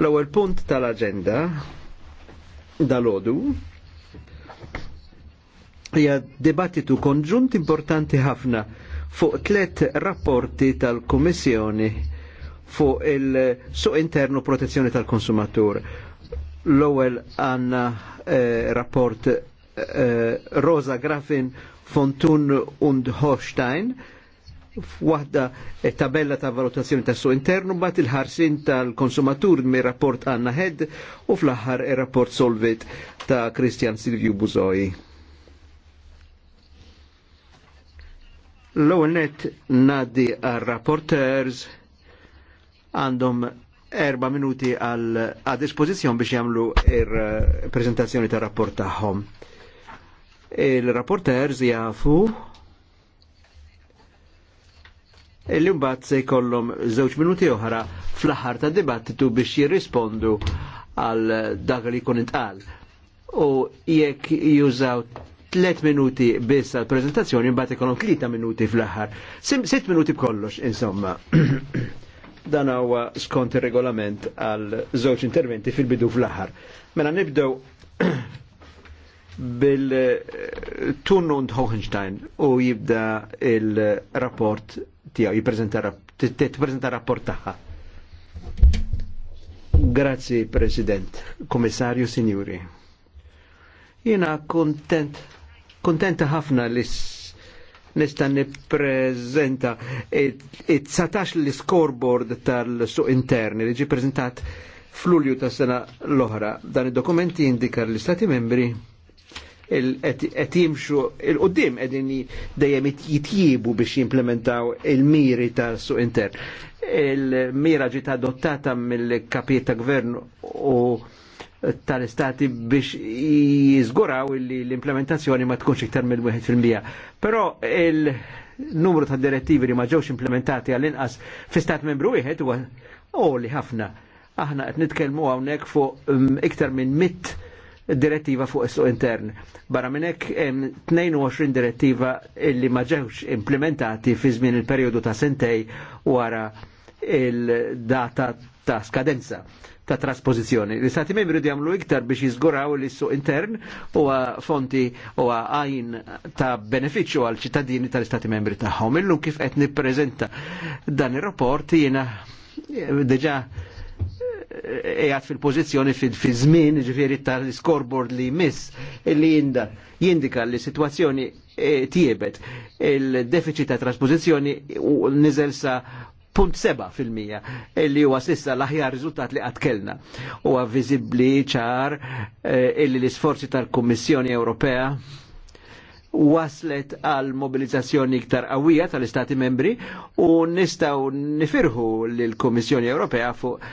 L-ewwel punt tal-aġenda dal odu hija dibattitu konġunt importanti ħafna fuq tliet rapporti tal-Kummissjoni fuq il-suq internu protezzjoni tal-konsumatur. L-ewwel għandna eh, rapport eh, Rosa Grafin Fontun und Hochstein f'waħda eh, tabella ta' valutazzjoni tas su internu bat il-ħarsin tal-konsumatur mir rapport Anna Head u fl-aħħar ir-rapport Solvit ta' Christian Silvio Buzoi. L-ewwel net ngħaddi għar-rapporters għandhom erba minuti għal a dispożizzjon biex jagħmlu ir-preżentazzjoni eh, tar-rapport tagħhom. Il-rapporters jafu li mbagħad se jkollhom żewġ minuti oħra fl-aħħar ta' dibattitu biex jirrispondu għal dak li jkun intqal. U jekk jużaw tliet minuti biss għal prezentazzjoni mbagħad ikollhom tlieta minuti fl-aħħar. Sitt minuti b'kollox, insomma. Dan huwa skont ir-regolament għal żewġ interventi fil-bidu fl-aħħar. Mela nibdew bil tun und Hohenstein u jibda il-rapport tijaw, jiprezenta rapport taħħa. Grazie, President, Komissarju, Signori. Jena kontent, kontenta ħafna li nista nipprezenta it-19 li scoreboard tal su interni li ġi prezentat fl-ulju tas sena l ohra Dan il dokumenti indika li stati membri qed jimxu il-qudiem qegħdin dejjem jitjibu biex jimplementaw il-miri tas-suq intern. Il-mira ġiet adottata mill-kapijiet ta' gvern u tal-istati biex jizguraw li l-implementazzjoni ma tkunx iktar mill-1%. Però il-numru ta' direttivi li ma ġewx implementati għall-inqas fi stat membru wieħed huwa li ħafna. Aħna qed nitkellmu hawnhekk fuq mm, iktar minn mit direttiva fuq is-suq intern. Barra minn hekk 22 direttiva illi ma ġewx implementati fi żmien il-perjodu ta' sentej wara il-data ta' skadenza ta' trasposizjoni. l istati membri di għamlu iktar biex jizguraw li suq intern u fonti u għajn ta' beneficju għal ċittadini tal istati membri għom. Illum kif qed nippreżenta dan ir-rapport jiena deġa' jgħat fil-pozizjoni fil-żmien, ġifiri tal-scoreboard li miss, li jindika li situazzjoni e, tiebet il-deficit ta' trasposizjoni u nizel sa' punt seba fil-mija illi e, huwa sissa l-aħjar riżultat li għatkelna. Huwa viżibbli ċar e, illi l-isforzi tal-Kummissjoni Ewropea waslet għal mobilizzazzjoni iktar qawwija tal-Istati membri u nistaw nifirħu l-Komissjoni Ewropea fuq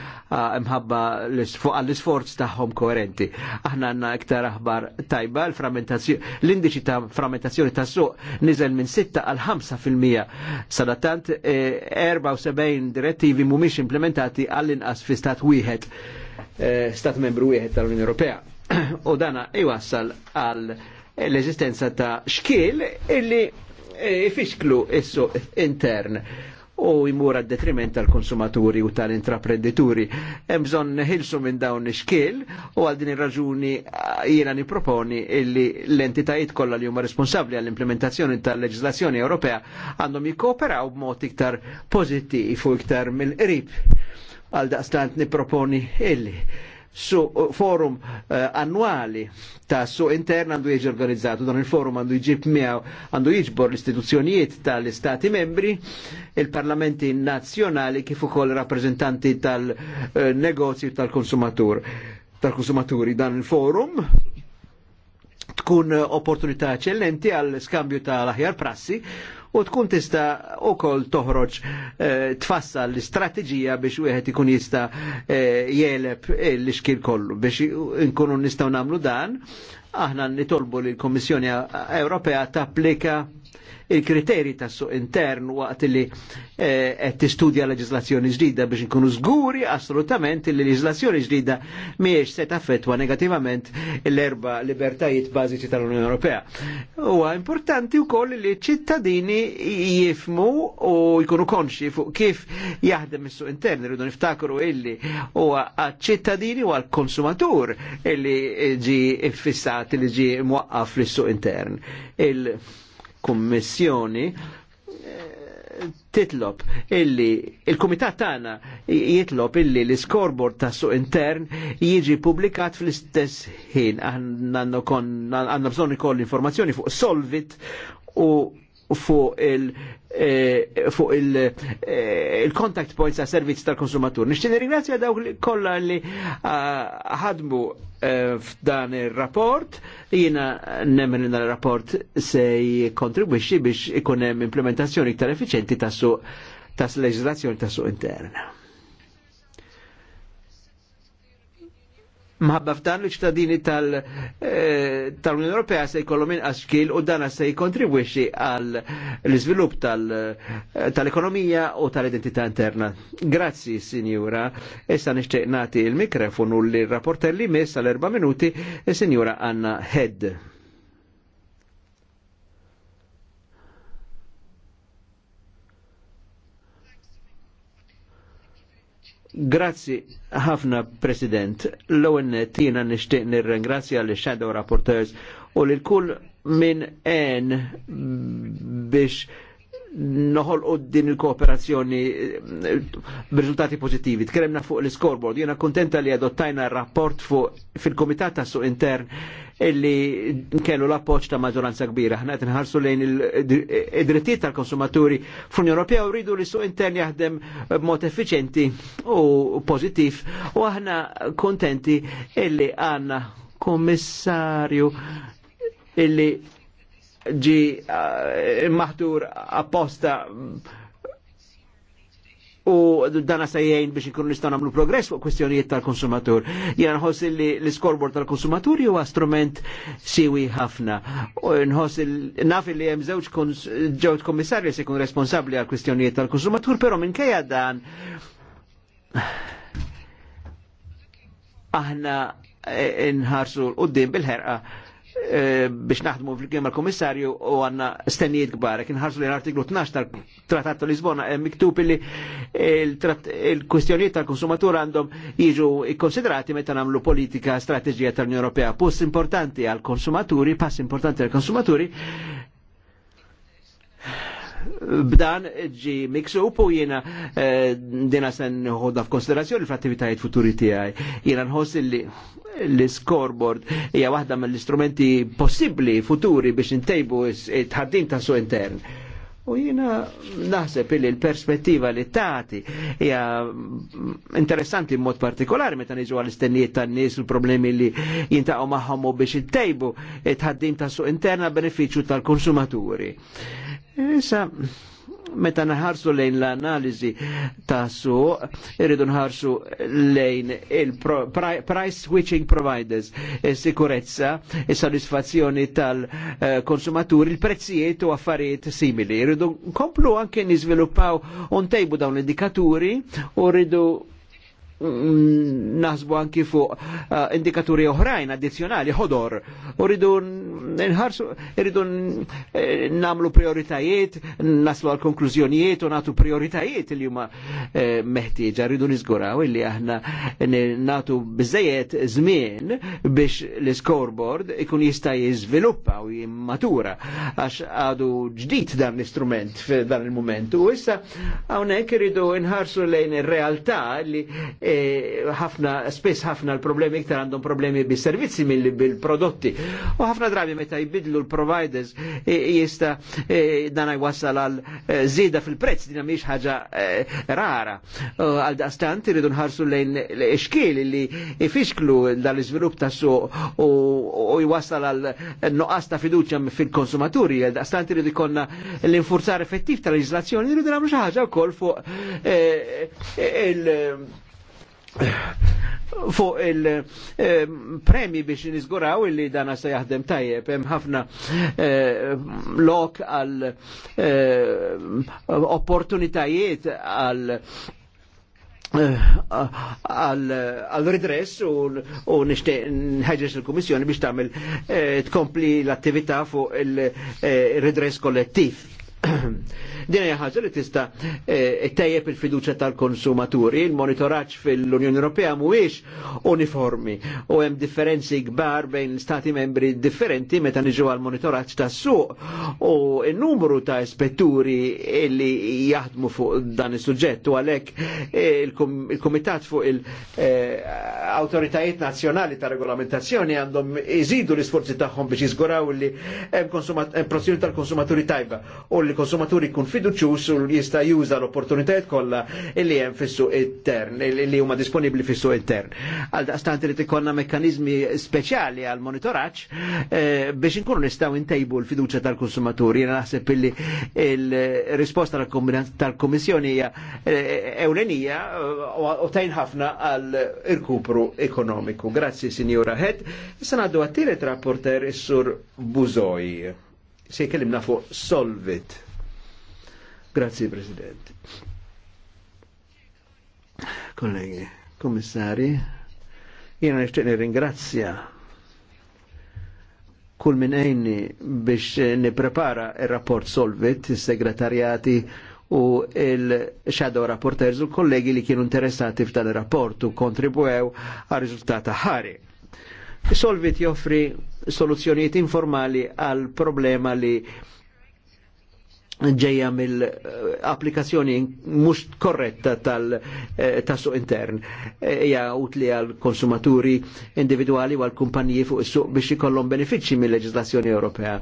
mħabba fuq għall-isforz tagħhom koerenti. Aħna għandna iktar aħbar tajba l-indiċi ta' frammentazzjoni ta' suq niżel minn 6 għal 5% sadattant 74 e, direttivi mhumiex implementati għall-inqas fi stat wieħed e, stat membru wieħed tal-Unjoni Ewropea. U dana iwassal għal l-eżistenza ta' xkil illi e, ifixklu issu intern u jmur għad detriment tal-konsumaturi u tal-intraprenditori. Mżon neħilsu minn dawn xkil u għal din ir-raġuni jiena niproponi illi l-entitajiet kollha li huma responsabbli għall-implementazzjoni tal-leġislazzjoni Ewropea għandhom jikkooperaw b'mod iktar pozittiv u iktar mill-qrib. Għal daqstant niproponi illi su uh, forum uh, annuali ta' su intern għandu jieġi organizzatu, dan il-forum għandu jġib miegħu għandu jiġbor l-istituzzjonijiet tal-istati membri, il-parlamenti nazzjonali kif ukoll rappresentanti tal-negozju tal-konsumatur tal-konsumaturi dan il-forum tkun opportunità eccellenti għal skambju tal-aħjar prassi u tkun tista' ukoll toħroġ eh, tfassal l-istrateġija biex wieħed ikun jista' eh, jeleb l-iskil kollu biex nkunu nistgħu nagħmlu dan aħna nitolbu li l kummissjoni Ewropea tapplika il-kriteri ta' suq intern waqt li eh, qed tistudja leġislazzjoni ġdida biex nkunu żguri assolutament li leġislazzjoni ġdida mhijiex se taffettwa negativament l-erba libertajiet bażiċi tal-Unjoni Ewropea. Huwa importanti wkoll li ċittadini jifmu u jkunu konxi fuq kif jaħdem is-suq intern, irridu niftakru illi huwa għaċ-ċittadini u għall konsumatur illi ġi fissat li ġi mwaqqaf l suq intern. Il kummissjoni eh, titlob illi il-Kumitat tagħna jitlob illi l-iskorbord ta' suq intern jiġi publikat fl-istess ħin għandna bżonn ukoll informazzjoni fuq solvit u fuq il- e, fuq il-contact e, points ta' servizz tal-konsumatur. Nixtieni ringrazzja dawk kollha li ħadmu e, f'dan ir-rapport, jiena nemmen in rapport se jikkontribwixxi biex ikun hemm implementazzjoni iktar effiċjenti tas-suq tas-leġiżlazzjoni tas-suq interna. maħabba f'dan l-ċittadini eh, tal-Unjoni Ewropea se jkollhom inqas xkil u dan se jkontribwixxi għal l-iżvilupp eh, tal-ekonomija u tal-identità interna. Grazzi, Sinjura. Issa nixtieq nagħti l-mikrofonu lir rapporter li miss għal erba' minuti, e Sinjura Anna Head. Grazzi ħafna President. L-ewwel tina nixtieq nirringrazzja l shadow Rapporteurs u lil kull minn en biex noħol u din il-kooperazzjoni b'riżultati pozittivi. Tkellimna fuq l-scoreboard. Jena kontenta li adottajna rapport fuq fil-Komitat ta' Suq Intern illi kellu l-appoċ ta' maġoranza kbira. Ħna qed nħarsu lejn id-drittijiet tal-konsumaturi fl-Unjoni Ewropea u rridu li suq intern jaħdem b'mod effiċenti u pożittiv u aħna kontenti illi għandna kommissarju illi ġi eh, maħtur apposta u dana sejjajn biex ikun nistaw namlu progress fuq kwestjonijiet tal-konsumatur. Jena nħoss li l-scoreboard tal-konsumatur huwa strument siwi ħafna. U nħoss naf li hemm żewġ ġewġ kommissarju se jkun responsabbli għal kwestjonijiet tal-konsumatur, però minkejja dan aħna eh, nħarsu l-qoddim bil-ħerqa Eh, biex naħdmu fil-kien mal-komissarju u għanna stenijiet gbar, kien ħarsu l-artiklu 12 tal-Trattat tal-Lisbona eh, miktub li il-kwestjonijiet tal-konsumatur għandhom jiġu ikkonsidrati meta nagħmlu politika strategija tal-Unjoni Ewropea. Post importanti għal-konsumaturi, pass importanti għal-konsumaturi, b'dan ġi miksu u jena eh, dina sen ħodda f'konsiderazzjoni fl-attivitajiet futuri tiegħi. Jena nħoss li l-scoreboard hija waħda mill-istrumenti possibbli futuri biex intejbu it-ħaddim ta' su intern. U jina naħseb illi l-perspettiva li tati hija interessanti mod partikolari meta niġu għal-istennijiet tan-nies u problemi li jintaqgħu magħhom u biex ittejbu it-ħaddim ta' suq interna benefiċċju tal-konsumaturi. Issa, meta naħarsu lejn l-analizi ta' suq, irridu nħarsu lejn il-price switching providers, e sikurezza, il-satisfazzjoni e tal-konsumaturi, il-prezzijiet u affarijiet simili. Irridu nkomplu anke nizviluppaw un tejbu dawn l-indikaturi u rridu Mm, naħsbu anki fuq uh, indikaturi oħrajn addizjonali ħodor. Uridu nħarsu, iridu eh, namlu prioritajiet, naslu għal konklużjonijiet u natu prioritajiet li huma eh, meħtieġa, rridu nizguraw illi aħna natu bizzejiet żmien biex l-scoreboard ikun jista' jiżviluppa u jimmatura għax għadu ġdid dan l-istrument f'dan il-moment. U issa hawnhekk iridu nħarsu lejn ir-realtà li E, ħafna spess ħafna l-problemi iktar għandhom problemi bis-servizzi mill bil-prodotti. U ħafna drabi meta jbidlu l-providers e, jista e, dan jwassal għal zida fil-prezz dina mhix ħaġa rara. Għal daqstant iridu nħarsu lejn l-ixkiel li ifixklu dal-iżvilupp tas-suq u jwassal għal noqqas ta' fiduċja fil-konsumaturi. Għal daqstant iridu jkollna l-infurzar effettiv tal-leġislazzjoni iridu nagħmlu xi ħaġa wkoll fuq il- fuq il-premi eh, biex nizguraw illi dana se jaħdem tajjeb hemm ħafna eh, lok għal eh, opportunitajiet għal għal ridress u nishtiq nħeġġeġ il-Kummissjoni biex tagħmel tkompli l-attività fuq il-ridress kollettiv. Din hija ħaġa li tista' e, e, tejjeb il-fiduċja tal-konsumaturi. Il-monitoraġġ fil-Unjoni Ewropea mhuwiex uniformi u hemm differenzi kbar bejn stati membri differenti meta niġu għal monitoraġġ tas-suq u n-numru ta' ispetturi li jaħdmu fuq dan is-suġġett u għalhekk e, il-Kumitat fuq il-Awtoritajiet Nazzjonali ta' Regolamentazzjoni għandhom iżidu l-isforzi tagħhom biex jiżguraw li hemm prozzjoni tal-konsumaturi tajba u li konsumaturi kun fiduċus u jista' juża l-opportunitajiet kollha illi hemm fis-suq intern, illi huma disponibbli fis-suq intern. Għal daqstant irid ikollna mekkaniżmi speċjali għal monitoraġġ eh, biex inkunu nistgħu ntejbu l-fiduċja tal-konsumaturi. Jiena naħseb illi l risposta tal-Kummissjoni hija eh, ewlenija eh, u tajn ħafna għal irkupru ekonomiku. Grazzi, Sinjura Het. Issa ngħaddu għat-tielet rapporter is-sur Buzoj se jkellimna fuq Solvit. Grazie President. Kollegi, kommissari, jena nishtiq ringrazzja kull minn ejni biex niprepara il-rapport Solvit, il-segretarjati u il-shadow rapporters u kollegi li kienu interessati f'dan il-rapport u kontribuew għal riżultat ħari. Solvit joffri soluzzjonijiet informali għal problema li ġeja mill-applikazzjoni eh, mhux korretta tal eh, tassu intern. Eh, hija utli għal konsumaturi individuali u għal kumpaniji fuq is-suq biex ikollhom benefiċċji mill-leġislazzjoni Ewropea.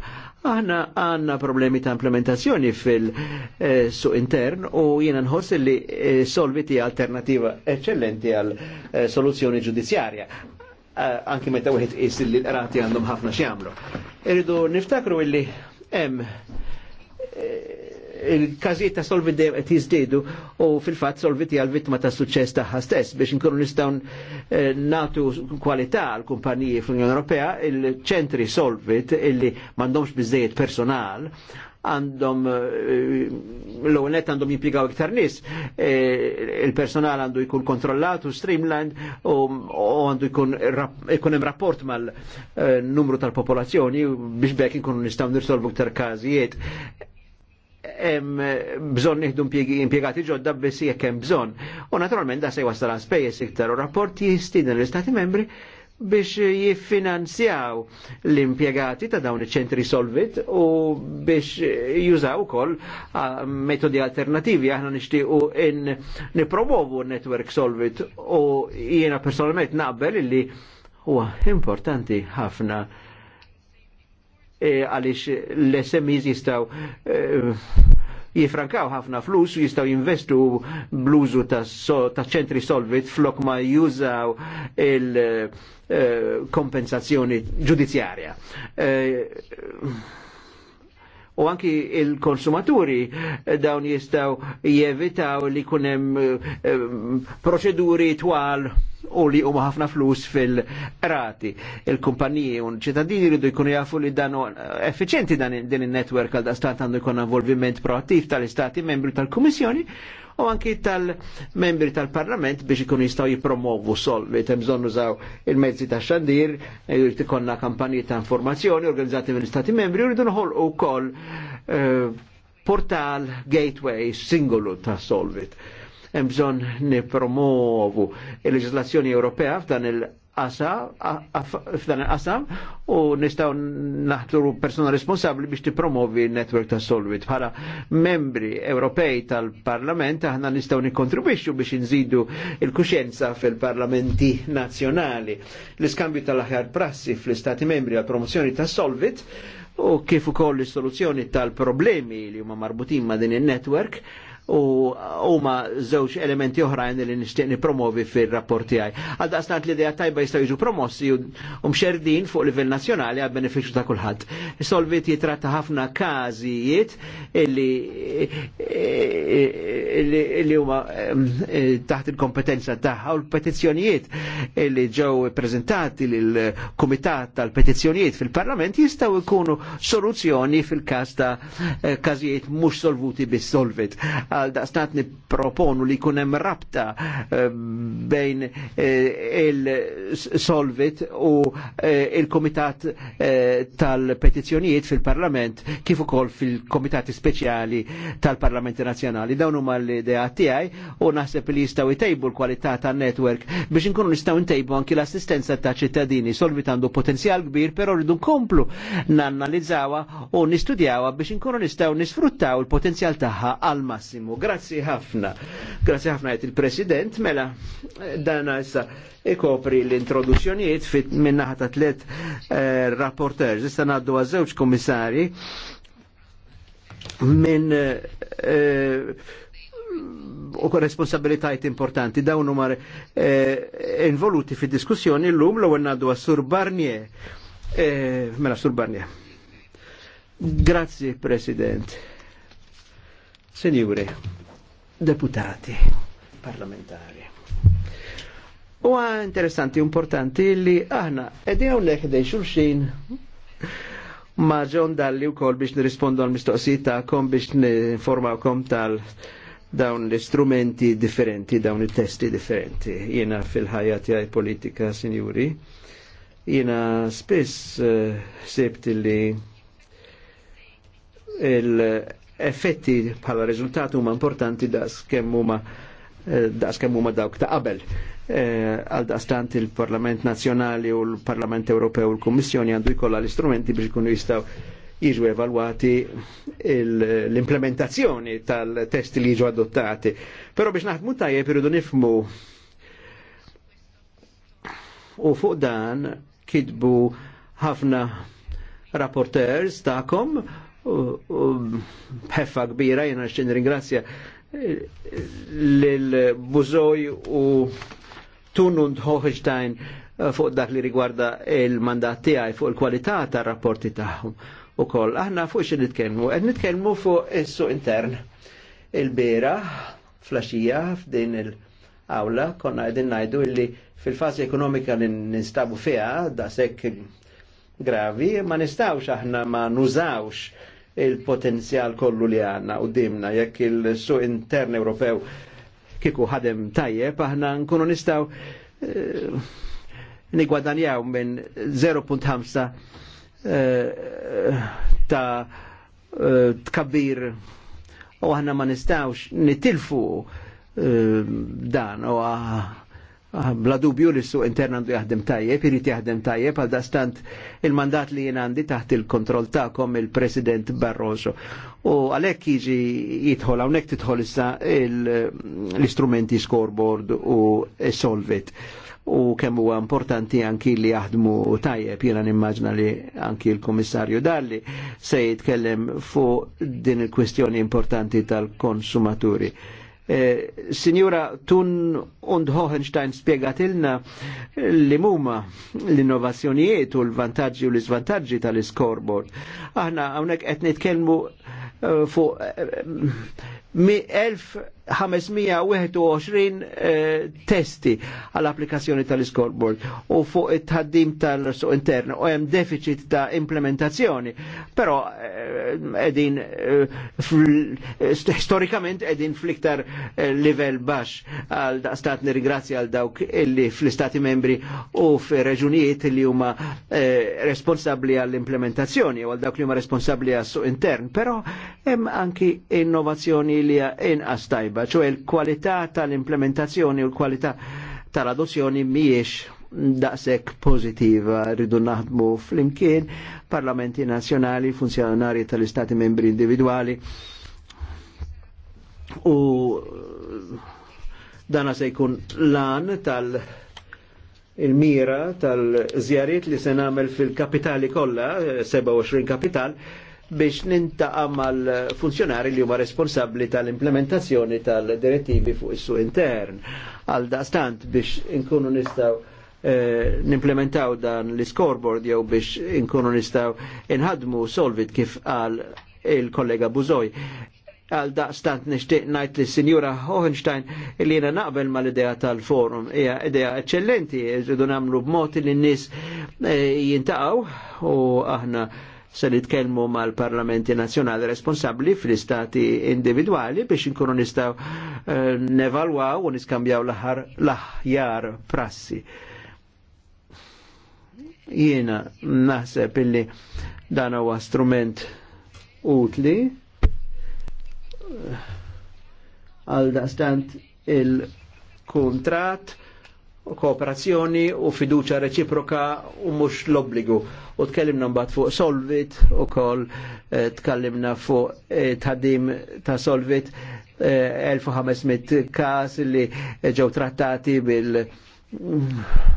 Aħna għandna problemi ta' implementazzjoni fil-suq intern u jiena nħoss li solviti alternativa eccellenti għal soluzzjoni ġudizzjarja anki meta wieħed qis li l-qrati għandhom ħafna x'jagħmlu. Irridu niftakru illi hemm il kazijiet ta' solvi dejjem qed jiżdiedu u fil-fatt solviti għal l-vittma ta' suċċess tagħha stess biex inkunu nistgħu eh, nagħtu kwalità għal kumpaniji fl-Unjoni Ewropea il-ċentri solvit illi m'għandhomx biżejjed personal għandhom eh, l-ewwel net għandhom jimpjegaw iktar nies, eh, il-personal għandu jkun kontrollat u streamlined u għandu jkun hemm rapport mal-numru tal-popolazzjoni biex bekk inkunu nistgħu nirsolvu iktar każijiet bżon nieħdu impjegati ġodda biss jekk hemm bżonn. U naturalment da se jwassal għal spejjeż iktar u rapport jistiden l-Istati membri biex jiffinanzjaw l-impiegati ta' dawn iċ-ċentri solvit u biex jużaw kol metodi alternativi. Aħna nixtiequ in nipromovu network solvit u jiena personalment naqbel illi huwa importanti ħafna E, għaliex l-SMEs jistaw e, jifrankaw ħafna flus u jistaw jinvestu bluzu ta' ċentri solvit flok ma jużaw il-kompensazzjoni e, ġudizzjarja. U anki il-konsumaturi dawn jistaw jevitaw li kunem proċeduri twal u li huma ħafna flus fil-rati. Il-kumpaniji u ċittadini rridu jkunu jafu li danu effiċenti dan din il-netwerk għal stat għandu jkun involviment proattiv tal-istati membri tal-Kummissjoni u anki tal-membri tal-Parlament biex ikunu jistaw jipromovu sol li temżon użaw il-mezzi ta' xandir, jrid konna kampanji ta' informazzjoni organizzati minn istati membri, u nħol u kol eh, portal gateway singolo ta' Solvit hemm bżonn il-leġislazzjoni Ewropea f'dan il- f'dan il-qasam u nistaw naħturu persona responsabli biex tipromovi il-network ta' Solvit. Bħala membri Ewropej tal-Parlament aħna nistaw nikontribwixxu biex nżidu il kuxenza fil-parlamenti nazzjonali. L-iskambju tal-aħjar prassi fl-Istati membri għal promozzjoni ta' Solvit u kif ukoll is-soluzzjoni tal-problemi li huma marbutin ma' din il-network u huma żewġ elementi oħrajn li nixtieq nipromovi fir-rapport tiegħi. Għal daqstant l-idea tajba jistgħu jiġu promossi u mxerdin fuq livell nazzjonali għal benefiċċju ta' kulħadd. Solvit jitratta ħafna każijiet li huma taħt il-kompetenza tagħha u l-petizzjonijiet li ġew ippreżentati lill-Kumitat tal-Petizzjonijiet fil-Parlament jistgħu jkunu soluzzjoni fil-każ ta' eh, każijiet mhux solvuti bis-solvit għal daqstat niproponu li kunem rabta eh, bejn eh, il-Solvit u eh, il-Komitat tal-Petizzjonijiet fil-Parlament kif ukoll fil-Komitati Speċjali tal-Parlamenti Nazzjonali. Dawn huma l-idea tiegħi u naħseb li jistgħu jtejbu l-kwalità tan-netwerk biex inkunu nistgħu ntejbu anki l-assistenza ta' ċittadini. Solvit għandu potenzjal kbir, però rridu nkomplu nanalizzawa u nistudjawa biex inkunu nistgħu nisfruttaw il-potenzjal tagħha għal massimu jitkellmu. Grazzi ħafna. Grazzi ħafna għet il-President, mela dana issa ikopri l-introduzzjonijiet fit minnaħa ta' tlet eh, rapporters. Issa naddu għazewċ komissari minn eh, u responsabilitajt importanti dawn huma eh, involuti fi diskussjoni l-lum l-għu għannaddu għas-Sur Barnier. Eh, mela, Sur Barnier. Grazie, President. Senjuri, deputati, parlamentari. U interessanti, importanti li aħna ed edin hawnhekk dej xulxin ma' ġon dalli kol biex nirrispondu għal mistoqsijiet tagħkom biex kom tal dawn l-istrumenti differenti, dawn il-testi differenti. Jena fil-ħajja tiegħi politika, sinjuri, jena spiss uh, eh, sebt li il effetti bħala riżultat huma importanti da' eh, kemm huma dawk ta' qabel. Eh, għal e, dastant il-Parlament Nazzjonali u l-Parlament Ewropew u l-Kummissjoni għandu jkollha l-istrumenti biex ikunu jistgħu jiġu evalwati l-implementazzjoni tal test li jiġu adottati. Però biex naħdmu tajje irridu nifmu u fuq dan kidbu ħafna rapporters ta'kom bħeffa kbira, jena xin ringrazzja eh, l-Buzoj u Tunund Hohenstein eh, fuq dak li rigwarda il-mandat tiegħi fuq il-kwalità tar-rapporti tagħhom ukoll. Aħna fuq xi nitkellmu, qed nitkellmu fuq is-suq intern. Il-bera flaxija f'din il-awla konna qegħdin ngħidu illi fil-fażi ekonomika li nistabu fiha da sekk gravi, ma nistawx aħna ma nużawx il-potenzjal kollu li għanna u dimna jekk il-su intern Ewropew kiku ħadem tajjeb aħna nkunu nistaw eh, nigwadanjaw minn 0.5 eh, ta' eh, tkabbir u aħna ma nistawx nitilfu eh, dan u Ah, bla dubju li s-suq intern għandu jaħdem tajjeb, irrit jaħdem tajjeb, għal dastant il-mandat li jien għandi taħt il-kontroll ta'kom il-President Barroso. U għalek jiġi jitħol, għonek titħol issa l-istrumenti scoreboard u solvit. U kemm huwa importanti anki li jaħdmu tajjeb, jiena nimmaġna li anki l-Komissarju Dalli se jitkellem fuq din il-kwestjoni importanti tal-konsumaturi. Eh, signora Tun und Hohenstein spiegatilna li muma l-innovazzjonijiet u l-vantaġġi u l-izvantaġġi tal-scoreboard. Aħna hawnhekk qed nitkellmu eh, fuq eh, mi elf 521 eh, testi għall-applikazzjoni tal-scoreboard u fuq it-ħaddim tal-suq intern u hemm deficit ta' implementazzjoni. Però eh, edin eh, storikament edin fliktar livell baxx għal stat nirigrazzja għal dawk illi fl-istati membri u f'reġunijiet li huma responsabbli għall-implementazzjoni u għal dawk li huma responsabbli għas-suq intern, però hemm anki innovazzjoni li inqas tajba darba, ċu l-kwalità tal-implementazzjoni u l-kwalità tal-adozzjoni miex daqsek pozitiva rridu naħdmu fl-imkien parlamenti nazjonali, funzjonari tal-istati membri individuali u dana se jkun lan tal- il-mira tal-żjariet li se nagħmel fil-kapitali kollha, 27 eh, kapital, biex nintaqa mal-funzjonari li huma responsabli tal-implementazzjoni tal-direttivi fuq is su intern. Għal daqstant biex inkunu nistaw eh, nimplementaw dan l-scoreboard jew biex inkunu nistaw inħadmu solvit kif għal il-kollega Buzoj. Għal daqstant nishtiq najt li sinjura Hohenstein li jena naqbel mal-idea tal-forum. Hija idea eccellenti, jridu namlu b'mod li n-nis eh, jintaqaw u aħna se nitkellmu mal-parlamenti nazjonali responsabli fl-istati individuali biex inkunu nistaw eh, nevalwaw u niskambjaw l-aħjar prassi. Jiena naħseb illi dan huwa strument utli għal dastant il-kontrat, kooperazzjoni u fiduċa reċiproka u mux l-obbligu u tkellimna mbagħad fuq Solvit ukoll eh, tkellimna fuq eh, tħaddim ta' Solvit 1500 eh, każ li ġew trattati bil mm,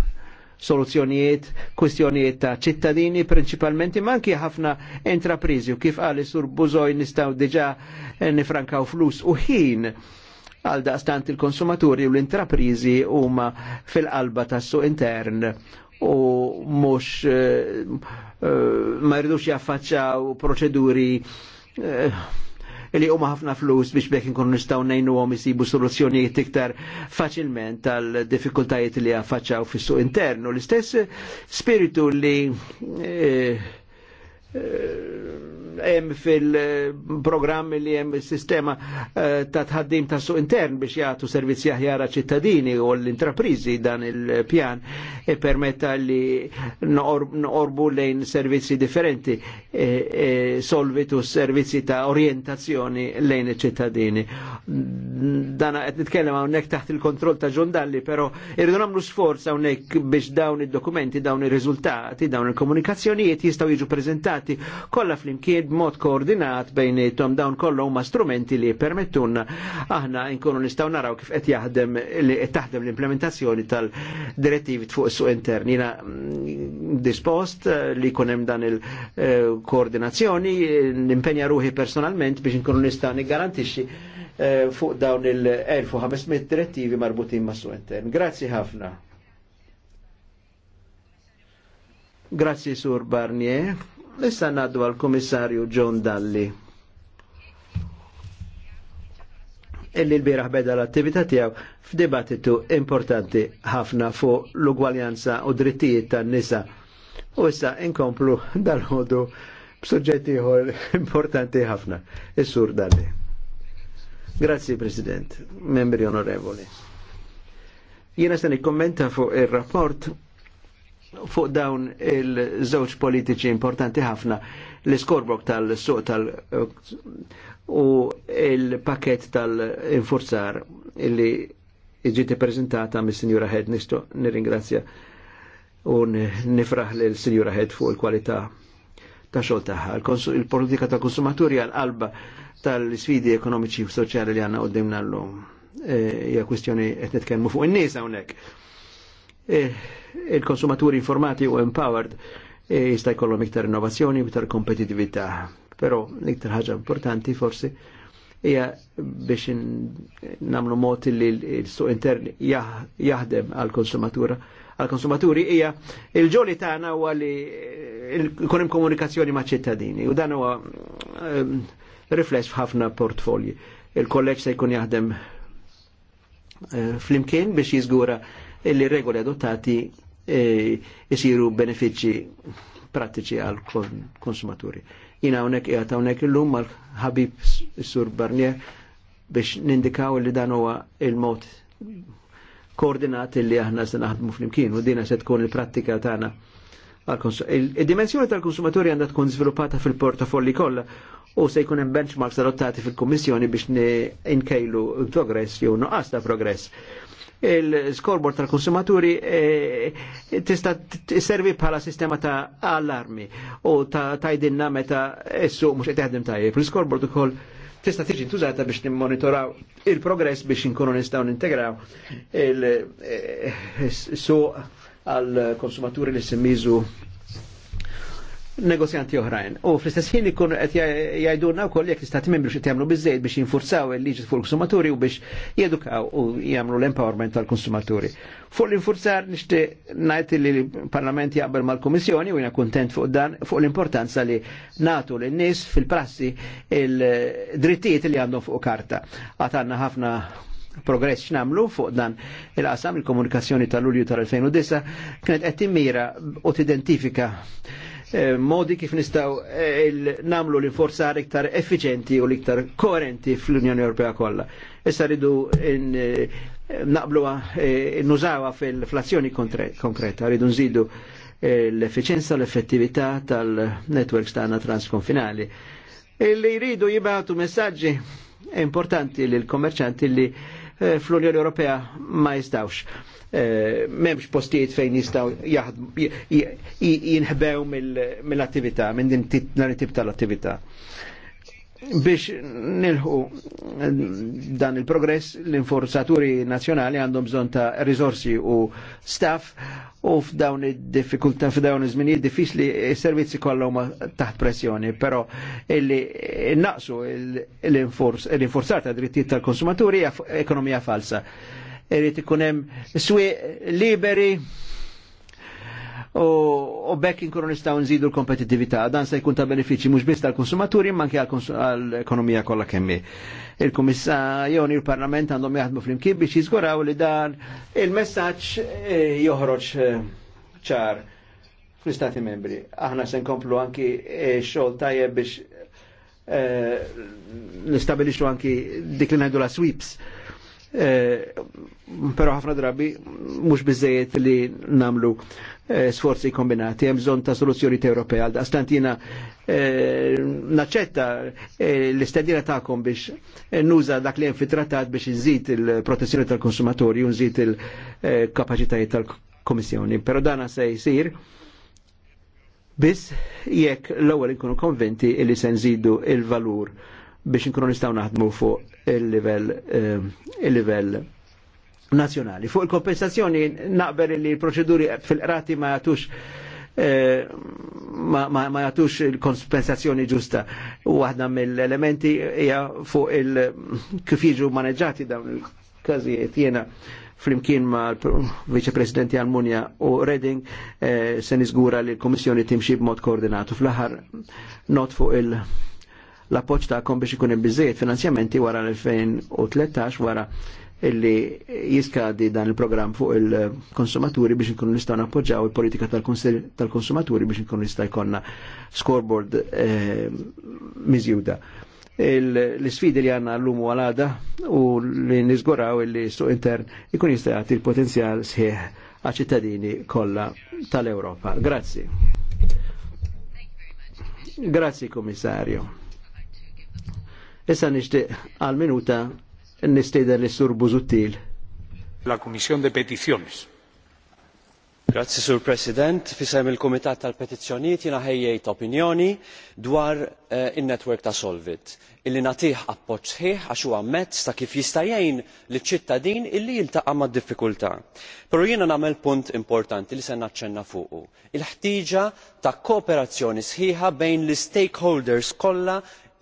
soluzzjonijiet, kwistjonijiet ta' ċittadini principalment imma anke ħafna intraprizi u kif għali sur bużoj nistaw diġa nifrankaw flus u ħin għal daqstant il-konsumaturi u l-intraprizi huma fil-qalba tas-suq intern u mux eh, eh, ma jridux jaffaċċaw proċeduri eh, li huma ħafna flus biex bekk nkunu nistgħu ngħinuhom isibu soluzzjonijiet iktar faċilment tal diffikultajiet li jaffaċċaw fis-suq internu. L-istess spiritu li hemm fil-programmi li hemm sistema eh, ta' tħaddim ta' suq intern biex jagħtu servizzi aħjar ċittadini u l-intraprizi dan il-pjan e permetta li noqorbu lejn servizzi differenti e, e solvitu servizzi ta' orientazzjoni lejn iċ-ċittadini. Dan qed nitkellem hawnhekk taħt il-kontroll ta' ġondalli, però irridu nagħmlu sforz hawnhekk biex dawn id-dokumenti, dawn ir-riżultati, dawn il-komunikazzjonijiet jistgħu jiġu preżentati kollha flimkien b'mod koordinat bejn itom dawn kollu huma strumenti li permettunna aħna nkunu nistgħu naraw kif qed jaħdem li qed taħdem l-implementazzjoni tal-direttivi fuq is-suq intern. Jiena mm, dispost eh, li jkun hemm dan il-koordinazzjoni, eh, eh, nimpenja ruħi personalment biex nkunu nistgħu niggarantixxi fuq dawn il-1500 direttivi marbutin ma' suq intern. Grazzi ħafna. Grazzi Sur Barnier. Nista naddu għal-Komissarju John Dalli. Illi l-biraħ beda l-attività tiegħu f'dibattitu importanti ħafna fuq l-ugwaljanza u drittijiet tan-nisa. U issa inkomplu dal-ħodu b'suġġetti ieħor importanti ħafna. Is-sur Dalli. Grazie, President, membri onorevoli. Jiena se nikkommenta fuq ir-rapport fuq dawn il-żewġ politiċi importanti ħafna l-iskorbok tal-suq tal-, tal u il-pakket tal-infurzar illi iġiti prezentata mis sinjura Head nisto nirringrazzja u nifraħ l sinjura Head fuq il-kwalità ta' xogħol tagħha. Il-politika ta' konsumaturi għal qalba tal-sfidi ekonomiċi u soċjali li għandna qudiemna llum. Eh, hija kwistjoni qed nitkellmu fuq in-nies hawnhekk Eh, il-konsumaturi informati u empowered eh, jista' jkollhom iktar innovazzjoni, u iktar kompetitività. Però iktar ħaġa importanti forsi hija biex namlu mod li l-suq intern jaħdem għal konsumatura għal konsumaturi hija il-ġoli tagħna huwa li jkun eh, hemm komunikazzjoni ma' ċittadini u dan huwa rifless f'ħafna portfolji. Il-kolleġġ se jkun jaħdem flimkien biex jiżgura illi regoli adottati jisiru e, benefici pratiċi għal konsumaturi. Jina unek għata unek l-lum mal ħabib sur Barnier biex nindikaw li dan huwa il-mod koordinat li aħna se naħdmu flimkien u dina se tkun il-prattika tagħna Il-dimensjoni tal-konsumaturi għandha tkun sviluppata fil-portafolli kollha u se jkun hemm benchmarks adottati fil-Kummissjoni biex inkejlu progress jew noqas ta' progress il-scoreboard tal-konsumaturi eh, tista' servi bħala sistema ta' allarmi u ta' tajdinna meta essu mux qed jaħdem tajjeb. Il-scoreboard u koll tista' tiġi ntużata biex nimmonitoraw il-progress biex inkunu nistgħu integraw il eh, su għal-konsumaturi li semmizu negozjanti oħrajn. U fl-istess ħin ikun qed jgħidulna wkoll jekk l-istati membri qed jagħmlu biżejjed biex jinfurzaw il-liġi fuq il-konsumaturi u biex jedukaw u jagħmlu l-empowerment tal-konsumaturi. Fuq l-infurzar nixtieq ngħid li l-Parlament jaqbel mal-Kummissjoni u jiena kuntent fuq dan fuq l-importanza li natu lin nies fil-prassi il-drittijiet li għandhom fuq karta. għandna ħafna progress x'namlu fuq dan il-qasam il-komunikazzjoni tal-Lulju tal-2009 kienet qed timmira u tidentifika Eh, modi kif nistaw eh, namlu l-inforzar iktar effiċenti u l-iktar koerenti fl-Unjoni Ewropea kollha. Issa ridu eh, naqblu nużawa fil-flazzjoni konkreta, ridu nżidu l-efficienza, l-effettività tal-networks tagħna transkonfinali. Illi jridu jibgħatu messaġġi importanti lill kommerċanti li fl-Unjoni Ewropea ma jistawx Eh, memx postijiet fejn jistaw jinħbew mill-attività, minn din dan tip tal-attività. Biex nilħu eh, dan il-progress, l-inforzaturi nazjonali għandhom bżon ta' risorsi u staff u f'dawn id diffikulta f'dawn iż-żminijiet diffiċli s-servizzi kollhom taħt pressjoni, però illi naqsu l l-inforzar ta' drittijiet tal-konsumaturi ekonomija falsa irrit ikun hemm swieq liberi u bekk inkunu nistgħu nżidu l-kompetittività. Dan se jkun ta' benefiċċji mhux biss tal-konsumaturi ma anke għall-ekonomija kollha kemm Il-Kummissarjoni il-Parlament għandhom jaħdmu flimkien biex jiżguraw li dan il-messaġġ eh, joħroġ eh, ċar fl-Istati membri. Aħna se nkomplu anki eh, xogħol tajjeb biex nistabilixu anki dik li ngħidu la sweeps Eh, pero ħafna drabi mhux biżejjed li namlu eh, sforzi kombinati, hemm bżonn ta' soluzzjoni Ewropea. Għal daqstant jiena eh, naċċetta l-istendina tagħkom biex nuża dak li hemm fit-trattat biex nżid il-protezzjoni tal-konsumatori u nżid il-kapaċitajiet tal-Komissjoni. Però dana se jsir biss jekk l-ewwel inkunu konventi li se nżidu il-valur biex inkunu nistgħu naħdmu fuq il level eh, il-livell nazjonali. Fuq il-kompensazzjoni naqbel li l-proċeduri fil-qrati ma jatux eh, ma, ma, ma jatux il-kompensazzjoni ġusta. Waħda mill-elementi hija fuq il- kif jiġu maneġġati dawn il-każijiet jiena flimkien ma l-Viċe-Presidenti Almunja u Redding eh, se nizgura li l-Komissjoni timxi b'mod koordinatu. Fl-aħħar not fuq il- l ta' kom biex ikun hemm finanzjamenti wara l-2013 wara illi jiskadi dan il program fuq il-konsumaturi biex nkunu nistaw nappoġġaw il-politika tal-konsumaturi biex nkunu nistaw jkollna scoreboard eh, mizjuda. l-sfidi li għanna l-lum u għalada u li nizguraw illi suq intern ikun jistajat il-potenzjal sħiħ għal-ċittadini kolla tal-Europa. Grazzi. Grazzi, komissarju. Issa nixtieq għal minuta nistejda li sur Buzuttil. La Commission de Petizzjones. Grazzi Sur President, fisem il-Kumitat tal-Petizzjonijiet jiena ħejjejt opinjoni dwar eh, in network ta' Solvit illi natiħ appoġġ sħiħ għax huwa mezz ta' kif jista' jgħin liċ-ċittadin illi jiltaqa' mad-diffikultà. Però jiena nagħmel punt importanti li se naċċenna fuqu il-ħtieġa ta' kooperazzjoni sħiħa bejn l-istakeholders kollha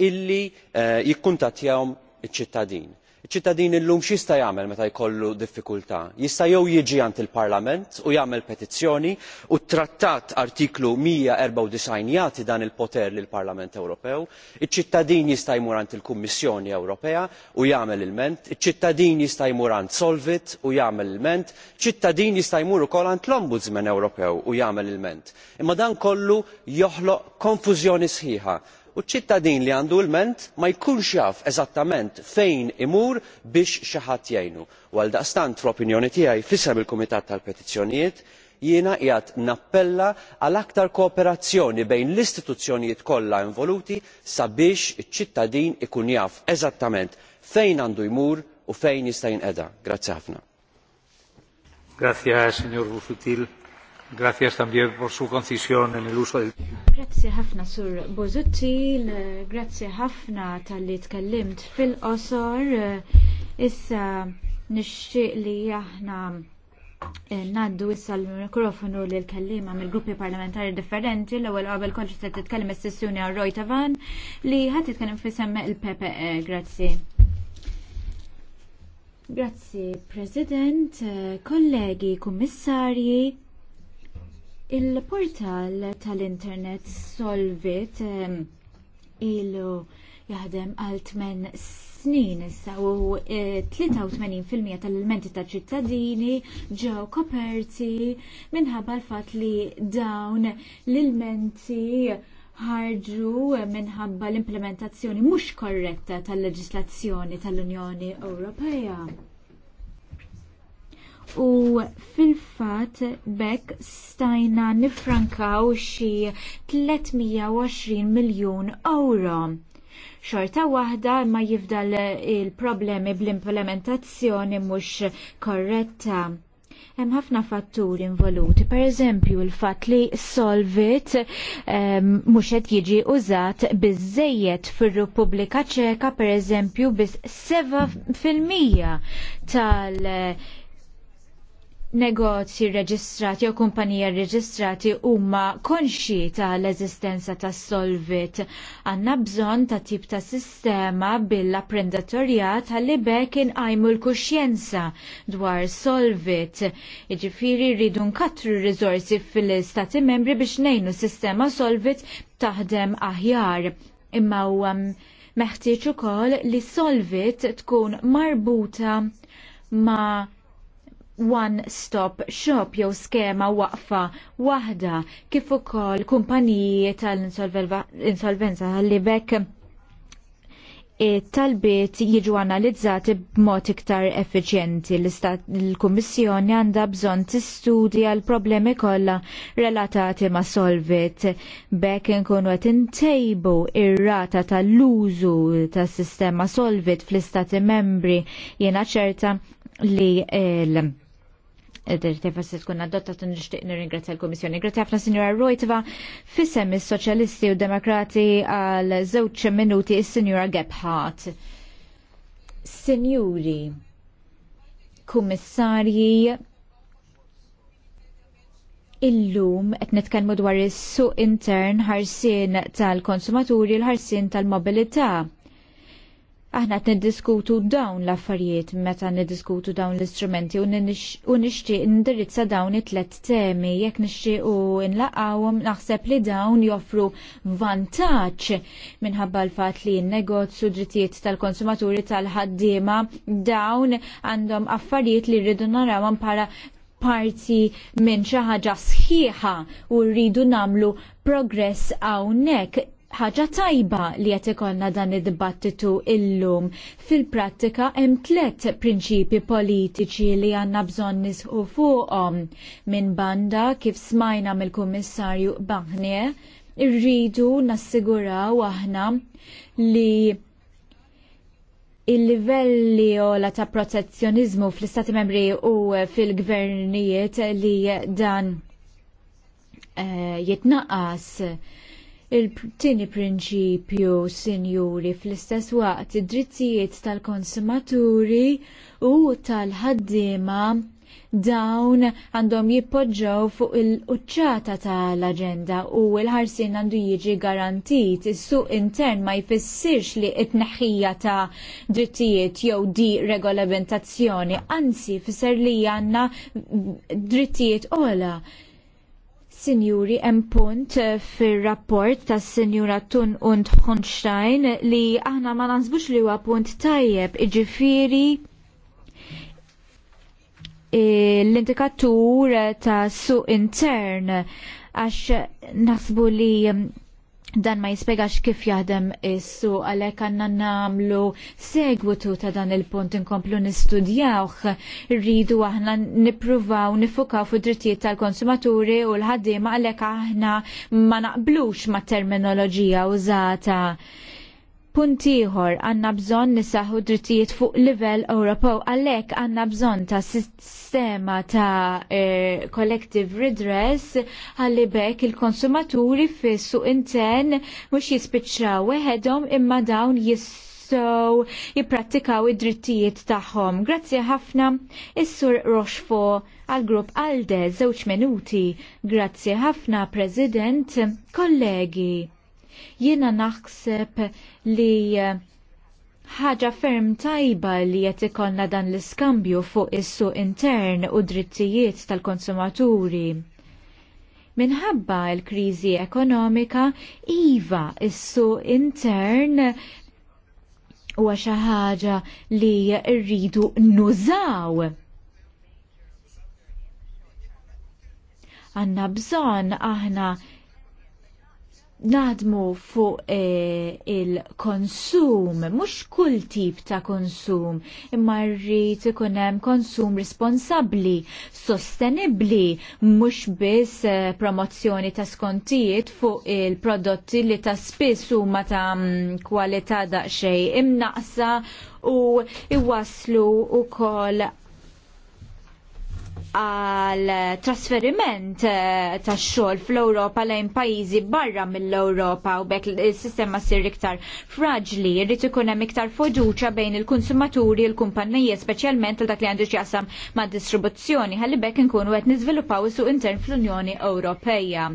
illi eh, jikkuntattjahom iċ-ċittadin. iċ-ċittadin illum x'jista' jagħmel meta jkollu diffikultà jista' jew jiġi għand il-parlament u jagħmel petizzjoni u t-trattat artiklu mija erba' jagħti dan il-poter lill parlament ewropew iċ-ċittadin jista' jmur għand il kummissjoni ewropea u jagħmel ilment iċ-ċittadin jista' jmur għand solvit u jagħmel ilment iċ-ċittadin jista' jmur ukoll għand l-ombudsman ewropew u jagħmel il-ment. imma dan kollu joħloq konfużjoni sħiħa u ċ-ċittadin li għandu l-ment ma jkunx jaf eżattament fejn imur biex xi ħadd jgħinu u għaldaqstant fl-opinjoni tiegħi f'isem il-kumitat tal-petizzjonijiet jiena qiegħed nappella għal aktar kooperazzjoni bejn l-istituzzjonijiet kollha involuti sabiex iċ-ċittadin ikun jaf eżattament fejn għandu jmur u fejn jista' jinqeda' grazzi ħafna. Grazie también por su concisión en el uso del... Grazie ħafna sur Bozutti, grazie ħafna tal-li tkellimt fil-qosor. Issa nixtieq li aħna eh, Naddu issa l-mikrofonu li l-kallima mill gruppi parlamentari differenti l ewwel qabel kollox se titkellem is-sessjoni għal Roy Tavan li ħadd titkellem fi semmeq il-PPE. Grazzi. Grazzi, President, eh, kollegi, kummissarji. Il-portal tal-internet Solvit ilu jaħdem għal 8 snin issa u 83% e, tal-elementi ta' ċittadini ġew koperti minħabba l-fatt li dawn l-elementi ħarġu minħabba l-implementazzjoni mhux korretta tal-leġislazzjoni tal-Unjoni Ewropea u fil-fat bekk stajna nifrankaw xi 320 miljon euro. Xorta waħda ma jifdal il-problemi bl-implementazzjoni mhux korretta. Hemm ħafna fatturi involuti, per eżempju il-fatt li solvit ehm, mhux qed jiġi użat biżejjed fir-Repubblika Ċeka per eżempju biss 7% tal- negozji reġistrati jew kumpanija reġistrati huma konxji tal-eżistenza tas solvit. Għanna bżonn ta' tip ta' sistema bil-apprendatorjat għalli bekk inqajmu l-kuxjenza dwar solvit. Jiġifieri rridu nkatru rizorsi fil-Stati membri biex ngħinu sistema solvit taħdem aħjar. Imma u meħtieġ ukoll li solvit tkun marbuta ma' one-stop shop jew skema waqfa waħda kif ukoll kumpaniji tal-insolvenza ħalli bekk e, talbiet jiġu analizzati b'mod iktar effiċjenti. L-Kummissjoni għandha bżonn tistudja l-problemi kollha relatati ma' solvit. Bekk inkunu qed intejbu ir-rata tal-użu tas-sistema solvit fl-Istati membri jiena ċerta li l Id-dirtiva se tkun adottat nixtieq nirringrazzja l-Kummissjoni. Grazzi ħafna Sinjora Rojtva fissem is-Soċjalisti u Demokrati għal żewġ minuti is-Sinjora Gebhardt. Sinjuri, kummissarji, illum qed nitkellmu dwar is-suq intern ħarsien tal-konsumaturi l-ħarsien tal-mobilità Aħna qed niddiskutu dawn l-affarijiet meta niddiskutu dawn l-istrumenti u nixtieq indirizza dawn it-tlet temi jekk nixtiequ nlaqgħuhom naħseb li dawn joffru vantaġġ minħabba l-fatt li n-negozju drittijiet tal-konsumaturi tal-ħaddiema dawn għandhom affarijiet li rridu narawhom para parti minn xi ħaġa sħiħa u rridu nagħmlu progress hawnhekk ħaġa tajba li qed ikollna dan id-dibattitu illum. Fil-prattika hemm tliet prinċipi politiċi li għandna bżonn nisħu fuqhom minn banda kif smajna mill-Kummissarju Barnier irridu nassiguraw aħna li il-livelli ola ta' protezzjonizmu fl-Istati Membri u fil-gvernijiet li dan uh, jitnaqas il-tini prinċipju sinjuri fl-istess waqt id-drittijiet tal-konsumaturi u tal-ħaddiema dawn għandhom jippoġġew fuq il-qċata tal-aġenda u l-ħarsin għandu jiġi garantit. Is-suq intern ma jfissirx li t-tneħħija ta' drittijiet jew di regolamentazzjoni, anzi fisser li għandna drittijiet ola Sinjuri, hemm punt eh, fir-rapport tas Sinjura Tun und Honstein li aħna ma nansbux li huwa punt tajjeb, iġifieri eh, l-indikatur ta' suq intern għax naħsbu li mm, dan ma jispiegax kif jaħdem issu għalek għanna namlu segwitu ta' dan il-punt inkomplu nistudjawh. rridu aħna nipruvaw nifukaw fu drittijiet tal-konsumaturi u l-ħaddim għalek aħna ma naqblux ma' terminoloġija użata Puntiħor għanna bżon nisaħu drittijiet fuq livell Ewropew għalhekk għanna bżon ta' sistema ta' eh, collective redress għalli bekk il-konsumaturi fissu intern mhux jispiċċaw weħedhom imma dawn jistgħu jipprattikaw id-drittijiet tagħhom. Grazzi ħafna is-Sur Roxfo għall-grupp Alde żewġ minuti. Grazzi ħafna President, kollegi Jiena naħseb li eh, ħaġa ferm tajba li qed ikollna dan l-iskambju fuq is-suq intern u drittijiet tal-konsumaturi. Minħabba l-kriżi ekonomika, iva is-suq intern huwa xi ħaġa li rridu nużaw. Għanna bżonn aħna nadmu fuq e, il-konsum, mhux kull tip ta' konsum, imma rrid ikun hemm konsum responsabbli, sostenibbli, mhux biss e, promozzjoni ta' skontijiet fuq il-prodotti li ta' spiss huma ta' mm, kwalità daqsxejn imnaqsa u iwaslu wkoll għal trasferiment eh, tax xogħol fl-Ewropa lejn pajjiżi barra mill-Ewropa u bekk il-sistema ssir iktar fraġli, jrid ikun hemm iktar fiduċja bejn il-konsumaturi u l-kumpanija, speċjalment għal dak li għandu x'jaqsam mad distribuzzjoni, ħalli bekk inkunu qed niżviluppaw is intern fl-Unjoni Ewropea.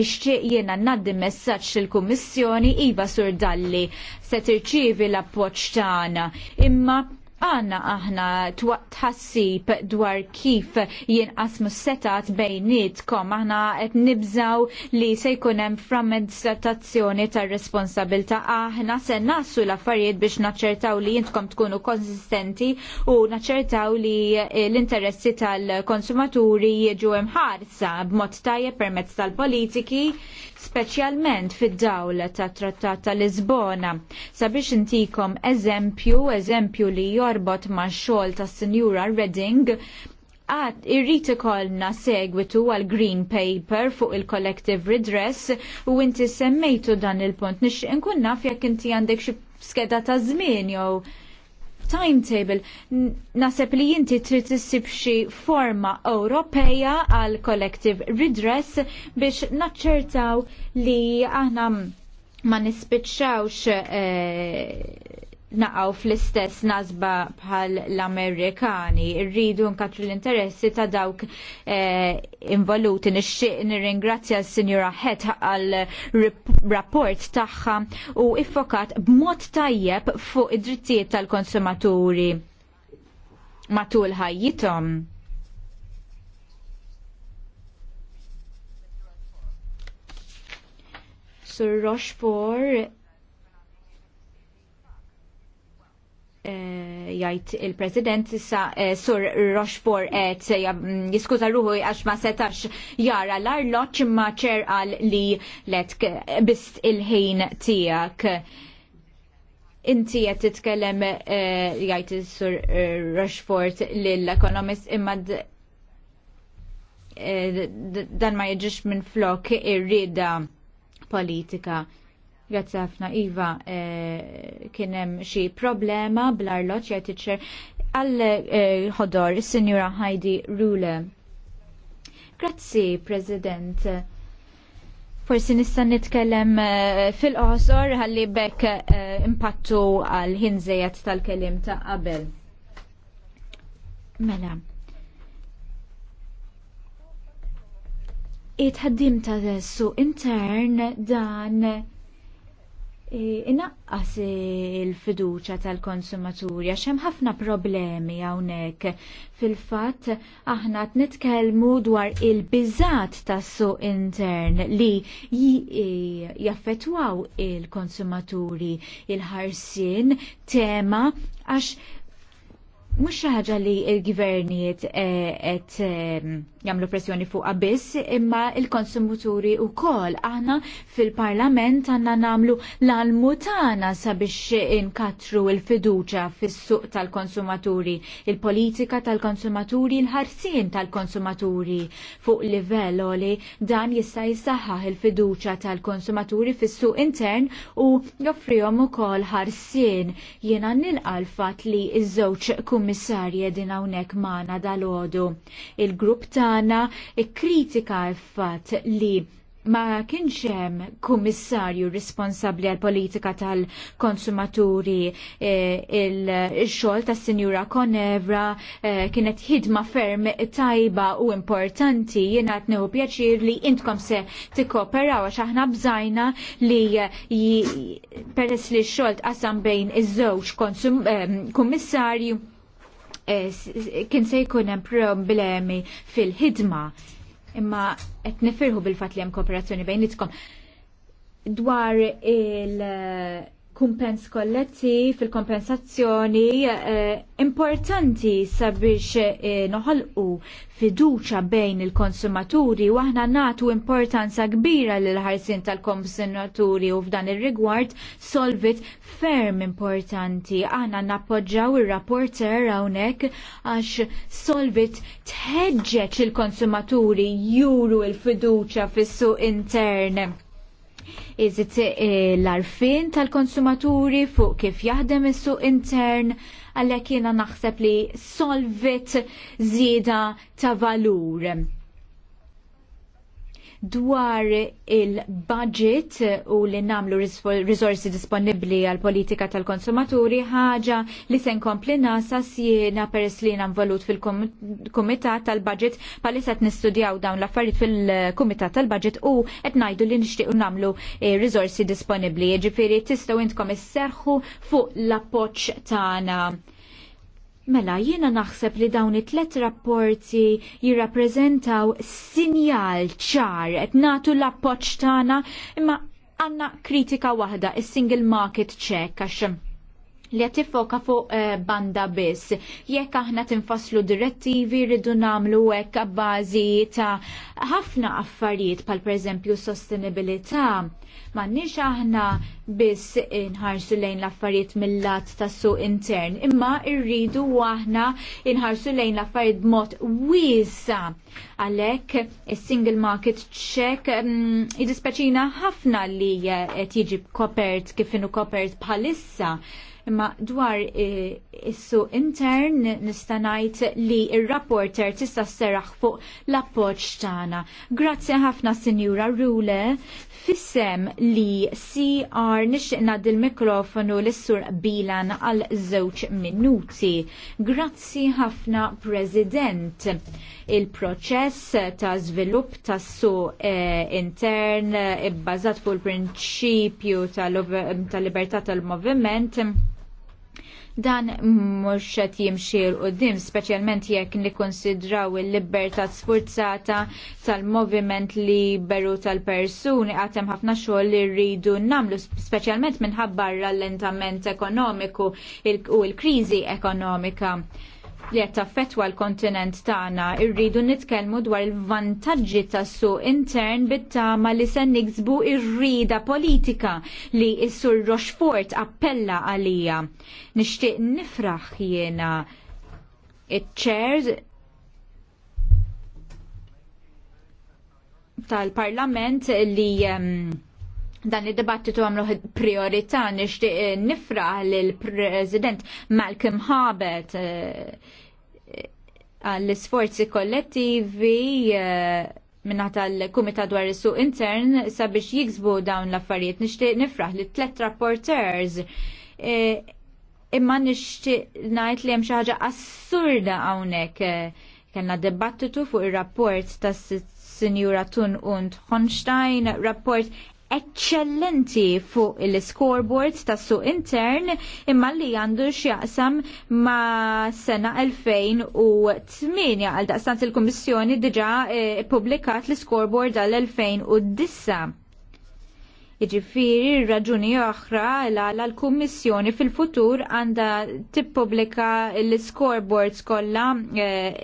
Nixtieq jiena ngħaddi messaġġ lill-Kummissjoni iva sur dalli se tirċievi l-appoġġ tagħna. Imma għanna aħna tħassib dwar kif jinqasmu setat bejnietkom. Aħna qed nibżaw li se jkun hemm frammentazzjoni tar-responsabilta. Aħna se nassu l-affarijiet biex naċċertaw li jintkom tkunu konsistenti u naċċertaw li l-interessi tal-konsumaturi jiġu imħarsa b'mod tajjeb permezz tal-politiki speċjalment fid-dawl ta' trattat ta' Lisbona. Sabiex intikom eżempju, eżempju li jorbot ma' xogħol ta' Sinjura Redding, għad irrit ikollna segwitu għal Green Paper fuq il-Collective Redress u inti semmejtu dan il-punt nix nkun naf jekk inti għandek xi skeda ta' żmien jew timetable. Naseb li jinti trid issib xi forma Ewropeja għal collective redress biex naċċertaw li aħna ma nispiċċawx eh, naqaw fl-istess nazba bħal l-Amerikani, rridu nkatru l-interessi ta' dawk eh, involuti. Nixxieq nirringrazzja s-Sinjura Het għal rapport tagħha u iffokat b'mod tajjeb fuq id-drittijiet tal-konsumaturi matul ħajjithom. Sir Rochefort Eh, jajt il-President sa eh, Sur Rochefort et eh, mm, jiskuza ruħu għax ma setax jara l-arloċ ma ċerqal li letk bist il-ħin tijak. Inti qed titkellem jgħid sur Rochefort lill-ekonomist imma dan ma jiġix minn flok ir politika. Grazzi ħafna Iva eh, kien hemm xi problema bl arloċ jgħid iċċer għal eh, ħodor is-Sinjura Heidi Rule. Grazzi, President. Forsi nista' nitkellem eh, fil-qosor ħalli bekk impattu għal ħinżejjed tal-kelim ta' qabel. Mela. Itħaddim ta' su intern dan E, inaqqas il-fiduċa tal-konsumaturi għax hemm ħafna problemi hawnhekk. Fil-fatt aħna qed nitkellmu dwar il-biżat tas-suq intern li e, jaffetwaw il-konsumaturi il-ħarsien tema għax mhux ħaġa li l-gvernijiet e, qed jamlu pressjoni fuq biss, imma il-konsumaturi u kol. Aħna fil-parlament għanna namlu l-almutana sabiex inkatru il-fiduċa fis-suq tal-konsumaturi, il-politika tal-konsumaturi, il-ħarsin tal-konsumaturi fuq livell li dan jista' jisaħħaħ il-fiduċa tal-konsumaturi fis-suq intern u joffrihom ukoll ħarsien. Jiena nilqal fatt li iż-żewġ kummissarji din hawnhekk magħna dal-għodu. Il-grupp ta' tagħna kritika l-fatt li ma kienx hemm kummissarju responsabbli għal politika tal-konsumaturi eh, il-xogħol tas-Sinjura Konevra eh, kienet ħidma ferm tajba u importanti jiena qed neħu pjaċir li intkom se tikkooperaw għax aħna bżajna li peress li x-xogħol tqasam bejn iż-żewġ eh, kummissarju kien se jkun hemm problemi fil-ħidma imma qed nifirħu bil-fatt li hemm kooperazzjoni nitkom. dwar il- kumpens kolletti fil-kompensazzjoni eh, importanti sabiex eh, noħolqu fiduċa bejn il-konsumaturi u aħna natu importanza kbira lil ħarsin tal-konsumaturi u f'dan ir-rigward solvit ferm importanti. Aħna nappoġġaw ir-rapporter hawnhekk għax solvit tħeġġeġ il-konsumaturi juru il-fiduċa fis-suq intern iżid eh, l-arfin tal-konsumaturi fuq kif jaħdem is-suq intern għalhekk jiena naħseb li solvit żieda ta' valur dwar il-budget u li namlu risorsi disponibli għal politika tal-konsumaturi ħaġa li sen kompli nasa sjena peress li involut fil-komitat tal-budget palissa nistudjaw dawn l-affarijiet fil-komitat tal-budget u etnajdu li nishtiqu namlu eh, risorsi disponibli. Ġifiri tistaw intkom isserħu fuq l-appoċ tana. Mela, jiena naħseb li dawn it-tlet rapporti jirrappreżentaw sinjal ċar, qed nagħtu l-appoġġ tagħna, imma għandna kritika waħda, is-single market check, għax li qed tifoka fuq eh, banda biss. Jekk aħna tinfasslu direttivi rridu nagħmlu hekk bażi ta' ħafna affarijiet pal pereżempju sostenibilità M'għandniex aħna biss inħarsu lejn l-affarijiet mill-lat tas-suq intern, imma rridu aħna inħarsu lejn l-affarijiet b'mod wiesa. Għalhekk is-single market check mm, jidispeċina ħafna li qed jiġi kopert kif kopert bħalissa Imma dwar e, issu intern nista' ngħid li il rapporter tista' seraħ fuq l-appoġġ tagħna. Grazzi ħafna Sinjura Rule fissem li CR nixtiqna dil mikrofonu l sur bilan għal żewġ minuti. Grazzi ħafna President il-proċess ta' żvilupp tas su eh, intern ibbażat e, fuq il-prinċipju tal-libertà tal-moviment Dan mhux qed jimxi l qudiem speċjalment jekk nikkonsidraw il-libertà sfurzata tal-moviment liberu tal-persuni għad hemm ħafna xogħol li rridu nagħmlu speċjalment minħabba r-rallentament ekonomiku u l-kriżi ekonomika li qed taffettwa l-kontinent tagħna, irridu nitkellmu dwar il-vantaġġi tas-suq intern bit-tama li se niksbu ir-rida politika li s-sur Rochefort appella għalija. Nixtieq nifraħ jiena iċ-chairs tal-parlament li um, dan id-dibattitu għamlu priorità nixtieq eh, nifraħ lill-President Malcolm Habet eh, għall-sforzi kollettivi eh, minna tal-Kumita dwar is suq intern sabiex jiksbu dawn l-affarijiet. Nixtieq nifraħ li tlet rapporters imma nixtieq ngħid li hemm xi ħaġa assurda hawnhekk kellna debattitu fuq ir-rapport tas-Sinjura Tun und Honstein, rapport eccellenti fuq il-scoreboards tas suq intern imma li għandu x'jaqsam ma sena 2008 għal daqstant il-Kummissjoni diġa eh, publikat l-scoreboard għal 2009. Iġifiri raġuni oħra l-għala l-Kummissjoni fil-futur għanda tippubblika l-scoreboards kollha eh,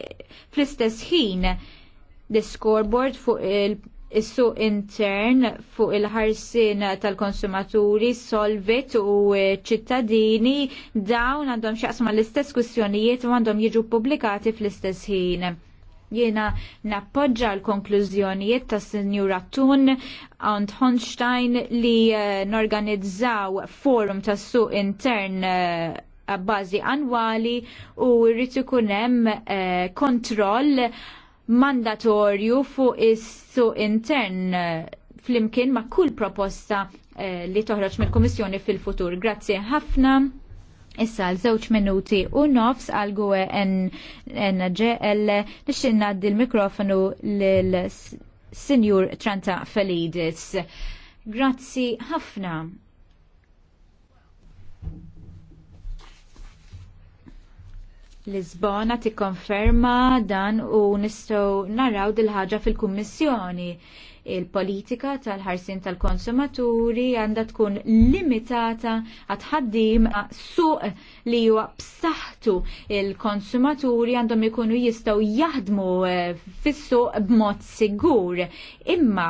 fl-istess ħin l-scoreboard fuq il- Is-suq intern fuq il-ħarsin tal-konsumaturi, solvit u ċittadini dawn għandhom xaqsma l-istess kustjonijiet u għandhom jiġu publikati fl-istess ħin. Jiena nappoġġa l-konklużjonijiet ta' Sinjura Tun għand Honstein li eh, norganizzaw forum ta' suq intern għabbażi eh, annwali u rritu ikun hemm eh, kontroll mandatorju fuq is su intern eh, flimkien ma' kull proposta eh, li toħroġ mill-Kummissjoni fil-futur. Grazzi ħafna. Issa għal żewġ minuti u nofs għal gwe NGL nixin naddi l-mikrofonu l-Sinjur Tranta Felidis. Grazzi ħafna. Lisbona tikkonferma dan u nistgħu naraw dil-ħaġa fil-Kummissjoni. Il-politika tal-ħarsin tal-konsumaturi għandha tkun limitata għatħaddim suq li huwa b'saħħtu il-konsumaturi għandhom ikunu jistgħu jaħdmu eh, fis-suq b'mod sigur. Imma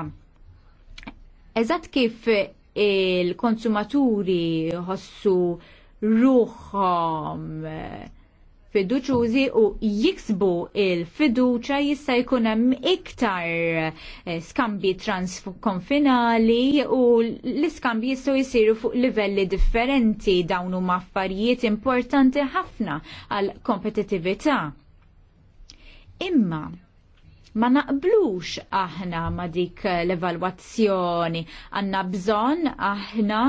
eżatt kif il-konsumaturi ħossu ruħhom eh, fiduċuzi u jiksbu il-fiduċa jista' jkun hemm iktar eh, skambi transkonfinali u l iskambji jistgħu jsiru fuq livelli differenti dawn huma affarijiet importanti ħafna għal kompetittività. Imma ma naqblux aħna ma dik l-evalwazzjoni għandna bżonn aħna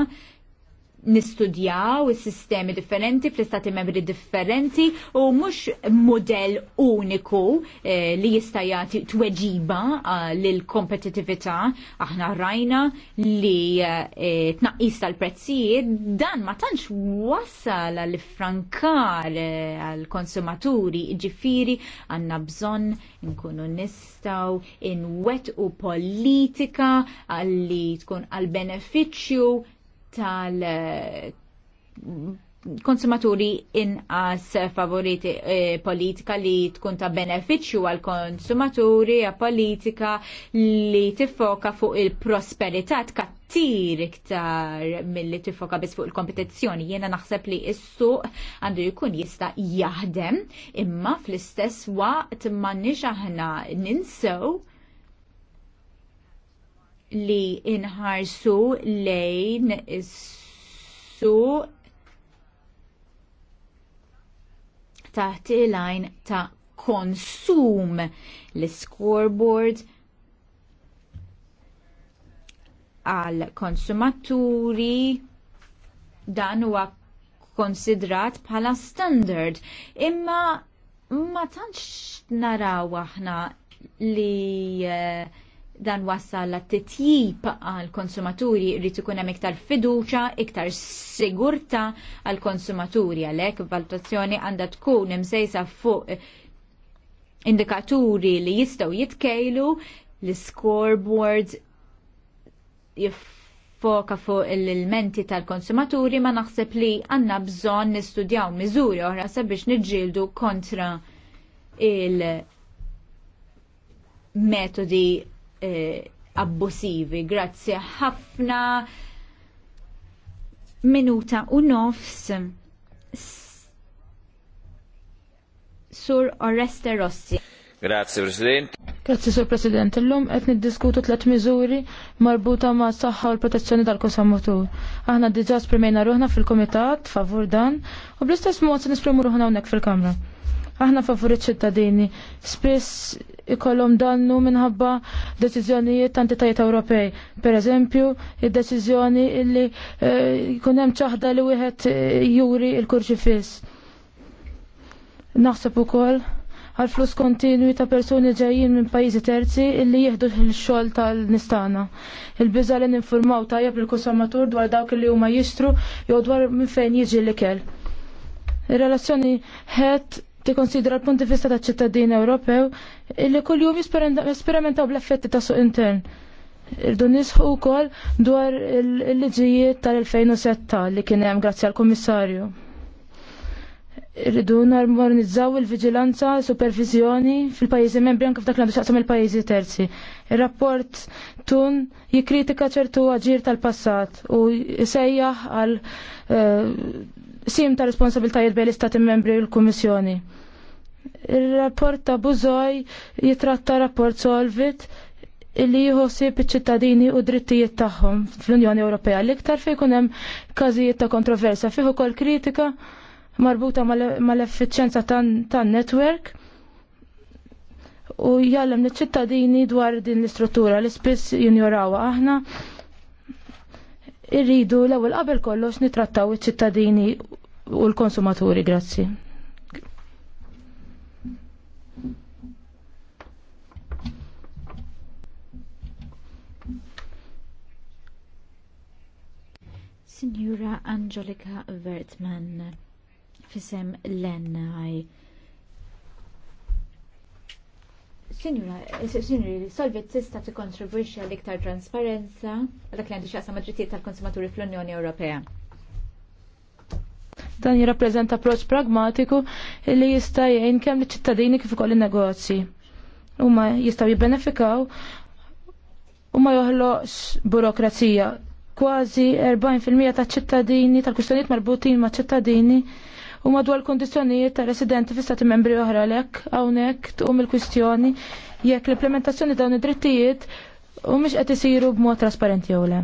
nistudjaw is-sistemi differenti fl-istati membri differenti u mhux modell uniku eh, li jista' jagħti tweġiba eh, lil kompetitività aħna rajna li eh, tnaqqis tal-prezzijiet dan ma tantx wassal għal frankar eh, għal konsumaturi ġifiri għandna bżonn nkunu nistgħu wet u politika għalli tkun għal benefiċċju tal eh, konsumaturi inqas favoriti eh, politika li tkun ta' beneficju għal konsumaturi a politika li tifoka fuq il-prosperità tkattir iktar mill-li tifoka bis fuq il-kompetizzjoni. Jena naħseb li issu suq għandu jkun jista' jaħdem imma fl-istess waqt ma' aħna ninsew li inħarsu lejn su taħt il-lajn ta' konsum l-scoreboard għal konsumaturi dan huwa konsidrat bħala standard imma ma tantx naraw aħna li uh, dan wassal la titjib għal konsumaturi rrit ikun hemm iktar fiduċa, iktar sigurta għal konsumaturi għalhekk valutazzjoni għandha tkun imsejsa fuq indikaturi li jistgħu jitkejlu l-scoreboard foka fuq l-elementi tal-konsumaturi ma naħseb li għanna bżon nistudjaw miżuri oħra sabiex niġġieldu kontra il-metodi eh, abbusivi. Grazzi ħafna minuta u nofs Sur Oreste Rossi. Grazie President. Grazie Sur President. Illum qed niddiskutu tliet miżuri marbuta ma' saħħa u l-protezzjoni tal-konsumatur. Aħna diġà sprimejna ruħna fil-Kumitat favur dan u bl-istess mod se nisprimu ruħna hawnhekk fil-Kamra aħna favorit ċittadini. Spiss ikollhom dannu minħabba deċiżjonijiet ta' entitajiet Ewropej. Per eżempju, id-deċiżjoni illi eh, jkun hemm ċaħda li wieħed eh, juri l fis. Naħseb ukoll għal flus kontinwi ta' persuni ġejjin minn pajjiżi terzi illi jieħdu l-xogħol tal-nistana. Il-biża li ninformaw tajjeb il-konsumatur dwar dawk li huma jistru jew dwar minn fejn jiġi l-ikel. Ir-relazzjoni ħed tikkonsidra l-punti vista ta' ċittadin Ewropew illi kuljum jisperimentaw bl-effetti ta' suq intern. Irdu nisħu wkoll dwar il-liġijiet tal-2007 li kien hemm grazzi għall-Kummissarju. Irridu narmonizzaw il-viġilanza, supervizjoni fil-pajjiżi membri anke f'dak l għandu xaqsam il-pajjiżi terzi. Ir-rapport tun jikkritika ċertu aġir tal-passat u jsejjaħ għal eh, sim ta' responsabiltajiet bejn l-Istati membri u l-Kummissjoni. Il-rapport ta' Buzoj jitratta rapport Solvit illi jħossib iċ-ċittadini u drittijiet tagħhom fl-Unjoni Ewropea. L-iktar fejn ikun hemm każijiet ta' kontroversja, fih ukoll kritika marbuta mal-effiċenza tan-netwerk u jgħallem l-ċittadini dwar din l-istruttura li spiss jinjorawha aħna irridu l-ewwel qabel kollox nitrattaw iċ-ċittadini u l-konsumaturi, grazzi. Signora Angelica Vertman, fisem l Sinjura, sinjuri, solvit tista tikkontribwixxi għal iktar transparenza għal li għandi xaqsa maġritiet tal-konsumaturi fl-Unjoni Ewropea. Dan jirrappreżenta approċċ pragmatiku li jista' jgħin kemm liċ-ċittadini kif ukoll in-negozji. Huma jistgħu jibbenefikaw u ma joħloqx burokrazija. Kważi 40% taċ ċittadini tal-kwistjonijiet marbutin ma' ċittadini u madwar kondizjonijiet ta' residenti fi stati membri oħra lek hawnhekk tqum il-kwistjoni jekk l-implementazzjoni dawn id-drittijiet u mhux qed isiru b'mod trasparenti jew le.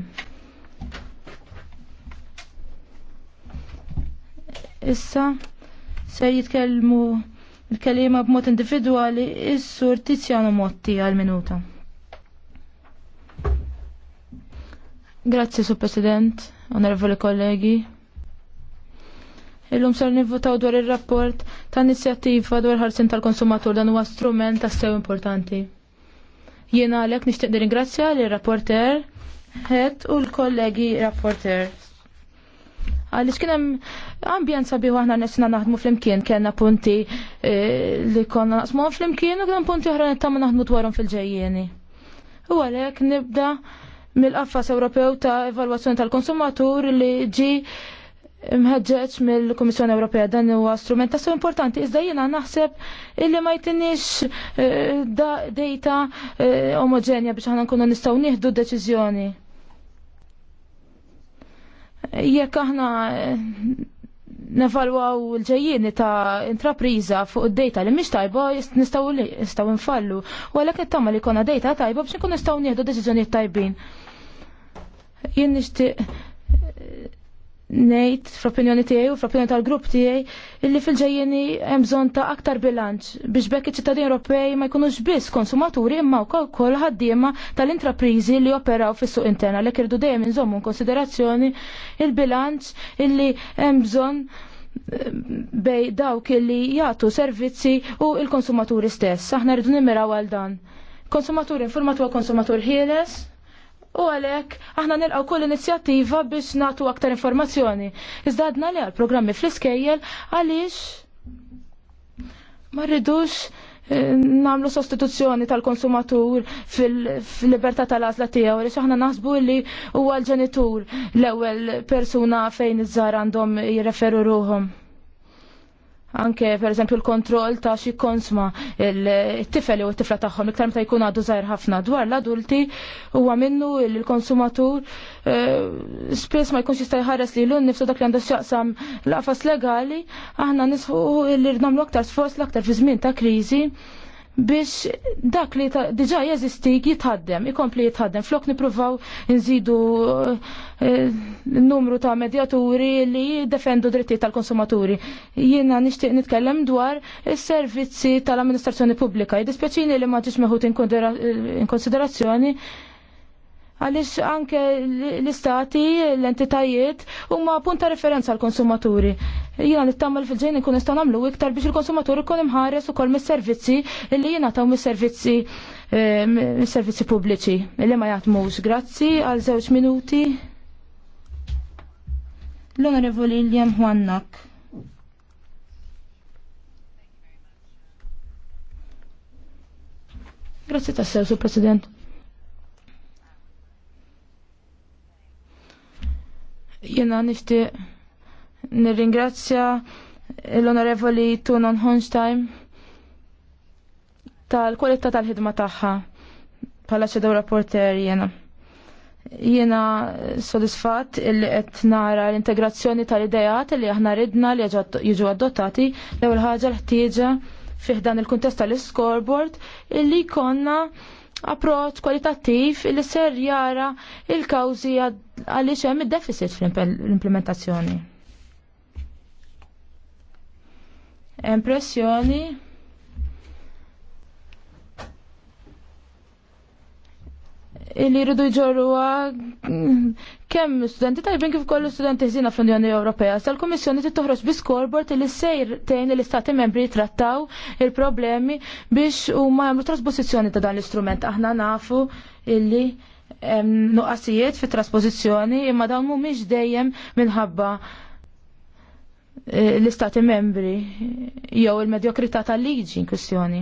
Issa se jitkellmu l-kelima b'mod individwali is-sur Tiziano Motti għal-minuta. Grazie, Sur President, onorevoli kollegi. Illum ser nivvotaw dwar ir-rapport ta' inizjattiva dwar ħarsin tal-konsumatur dan huwa strument ta' sew importanti. Jiena għalek nixtieq nirringrazzja lir rapporter Het u l-kollegi rapporter. Għaliex kien hemm ambjent sabiħ aħna nesna naħdmu flimkien kellna punti eh, li konna naqsmu flimkien u kien punti oħra nittama naħdmu dwarhom fil-ġejjieni. U għalhekk nibda mill qafas Ewropew ta' evalwazzjoni tal-konsumatur li ġi mħeġġeġ mill-Komissjoni Ewropea dan huwa strument tassu importanti, iżda jiena naħseb illi ma jtinix eh, da data eh, omogenja biex aħna nkunu nistgħu nieħdu deċiżjoni. Jekk aħna eh, nevalwaw il-ġejjieni ta' intrapriża fuq id-data li mhix tajba nistgħu nistgħu nfallu, u għalhekk nittama li jkollna data tajba biex nkunu nistgħu nieħdu deċiżjonijiet tajbin. Jien nixtieq ngħid fl-opinjoni tiegħi u fl-opinjoni tal-grupp tiegħi illi fil-ġejjeni hemm bżonn ta' aktar bilanċ biex bekk iċ-ċittadini Ewropej ma jkunux biss konsumaturi imma wkoll ukoll ħaddiema tal-intrapriżi li operaw fis-suq interna li kirdu dejjem inżommu konsiderazzjoni il-bilanċ illi hemm bżonn eh, bej dawk illi jagħtu servizzi u l-konsumaturi stess. Aħna rridu nimmiraw għal dan. Konsumaturi informatu għal konsumatur ħieles, U għalek, aħna nilqaw kull inizjattiva biex natu aktar informazzjoni. Iżda għadna li għal programmi fl-iskejjel għaliex ma rridux eh, namlu sostituzzjoni tal-konsumatur fil-libertà tal azla tiegħu għaliex aħna naħsbu li huwa l-ġenitur l-ewwel persuna fejn iż-żar għandhom jirreferu ruhom. Anke per eżempju l-kontroll ta' xi konsma il-tifel u t-tifla tagħhom iktar meta jkun għadu żgħir ħafna dwar l-adulti huwa minnu l-konsumatur eh, spiss ma jkunx jista' jħares li l nifsu dak li għandu x'jaqsam laqfas legali aħna nisħu li l aktar sforz l-aktar fi żmien ta' kriżi biex dak li diġa jazisti jitħaddem, ikompli jitħaddem. Flok nipruvaw nżidu eh, eh, n-numru ta' medjaturi li jiddefendu dritti tal-konsumaturi. Jiena nixtieq nitkellem dwar is-servizzi tal-amministrazzjoni pubblika. Jidispeċini li ma meħut in konsiderazzjoni għalix anke l-istati, l-entitajiet, huma punta referenza għal-konsumaturi. Jina nittammel fil-ġejn nkun nistgħu nagħmlu iktar biex il-konsumaturi kun imħares ukoll mis-servizzi li jingħataw mis-servizzi eh, mis-servizzi pubbliċi li ma jagħtmux. Grazzi għal żewġ minuti. L-Onorevoli William Juannak. Grazzi tassew, Sur President. Jena nifti nirringrazzja l-Onorevoli Tunon Honstein tal-kwalità tal-ħidma tagħha bħala xedew rapporter jena. Jena sodisfatt illi qed nara l-integrazzjoni tal-idejat li aħna ridna li jiġu adottati l-ewwel ħaġa l-ħtieġa fih dan il-kuntest tal-scoreboard illi konna approċ kwalitattiv illi ser jara il-kawżi għad għaliex hemm id-deficit fl-implementazzjoni. Impressjoni li jridu jġorruha kemm studenti tajbin kif kollu studenti ħżina fl-Unjoni Ewropea. Sa l-Kummissjoni tittoħroġ bi scoreboard li sejr tejn l-istati membri jitrattaw il-problemi biex huma jagħmlu trasposizzjoni ta' dan l-istrument. Aħna nafu illi nuqqasijiet fit trasposizzjoni imma dawn mhumiex dejjem minħabba eh, l-istati membri jew il-medjokrità tal-liġi kwistjoni.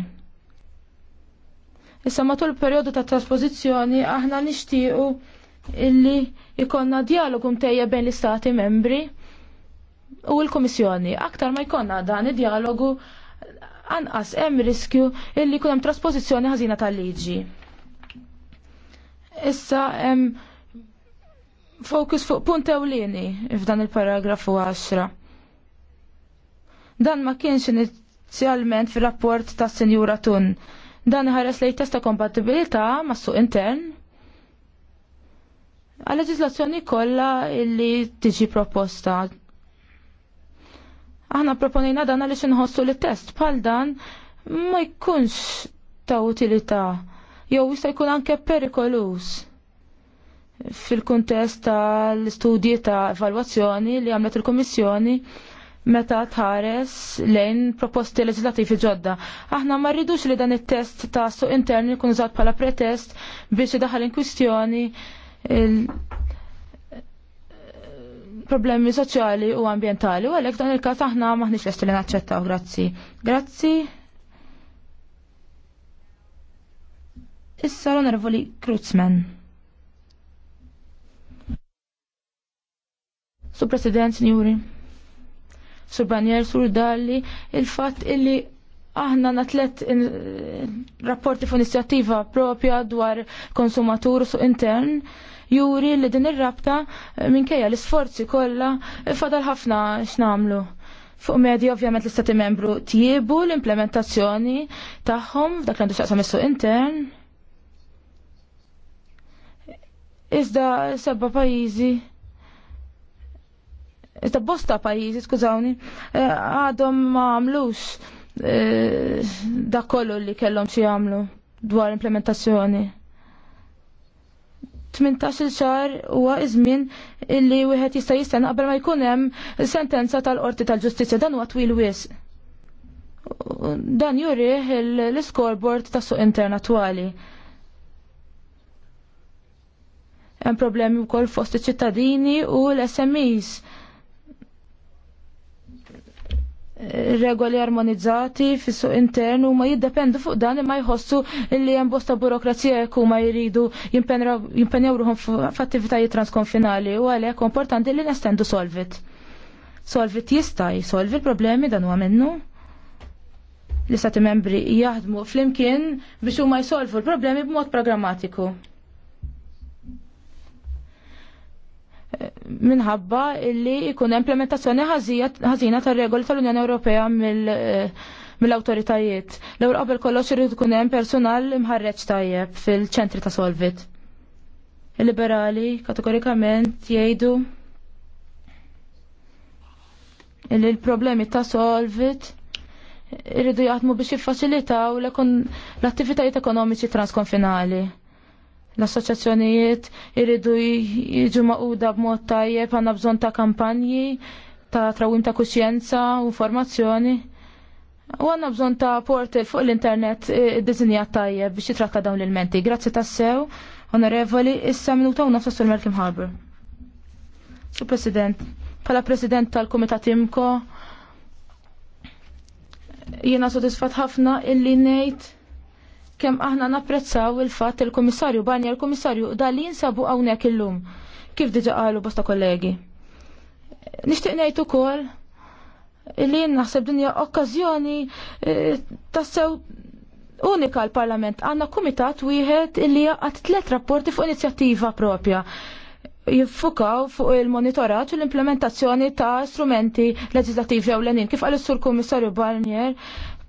Issa matul perjodu ta' trasposizzjoni aħna nixtiequ illi ikonna dialogu mtejja bejn l-istati membri u l-Komissjoni. Aktar ma jkonna dan id-dialogu anqas hemm riskju illi jkun hemm trasposizzjoni ħażina tal-liġi. Issa hemm fokus fuq punt ewlieni f'dan il-paragrafu 10. Dan ma kienx inizjalment fir-rapport tas Sinjura Tun. Dan ħares lej testa kompatibilità mas suq intern għal leġislazzjoni kollha illi tiġi proposta. Aħna proponina dan għaliex inħossu li test bħal dan ma jkunx ta' utilità jew jista' jkun anke perikolus fil-kuntest tal-istudji ta' evalwazzjoni li għamlet il-Kommissjoni meta tħares lejn proposti leġislativi ġodda. Aħna ma rridux li dan it-test ta' suq interni jkun użat bħala pretest biex idaħal in kwistjoni problemi soċjali u ambientali u għalhekk dan il-każ aħna maħniex lesti li naċċettaw. Grazzi. Grazzi. Issa l-Onorevoli Kruzman. Su President, Signori, Sur Banier, Sur Dalli, il-fat illi aħna natlet eh, rapporti fu inizjattiva propja dwar konsumatur su intern juri li din ir-rabta eh, minkejja l-isforzi kollha eh, fadal ħafna x'namlu. Fuq medja ovvjament l-istati membru tjiebu l-implementazzjoni tagħhom f'dak l-għandu xaqsam intern Iżda seba pajjiżi Iżda bosta pajjiżi, skużawni, eh, għadhom ma għamlux eh, da kollu li kellhom xi jagħmlu dwar implementazzjoni. 18 ċar huwa iż-żmien illi wieħed jista' jistenna qabel ma jkun hemm sentenza tal-Qorti tal-Ġustizzja dan huwa twil wisq. Dan jurih l-iskorbord tas-suq intern twali. Hemm problemi wkoll fost iċ-ċittadini u l-SMEs. Regoli armonizzati fis-suq intern huma jiddependu fuq dan imma jħossu li hemm bosta burokrazija jekk huma jridu jimpenjaw ruħhom f'attivitajiet transkonfinali u għalhekk importanti li nestendu solvit. Solvit jista' jsolvi l-problemi dan huwa minnu l-istati membri jaħdmu flimkien biex huma jsolvu l-problemi b'mod programmatiku. minħabba li jkun implementazzjoni ħażina tar-regoli tal-Unjoni Ewropea eh, mill-awtoritajiet. L-ewwel qabel kollox irid ikun hemm personal imħarreġ tajjeb fil-ċentri ta' Solvit. Il-liberali kategorikament jgħidu li l-problemi ta' Solvit irridu jaħdmu biex jiffaċilitaw l-attivitajiet ekonomiċi transkonfinali. L-assoċjazzjonijiet iridu jiġu maquda b'mod tajjeb għandna bżonn ta' kampanji ta' trawim ta' kuxjenza u formazzjoni. U għanna bżon ta' portal fuq l-internet id-dizinjat e, tajjeb biex jitratta dawn l-elementi. Grazzi ta' sew, onorevoli, issa minuta u nafsa sur Malcolm Harbour. Su President, pala President tal-Komitat Imko, jena sodisfat ħafna illi nejt kemm aħna napprezzaw il-fatt il-Kummissarju Barnier il-Kummissarju dalin sabu hawnhekk illum kif diġa qalu bosta kollegi. Nixtieq ngħid ukoll li naħseb dinja okkażjoni eh, tassew unika l-Parlament għandna kumitat wieħed li għat tliet rapporti fuq inizjattiva propja jiffukaw fuq il-monitorat u l-implementazzjoni ta' strumenti leġislativi ewlenin. Kif għal sur Kummissarju Barnier,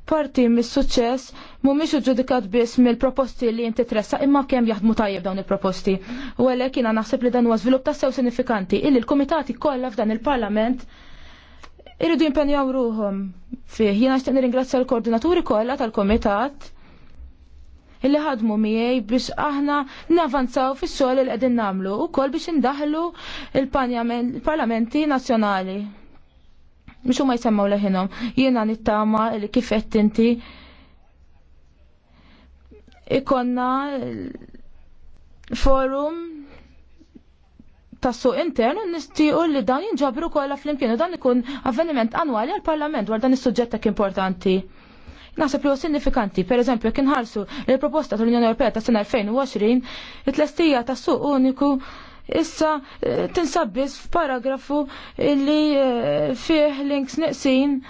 parti mis-suċċess mhumiex uġġudikat biss mill-proposti li inti tressa imma kemm jaħdmu tajjeb dawn il-proposti. U għalhekk jiena naħseb li dan huwa żvilupp tassew sinifikanti illi l-kumitati kollha f'dan il-Parlament irridu jimpenjaw ruhom fih. Jiena nixtieq nirringrazzja l-koordinaturi kollha tal-kumitat illi ħadmu miegħi biex aħna navanzaw fis-xogħol li qegħdin nagħmlu ukoll biex indaħlu il-parlamenti nazzjonali. Mux ma jisemmaw leħinom. Jiena nittama li kifet inti ikonna forum tassu internu nistiqu li dan jinġabru kolla fl-imkienu dan ikun avveniment annwali għal-parlament għal dan is-suġġett importanti. Naħseb li sinifikanti, per eżempju, kien ħarsu il-proposta tal-Unjoni Ewropea tas sena 2020 it lestija tas-suq uniku issa eh, tinsab biss f'paragrafu illi eh, fih links neqsin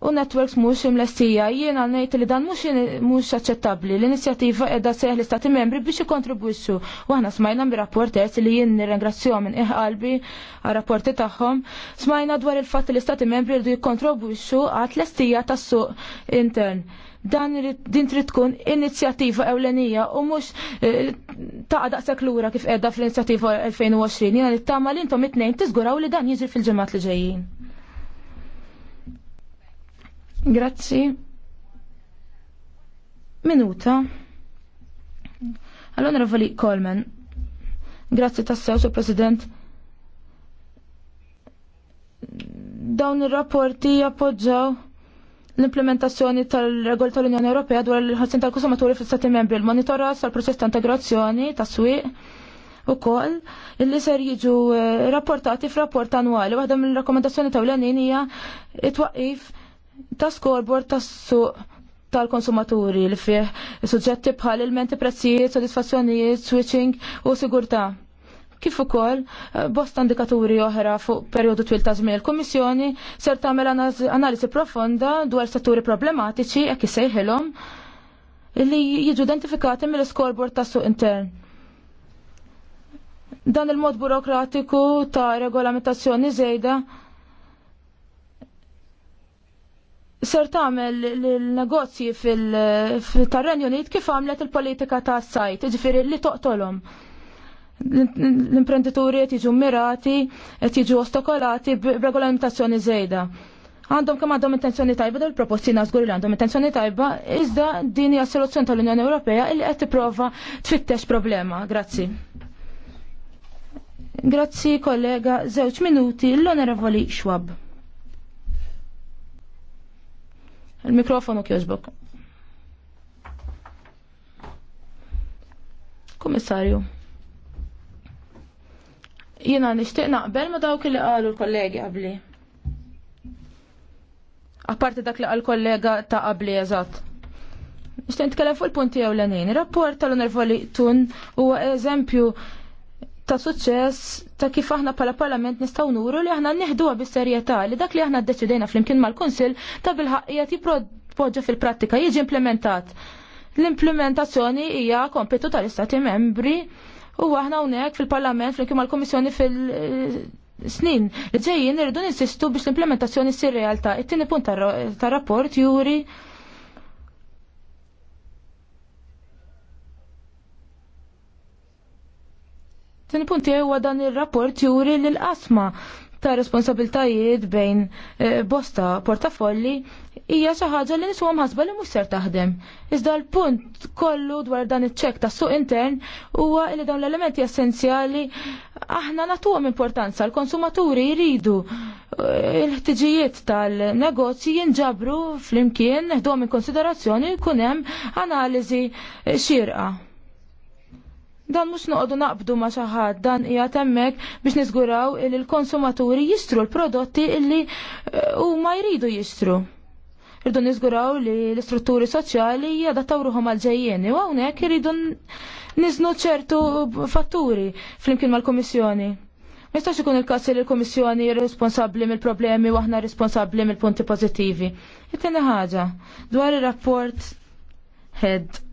u networks mhux imlestija. Jiena ngħid li dan mhux mux aċċettabbli. L-inizjattiva qiegħda seħ l-istati membri biex ikkontribwixxu. U għana smajna mir-rapporters li jien nirringrazzjahom minn qalbi għar-rapporti tagħhom. Smajna dwar il-fatt li l-istati membri rridu jikkontribwixxu għat l-estija tas-suq intern dan din trid tkun inizjattiva ewlenija u mhux eh, taqa' daqsak lura kif qiegħda fl-inizjattiva 2020 jiena nittama li intom it-tnejn tiżguraw li dan jiġri fil-ġimgħat li ġejjin. Grazzi. Minuta. All-Onorevoli Coleman. Grazzi tassew, Sur President. Dawn ir-rapporti jappoġġaw l-implementazzjoni tal-regol tal-Unjoni Ewropea dwar il-ħassin tal-konsumaturi fil-Stati membri, il monitora tal-proċess ta' integrazzjoni ta' swieq ukoll illi ser jiġu eh, rapportati f'rapport annwali. Waħda mill-rakkomandazzjoni ta' l-għanin hija it-twaqif ta' scoreboard ta' suq tal-konsumaturi li fih suġġetti bħal il-menti prezzijiet, sodisfazzjonijiet, switching u sigurtà kif ukoll eh, bosta indikaturi oħra fuq perjodu twil ta' żmien il-Kummissjoni ser tagħmel analiżi profonda dwar setturi problematiċi jekk isejħilhom li jiġu identifikati mill iskorbord tas suq intern. Dan il-mod burokratiku ta' regolamentazzjoni żejda ser tagħmel l-negozji fil-Tarren Unit kif għamlet il-politika ta' sajt, ġifieri li toqtolhom l-imprenditori qed jiġu mirati, qed jiġu ostakolati b'regolamentazzjoni żejda. Għandhom kemm għandhom intenzjoni tajba dal proposti nażgur li għandhom intenzjoni tajba, iżda din hija soluzzjoni tal-Unjoni Ewropea li qed tipprova tfittex problema. Grazzi. Grazzi kollega, żewġ minuti l-Onorevoli Schwab. Il-mikrofonu kjożbok. Komissarju. Jiena nixtieq naqbel ma dawk li qalu l-kollegi qabli. Apparti dak li qal kollega ta' qabli eżatt. Nixtieq nitkellem fuq il-punti l Ir-rapport tal-Unervoli Tun huwa eżempju ta' suċċess ta' kif aħna pala parlament nistaw nuru li aħna nieħduha bis-serjetà li dak li aħna ddeċidejna flimkien mal-Kunsill ta' bil-ħaqqiet jipproġġa fil-prattika jiġi implementat. L-implementazzjoni hija kompetu tal-Istati membri U aħna hawnhekk fil-Parlament ma l kummissjoni fil-snin li ġejjin irridu ninsistu biex l-implementazzjoni ssir realtà. It-tieni punt tar-rapport juri Tieni punti huwa dan ir-rapport juri l-qasma ta' responsabiltajiet bejn eh, bosta portafolli hija xi ħaġa li nisuhom ħasba li mhux ser taħdem. Iżda l-punt kollu dwar dan iċ-ċek tas suq intern huwa li dawn l-elementi essenzjali aħna nagħtuhom importanza l-konsumaturi jridu eh, il-ħtiġijiet tal-negozji jinġabru flimkien neħduhom in konsiderazzjoni jkun hemm analiżi xirqa Dan mhux noqogħdu naqbdu ma' xi ħadd, dan ija temmek biex niżguraw li l-konsumaturi jistru l-prodotti illi eh, huma jridu jistru. Irdu niżguraw li l-istrutturi soċjali jada ruħhom għal ġejjieni u hawnhekk iridu niżnu ċertu fatturi flimkien mal-Kummissjoni. Ma ikun il-każ li l komissjoni responsabbli mill-problemi u aħna responsabbli mill-punti pożittivi. It-tieni ħaġa dwar ir-rapport head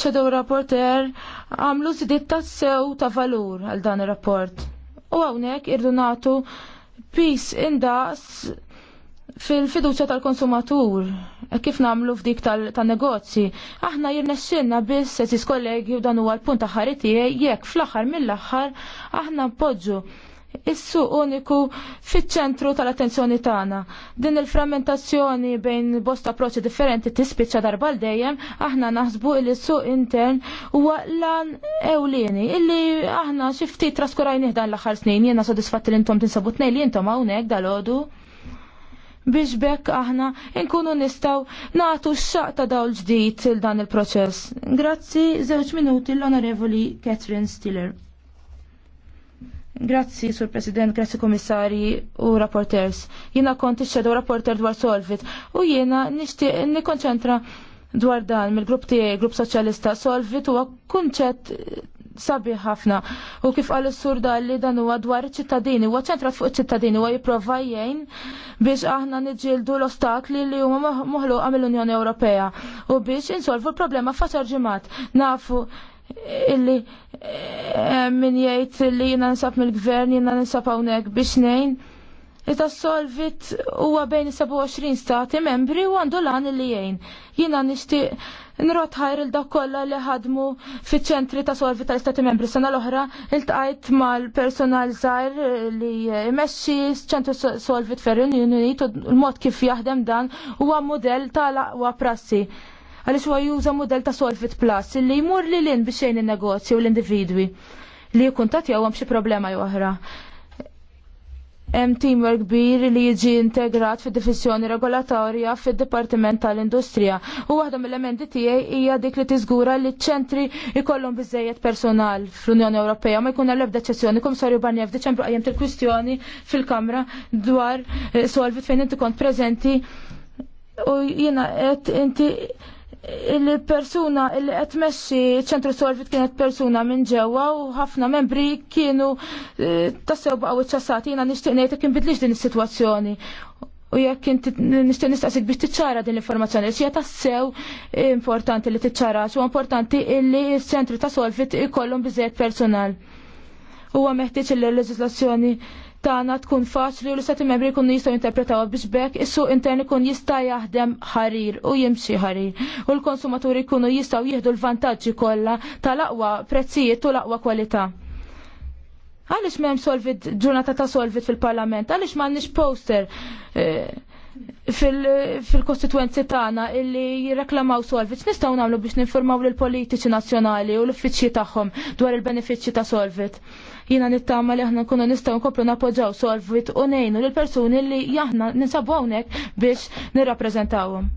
Shadow Rapporter għamlu sidiet ta' sew ta' valur għal dan il-rapport. U għawnek irdu natu pis indas fil-fiduċa tal-konsumatur, e kif namlu f'dik tal-negozji. Aħna jirnexxinna biss, eżis kollegi, u dan huwa l-punt aħħar tiegħi jekk fl-aħħar mill-aħħar aħna poġġu is-suq uniku fiċ-ċentru tal-attenzjoni tagħna. Din il-frammentazzjoni bejn bosta approċċi differenti tispiċċa darba l dejjem aħna naħsbu li s-suq intern huwa lan ewlieni illi aħna xi ftit traskurajn dan l-aħħar snin jiena sodisfatti li intom tinsabu tnejn li intom hawnhekk dalodu biex bekk aħna nkunu nistaw natu x-xaq ta' dawl ġdid il dan il-proċess. Grazzi, żewġ minuti l-onorevoli Catherine Stiller. Grazzi, Sur President, grazzi Komissari u Rapporters. Jiena konti xedu Rapporter dwar Solvit u jiena nixtieq nikkonċentra dwar dan mill-grupp tiegħi, grupp Soċjalista Solvit huwa kunċett eh, sabiħ ħafna u kif qal is-sur li dan huwa dwar iċ-ċittadini, huwa ċentrat fuq iċ-ċittadini huwa jipprova jgħin biex aħna niġġieldu l-ostakli li huma moħluqa mill-Unjoni Ewropea u biex insolvu l-problema f'għaxar ġimgħat. Nafu illi eh, min jgħid li jiena nisab mill-gvern jiena nisab hawnhekk biex nejn. Ita solvit huwa bejn 27 stati membri u għandu lan illi jgħin. Jina nixtieq nrot ħajr il dak kollha li ħadmu fiċ-ċentri ta' solvit tal-istati membri. Sena l-oħra iltqajt mal-personal żgħir li jmexxi ċentru solvit fer-Unjoni u l-mod kif jaħdem dan huwa mudell tal-aqwa prassi għaliex huwa juża mudell ta' Solvit Plus illi jmur li lin biex xejn in-negozju u l-individwi li jkun tagħti għom xi problema jew oħra. Hemm teamwork kbir li jiġi integrat fid-diffissjoni regolatorja fid-Dipartiment tal-Industrija u waħda mill-elementi tiegħi hija dik li tiżgura li ċ-ċentri jkollhom biżejjed personal fl-Unjoni Ewropea ma jkun l-ebda eċċezzjoni. Kummissarju Barnier f'Diċembru qajjem il-kwistjoni fil-Kamra dwar eh, solvit fejn inti kont preżenti u jiena qed inti il-persuna il qed messi ċentru solvit kienet persuna minn ġewwa u ħafna membri kienu eh, tassew baqgħu iċċassati jiena nixtieq ngħid kien din is-sitwazzjoni. U jekk inti nixtieq nistaqsik biex tiċċara din l-informazzjoni, xi tassew importanti li tiċċara, u importanti illi s-ċentru ta' solvit ikollhom biżejjed personal. Huwa meħtieġ il-leġiżlazzjoni tagħna tkun faċli u l-istati membri jkunu jistgħu jinterpretaw biex bekk is-suq intern ikun jista' jaħdem ħarir u jimxi ħarir u l-konsumaturi jkunu jistgħu jieħdu l-vantaġġi kollha tal-aqwa prezzijiet u l-aqwa kwalità. Għaliex m'hemm solvit ġurnata ta' solvit fil-Parlament? Għaliex m'għandniex poster? Eh, fil-kostituenzi fil tagħna illi jirreklamaw solvits nistgħu nagħmlu biex ninformaw lil politiċi nazzjonali u l-uffiċċji tagħhom dwar il-benefiċċji ta' Solvit. Jiena nittama li aħna nkunu nistgħu nkomplu nappoġġaw Solvit u ngħinu lil persuni li aħna ninsabu hawnhekk biex nirrappreżentawhom.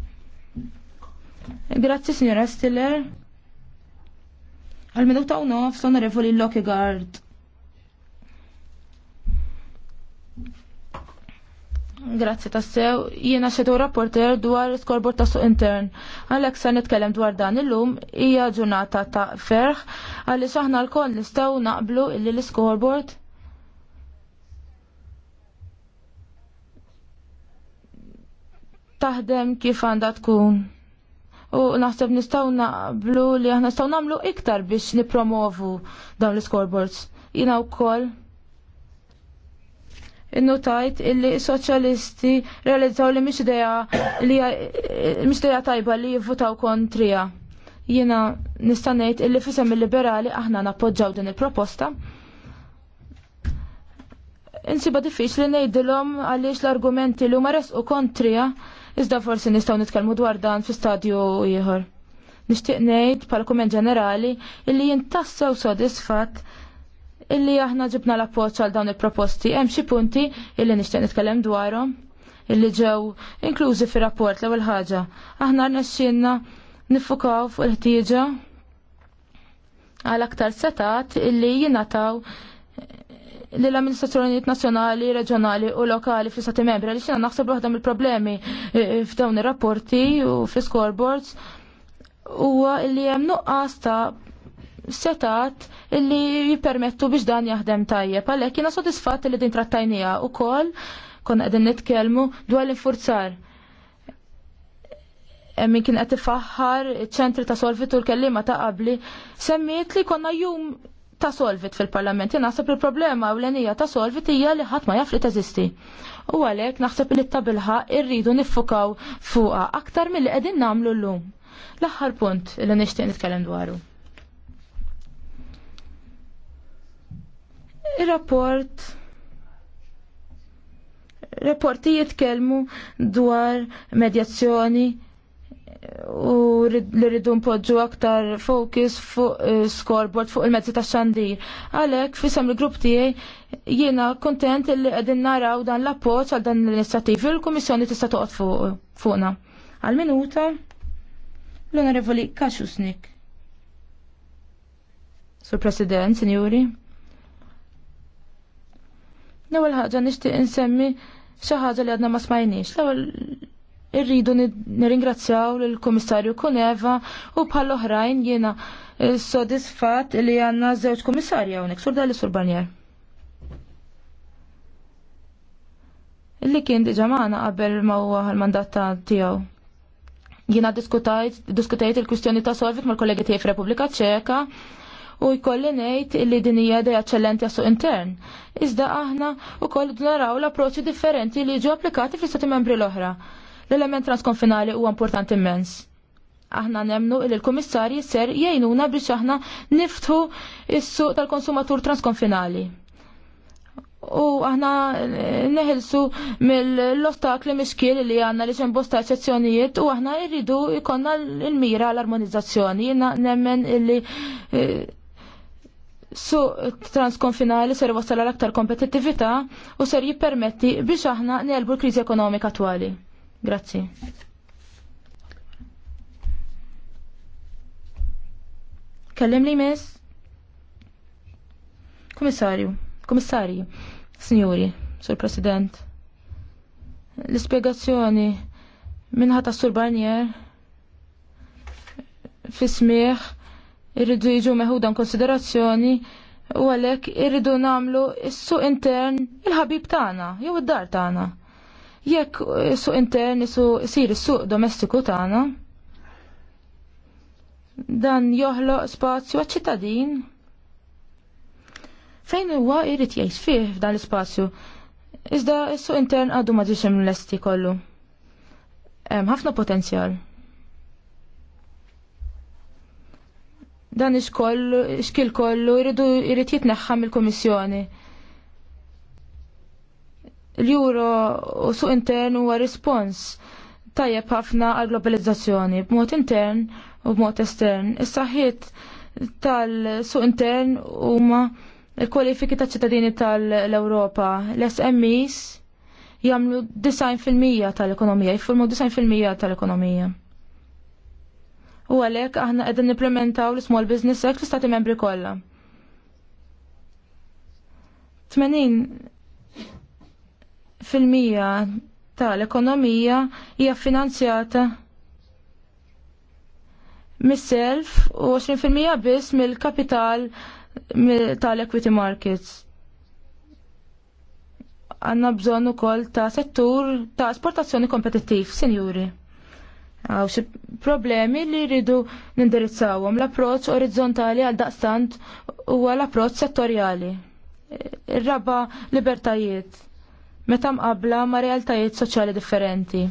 Grazzi signora Stiller. Għal-minuta u nof, l-onorevoli Lockigard. Grazzi tassew, jiena xedu rapporter dwar skorbor ta' suq intern. Għalek se nitkellem dwar dan illum hija ġurnata ta' ferħ għaliex aħna l-koll nistgħu naqblu illi l skorbor taħdem kif għandha tkun. U naħseb nistgħu naqblu li aħna nistgħu nagħmlu iktar biex nipromovu dawn l-scoreboards. Jiena wkoll tajt illi soċjalisti realizzaw li mhix deja tajba li jivvutaw kontrija. Jiena nista' ngħid illi fisem il-liberali aħna nappoġġaw din il-proposta. Insiba diffiċli ngħidilhom għaliex l-argumenti li huma resqu kontrija iżda forsi nistgħu nitkellmu dwar dan fi stadju ieħor. Nixtieq ngħid bħala kumment ġenerali illi jintassaw sodisfatt illi aħna ġibna l-appoġġ għal dawn il-proposti hemm xi punti illi nixtieq nitkellem dwarhom illi ġew inklużi fir-rapport l-ewwel ħaġa. Aħna rnexxinna nifukaw fuq il-ħtieġa għal aktar setat illi jingħataw lill amministrazzjonijiet nazzjonali, reġjonali u lokali fl-istati membri għaliex jiena naħseb waħda mill-problemi eh, eh, f'dawn ir-rapporti u fl-scoreboards huwa li hemm nuqqas ta' setat illi jipermettu biex dan jaħdem tajjeb. Għalhekk jiena sodisfatt li din trattajnija wkoll konna qegħdin nitkellmu dwar l-infurzar. Min kien qed ifaħħar ċentri ta' solvit u l-kellima ta' qabli semmiet li konna jum ta' solvit fil-parlament. Jien naħseb il-problema u l-enija ta' solvit hija li ħadd ma jaf li teżisti. U għalhekk naħseb li tabilħa irridu niffukaw fuqha aktar mill-li qegħdin nagħmlu llum. L-aħħar punt li nixtieq nitkellem dwaru. Il-rapport Rapporti jitkelmu dwar medjazzjoni u li rridu npoġġu aktar fokus fuq eh, scoreboard fuq il-mezzi ta' xandir. Għalek, fissam il-grupp tiegħi jiena kontent li għedin naraw dan l-appoċ għal dan l-inizjativi u l kummissjoni tista' toqgħod fuqna. Għal-minuta, l-Onorevoli Kaxusnik. Sur President, Sinjuri. L-ewwel ħaġa nixtieq insemmi xi ħaġa li għadna ma smajniex. L-ewwel irridu nirringrazzjaw lill kummissarju Kuneva u bħal oħrajn jiena eh, sodisfatt li għandna żewġ kummissarja hawnhekk sur dali sur Barnier. Illi kien diġà magħna qabel ma huwa l-mandat tiegħu. Jiena diskutajt diskutajt il-kwistjoni ta' solvik mal-kollegi tiegħi f'Repubblika Ċeka u jkolli ngħid li din hija idea eċċellenti għas intern. Iżda aħna koll naraw l-approċċi differenti li jiġu applikati fl-istati membri l-oħra. L-element transkonfinali huwa importanti immens. Aħna nemnu li l-Kummissarji ser jgħinuna biex aħna niftu is-suq tal-konsumatur transkonfinali u aħna eh, neħilsu mill-ostakli miskil li għanna li bosta eccezzjonijiet u aħna irridu ikonna l-mira l-armonizzazzjoni. Jina nemmen illi eh, suq transkonfinali ser wasal aktar kompetittività u ser jippermetti biex aħna nelbu l-kriżi ekonomika attuali. Grazzi. Kellim li miss? Komissarju, komissarji, signori, sur president. L-ispiegazzjoni minnħata sur Barnier fismieħ irridu jiġu meħudan konsiderazzjoni u għalek irridu namlu s-suq intern il-ħabib tagħna jew id-dar tagħna. Jekk is-suq intern isir is-suq domestiku tagħna, dan joħloq spazju għaċ-ċittadin fejn huwa jrid jgħix fih f'dan l-ispazju. Iżda s-suq intern għadu ma ġiex lesti kollu. Hemm ħafna potenzjal. Dan iskollu kollu kollu, jridu jrid jitneħħam il-Komissjoni. L-Euro u suq intern huwa rispons tajjeb ħafna għal globalizzazzjoni b'mod intern u b'mod estern. Is-saħħiet tal-suq intern huma l-kwalifiki ta' ċittadini tal-Ewropa, l-SMEs jagħmlu 90% tal-ekonomija, jiffurmu 90% tal-ekonomija. U għalhekk aħna qegħdin nipplementaw l-Small Business Act l stati Membri kollha. 80 fil-mija tal-ekonomija hija finanzjata mis-self u 20% biss mill-kapital tal-equity markets. Għanna bżonn ukoll ta' settur ta' esportazzjoni kompetittiv, sinjuri. Għaw xi problemi li jridu nindirizzawhom l-approċċ orizzontali għal daqstant huwa l-approċċ settorjali. Ir-raba libertajiet meta qabla ma' realtajiet soċjali differenti.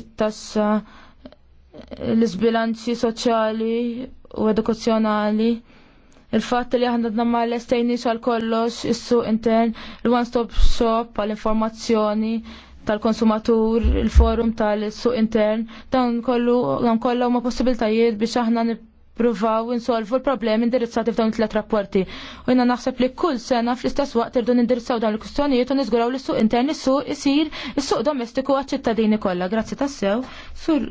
It-tassa l-isbilanċi soċjali u edukazzjonali il-fatt li aħna dna l-estajni għal kollox is-suq intern, il-one-stop shop għal informazzjoni tal-konsumatur, il-forum tal-suq intern, dan kollu dan kollu ma possibiltajiet biex aħna nippruvaw insolvu l-problemi indirizzati f'dawn it-tlet rapporti. U jina naħseb li kull sena fl-istess waqt irdu nindirizzaw dawn il-kustjonijiet u niżguraw l suq intern is-suq isir is-suq domestiku għaċ-ċittadini kollha. Grazzi tassew, sur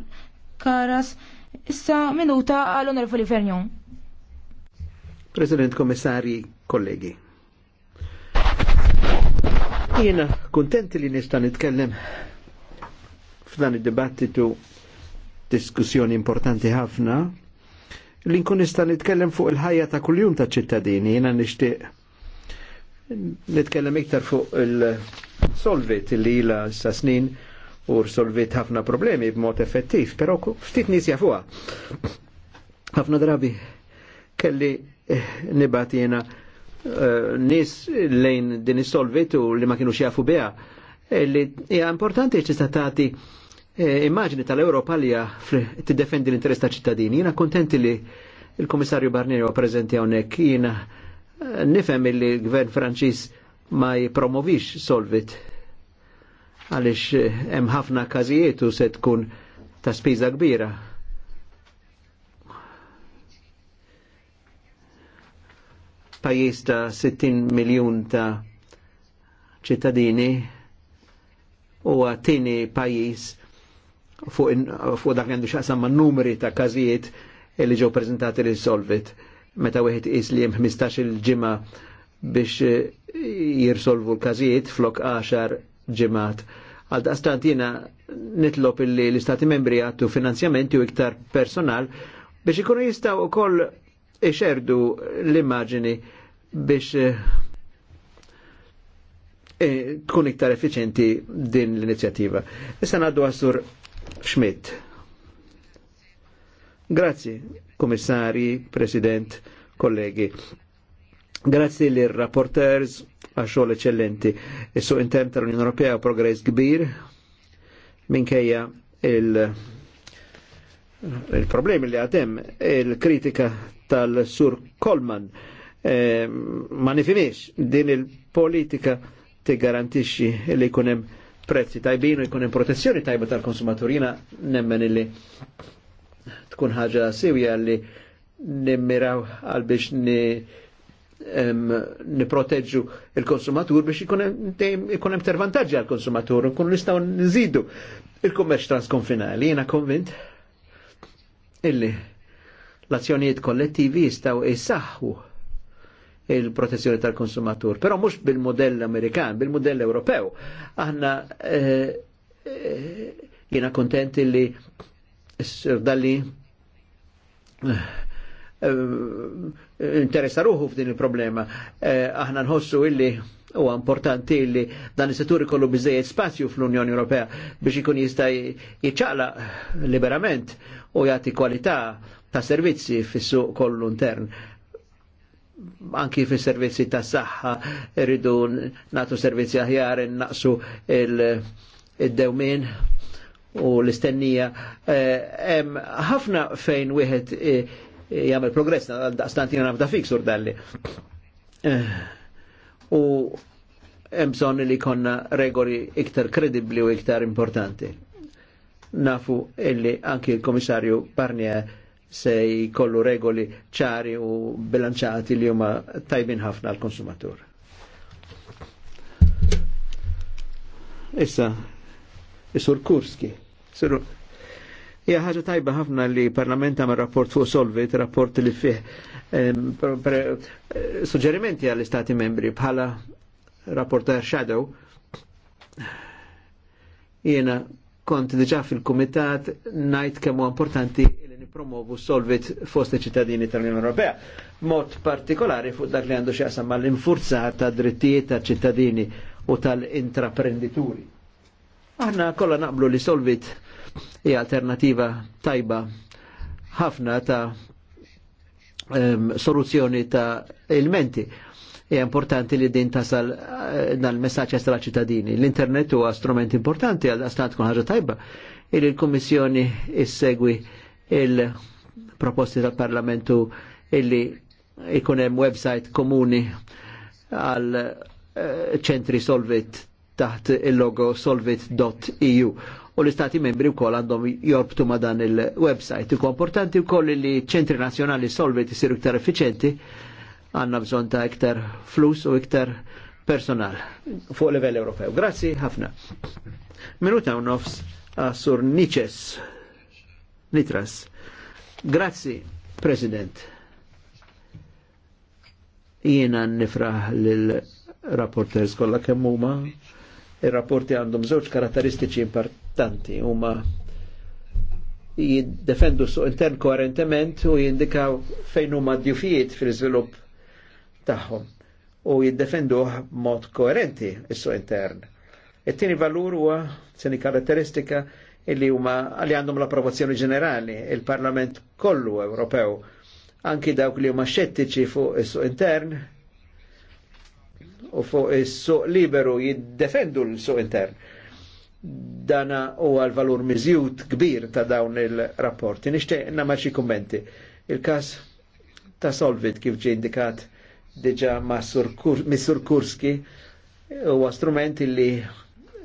Karas, issa minuta għal-Onorevoli Vernjon. President Komissari, kollegi. Jiena kontenti li nista' nitkellem f'dan id-dibattitu diskussjoni importanti ħafna li nkun nista' nitkellem fuq il-ħajja ta' kuljum ta' ċittadini. Jiena nixtieq nitkellem iktar fuq il-solvit li ila sa' snin u solvit ħafna problemi b'mod effettiv, però ftit nisja fuqha. Ħafna drabi kelli eh, nibat jena eh, nis lejn din is-solvitu li ma kienu xiafu beha eh, li hija importanti tista' tagħti immaġni tal europa li t-defendi l-interess ta' ċittadini. Jena kontenti li il-Komissarju Barnier prezenti preżenti Jena jiena nifhem li l-Gvern Franċiż ma jipromovix solvit għalix hemm ħafna każijiet u se tkun ta' spiża kbira f'pajjiż ta' 60 miljun ta' ċittadini huwa tieni pajjiż fuq fu dak għandu xaqsam ma' numri ta' każijiet li ġew preżentati li solvit meta wieħed is li hemm 15 il-ġimgħa biex eh, jirsolvu l-każijiet flok 10 ġimgħat. Għal daqstant jiena nitlob li l-Istati membri għattu finanzjamenti u iktar personal biex ikunu jistaw wkoll iċerdu l immagini biex eh, eh, tkun iktar effiċenti din l-inizjattiva. Issa għaddu għasur Schmidt. Grazzi, komissari, president, kollegi. Grazzi li rapporters għaxol eccellenti. Issu intem intern tal-Unjoni Ewropea progress kbir minkejja il- problemi il li għatem, il-kritika tal-Sur Kolman. E, ma nifimiex din il-politika ti garantixi li kunem prezzi tajbin u jkunem protezzjoni tajba tal-konsumaturina nemmen illi tkun ħaġa siwja li nimmiraw għal biex ni niproteġġu il-konsumatur biex ikunem ter tervantaġġi għal konsumatur nkun nistgħu nżidu il-kummerċ transkonfinali. Jiena konvint illi L-azzjonijiet kollettivi jistgħu jsaħħu il-protezzjoni tal-konsumatur, però mhux bil-modell Amerikan, bil-modell Ewropew. Aħna eh, eh, jiena kontenti li dalli eh, eh, interessa ruħu f'din il-problema. Aħna nħossu illi u importanti li dan is-settur ikollu bizzejiet spazju fl-Unjoni Ewropea biex ikun jista' jiċċaqla liberament u jagħti kwalità ta' servizzi fis-suq kollu intern anki fi servizzi ta' saħħa irridu natu servizzi aħjar naqsu il-dewmin u l-istennija hemm eh, ħafna fejn wieħed eh, jagħmel progress daqstant jiena nafda fik sur dalli. Eh, u hemm bżonn li konna regoli iktar kredibbli u iktar importanti. Nafu illi anki il komissarju Barnier se jkollu regoli ċari u bilanċati li huma tajbin ħafna l konsumatur Issa, Isur Kurski, Isur Ja ħaġa tajba ħafna li parlament ma rapport fuq Solvit, rapport li fih suġġerimenti għall-Istati membri bħala rapportar Shadow. Jena kont diġa fil-Kumitat najt kemm importanti nipromovu solvit fost ċittadini tal-Unjoni Ewropea. Mod partikolari fuq dak li għandu xaqsam mal infurzar ta' drittijiet ta' ċittadini u tal-intraprendituri. Aħna kollha naqblu li solvit hija alternativa tajba ħafna ta' um, soluzzjoni ta' elementi. Hija importanti li din tasal eh, dan messaġġ għal ċittadini. L-internet huwa strument importanti għal stat tkun ħaġa tajba il il-Kommissjoni segwi il-proposti tal-Parlamentu illi ikun hemm website komuni għal eh, ċentri Solvit taħt il-logo solvit.eu u l-istati membri u koll għandhom jorbtu ma dan il-website. Iku importanti u koll li ċentri nazjonali solvit jisiru iktar effiċenti għanna bżon ta' iktar flus u iktar personal fuq livell Ewropew. Grazzi ħafna. Minuta u nofs għasur Niċes. Nitras. Grazzi, President. Jiena nifraħ lil rapporters kollha kemm huma. Ir-rapporti għandhom żewġ karatteristiċi importanti huma jiddefendu suq intern koerentement u jindikaw fejn huma djufijiet fil-iżvilupp tagħhom u jiddefendu mod koerenti is-suq intern. It-tieni valur huwa karatteristika illi huma li għandhom l-approvazzjoni ġenerali, il-Parlament kollu Ewropew, anki dawk li huma xettiċi fuq is-suq intern u fuq is-suq liberu jiddefendu l-suq intern. Dana huwa l-valur miżjut kbir ta' dawn il-rapporti. Nixtieq nagħmel xi kummenti. Il-każ ta' Solvit kif ġie indikat diġa ma' Sur Kurski huwa strumenti li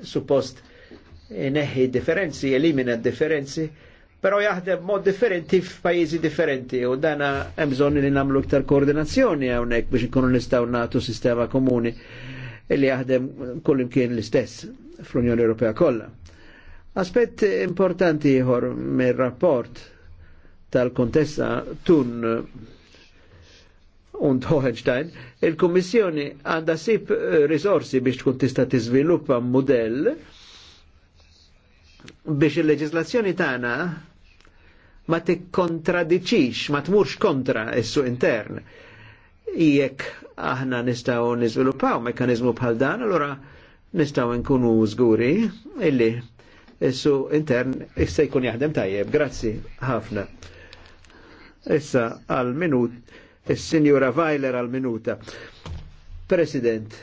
suppost neħi differenzi, elimina differenzi, pero jaħdem mod differenti f'pajjiżi differenti u dana hemm bżonn li nagħmlu iktar koordinazzjoni hawnhekk biex inkunu nistgħu nagħtu sistema komuni li jaħdem kull imkien l-istess fl-Unjoni Ewropea kollha. Aspett importanti ieħor mir-rapport tal-kontessa Tun und Hohenstein, il-Kummissjoni għandha sib risorsi biex tkun tista' tiżviluppa modell biex il-leġislazzjoni tagħna ma tikkontradiċix, ma tmurx kontra is-suq intern. Jekk aħna nistgħu niżviluppaw mekkaniżmu bħal dan, allura nistgħu nkunu żguri illi is intern issa jkun jaħdem tajjeb. Grazzi ħafna. Issa għal minut is-Sinjura Vajler għal minuta. President,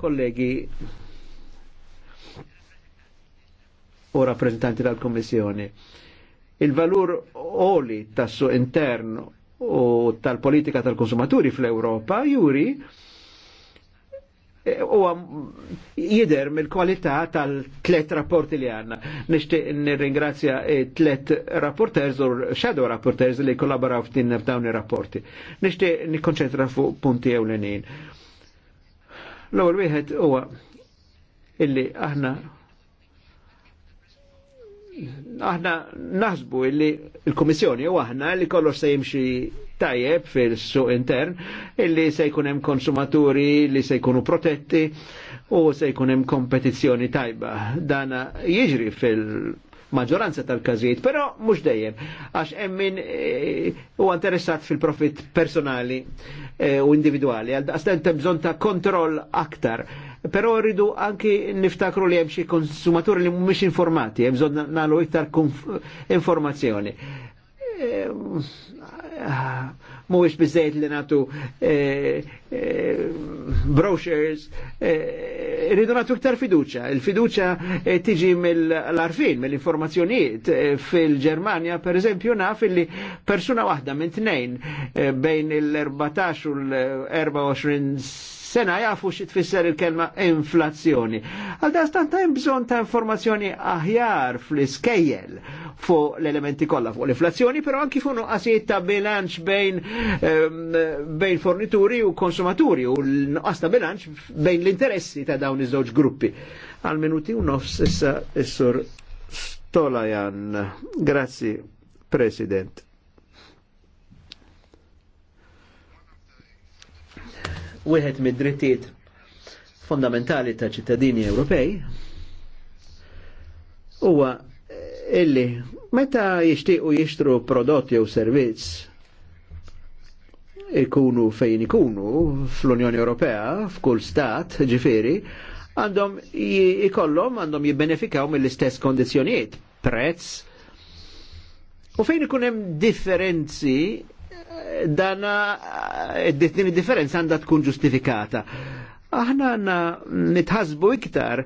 kollegi, u rappresentanti tal-Kommissjoni. Il-valur oli tassu intern u tal-politika tal-konsumaturi fl-Europa juri e, u jider mill-kwalità tal-tlet rapporti li għanna. Nishtiq nirringrazzja e, tlet rapporters u shadow rapporters li kollaboraw f'tin f'dawn ir-rapporti. Nishtiq nikkonċentra fu punti ewlenin. l L-għol wieħed huwa illi aħna aħna naħsbu illi il-Komissjoni u aħna li kollox se jimxi tajjeb fil-suq intern illi se jkun hemm konsumaturi li se jkunu protetti u se jkun hemm kompetizzjoni tajba. Dana jiġri fil- maġġoranza tal-każijiet, però mhux dejjem għax hemm min eh, huwa interessat fil-profit personali eh, u individwali, għal daqstant hemm bżonn ta' kontroll aktar. Però rridu anki niftakru li hemm xi konsumaturi li mhumiex informati, hemm bżonn nagħmlu iktar informazzjoni. Eh, mhuwiex biżejt li natu eh, eh, brochures, rridu natu ktar fiduċa. Il-fiduċa tiġi mill-arfin, mill informazzjoniet Fil-Germania, per eżempju, naf li persuna wahda minn tnejn bejn il-14 u l-24 sena jafu xi tfisser il-kelma inflazzjoni. Għalda stanta jimbżon ta' informazzjoni aħjar fl-iskejjel fuq l-elementi kollha fuq l-inflazzjoni, però anki fuq nuqqasijiet ta' bilanċ bejn ehm, bejn fornituri u konsumaturi u l-nuqqas ta' bilanċ bejn l-interessi ta' dawn iż-żewġ gruppi. Għal minuti u nofs issa issur sur Stolajan. Grazzi, President. wieħed mid-drittijiet fondamentali ta' ċittadini Ewropej huwa illi meta jixtiequ jixtru prodotti jew servizz ikunu fejn ikunu fl-Unjoni Ewropea, f'kull stat, ġifieri għandhom ikollhom għandhom jibbenefikaw mill-istess kondizzjonijiet prezz, u fejn ikun hemm differenzi dana id-dittin differenza għandha tkun ġustifikata. Aħna għanna nitħasbu iktar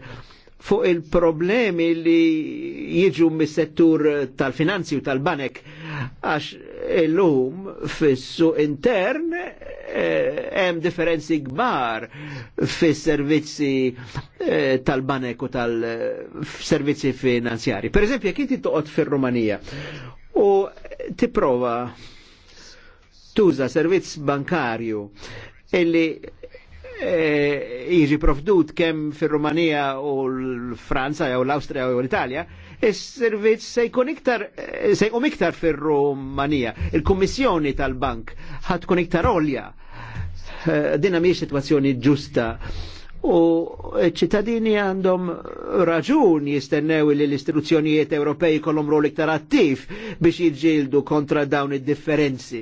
fuq il-problemi li jiġu mis-settur tal-finanzi u tal-banek għax il-lum fissu intern eh, hemm eh, differenzi kbar fis-servizzi eh, tal-banek u tal-servizzi finanzjari. Per eżempju, jekk inti toqgħod fir-Rumanija u tipprova tuża servizz bankarju illi eh, jiġi e, profdut kemm fir-Rumanija u l-Franza jew l-Awstrija jew l-Italja, is-servizz se jkun iktar eh, se jkun iktar fir-Rumanija. Il-Kummissjoni tal-Bank ħad tkun iktar olja. Eh, Dinna mhijiex sitwazzjoni ġusta u ċittadini għandhom raġun jistennew li l-istituzzjonijiet Ewropej kolom rol iktar attiv biex jiġġieldu kontra dawn id-differenzi,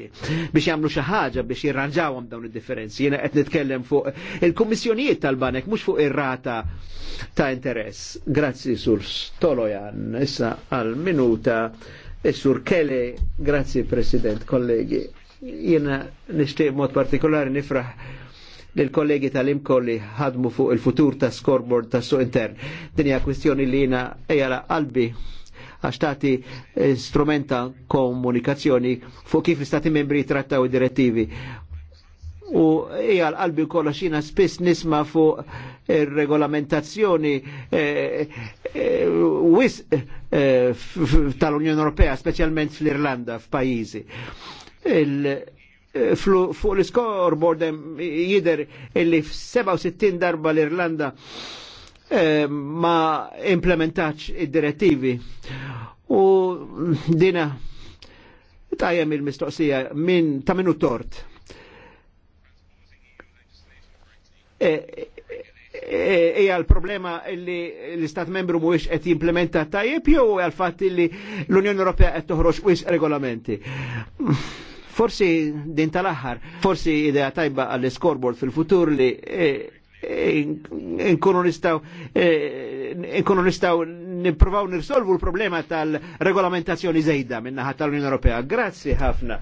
biex jagħmlu xi ħaġa biex jirranġawhom dawn id-differenzi. Jiena qed nitkellem fuq il-kummissjonijiet tal-banek mhux fuq ir-rata ta' interess. Grazzi sur Stolojan, issa għal minuta e Sur Kele, grazzi President, kollegi. Jiena nixtieq mod partikolari nifraħ l-kollegi tal-imko li ħadmu fuq il-futur ta' scoreboard ta' su intern. Dinja kwistjoni li jina ejjala qalbi għax tati eh, strumenta komunikazzjoni fuq kif l-Stati membri trattaw direttivi. U hija l-qalbi kollox jina spiss nisma fuq regolamentazzjoni eh, eh, wis tal-Unjoni Ewropea, speċjalment fl-Irlanda, f'pajjiżi Eh, fuq l-scoreboard jider illi f-67 darba l-Irlanda eh, ma implementax id-direttivi. U dina tajem il-mistoqsija minn ta' minu tort. Eh, e, eh, l-problema li l-Istat membru mhuwiex qed jimplementa tajjeb jew għal fatt li l-Unjoni Ewropea qed toħroġ wis regolamenti. Forsi din tal-aħħar, forsi idea tajba għall-scoreboard fil-futur li eh, eh, nkunu nistaw eh, nkunu nipprovaw nirsolvu l-problema tal-regolamentazzjoni zejda minna ħat tal-Unjoni Ewropea. Grazzi ħafna.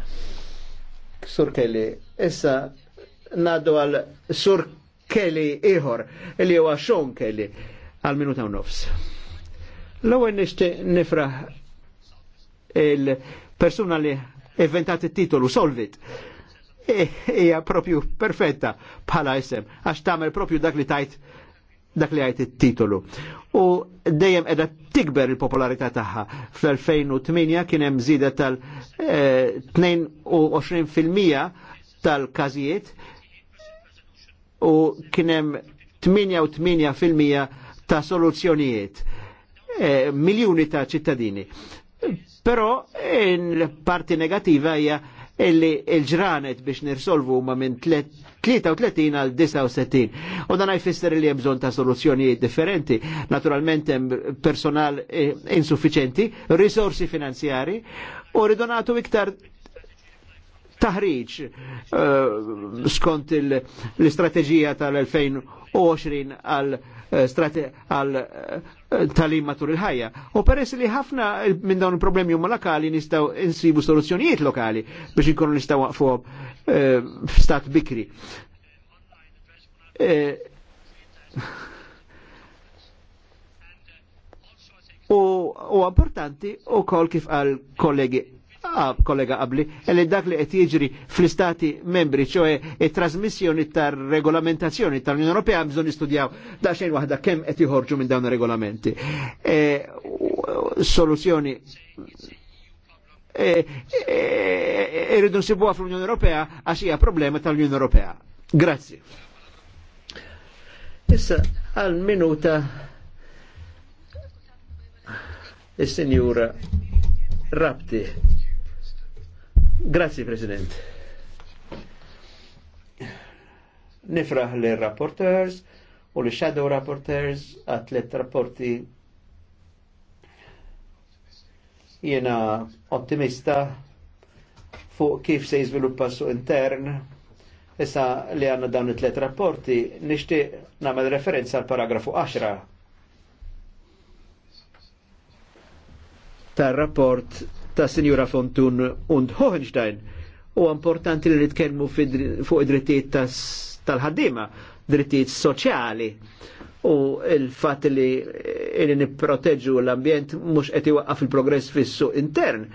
Sur Kelly, issa naddu għal Sur Kelly iħor, li huwa Sean Kelly għal minuta u nofs. L-ewwel nifraħ il-persuna li inventat it-titolu, solvit. Eh, hija e, propju perfetta bħala isem, għax tagħmel propju dak li tajt dak li għajt it-titolu. U dejjem edha tikber il-popolarità tagħha. Fl-2008 kien hemm żieda tal-22% eh, tal-każijiet u kien hemm 88% ta' soluzzjonijiet. Eh, miljuni ta' ċittadini. Però il-parti negativa hija illi il-ġranet biex nirsolvu ma minn 33 għal 69. U dan għajfisser li jemżon ta' soluzzjonijiet differenti. Naturalment personal eh, insuffiċenti, risorsi finanzjari u ridonatu iktar taħriġ eh, skont l-istrateġija tal-2020 għal eh, tal-im matur il-ħajja. U peress li ħafna minn dawn il-problemi huma lokali nistaw insibu soluzzjonijiet lokali biex ikunu nistaw waqfu eh, f'stat bikri. Eh, u importanti u kol kif għal kollegi Ah, kollega qabli, li dak li qed jiġri fl-istati membri, cioè it-trasmissjoni e tar-regolamentazzjoni tal-Unjoni Ewropea bżonn nistudjaw da xejn waħda kemm qed joħorġu minn dawn ir-regolamenti. E, soluzzjoni e, irridu nsibuha fl-Unjoni Ewropea għax hija problema tal-Unjoni Ewropea. Grazzi. Issa għal minuta is-Sinjura Rabti. Grazie, President. Nifraħ li rapporteurs u li shadow rapporteurs għatlet rapporti jena ottimista fuq kif se jizviluppa su intern Issa li għanna dawn it-tlet rapporti, nishti namel referenza għal paragrafu 10 tar rapport ta' Sinjura Fontun und Hohenstein u importanti li nitkellmu fuq id-drittijiet tal-ħaddima, drittijiet soċjali u il-fat li li nipproteġu l-ambjent mhux qed iwaqqaf il-progress fis-suq intern.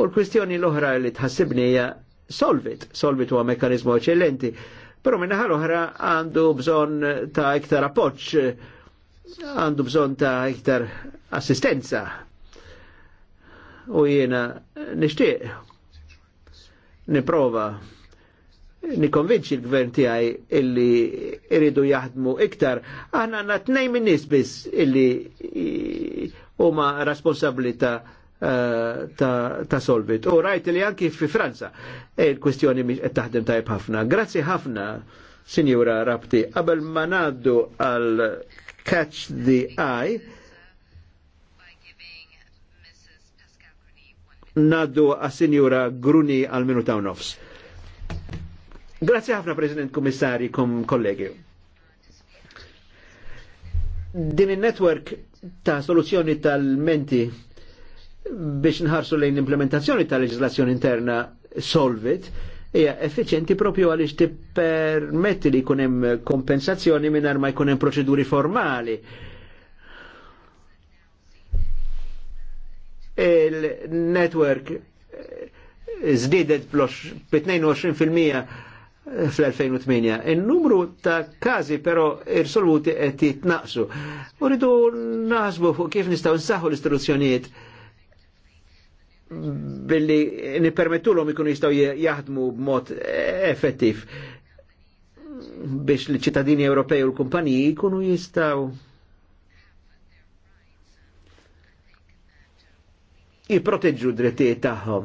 U l-kwistjoni l-oħra li tħassibni hija solvit, solvit huwa mekkanizmu eċellenti, però minn naħa l-oħra għandu bżonn ta' iktar appoġġ, għandu bżonn ta' iktar assistenza u jiena nixtieq niprova nikonvinċi l-gvern tiegħi illi iridu jaħdmu iktar, aħna għandna tnejn minn nies biss illi huma responsabilità ta', eh, ta, ta solvit. U rajt li anki fi Franza eh, il kwistjoni e qed taħdem tajb ħafna. Grazzi ħafna, Sinjura Rabti, qabel ma ngħaddu għal catch the eye, naddu għas-Sinjura Gruni għal minu ta' nofs. Grazie ħafna, President Komissari, kom kollegi. Din il-network ta' soluzzjoni tal-menti biex nħarsu lejn implementazzjoni tal-leġislazzjoni interna solvit, hija effiċenti propju għaliex tippermetti li jkun hemm kompensazzjoni mingħajr ma jkun hemm proċeduri formali il-network eh, zdidet b-22% eh, fl-2008. Il-numru ta' kazi però irsolvuti qed jitnaqsu. Uridu naħsbu fuq kif nistgħu nsaħħu l istruzzjonijiet billi nipermettulhom ikunu jistgħu jaħdmu b'mod effettiv biex l-ċittadini Ewropej u l-kumpaniji jkunu jistgħu jiproteġu drittijiet tagħhom.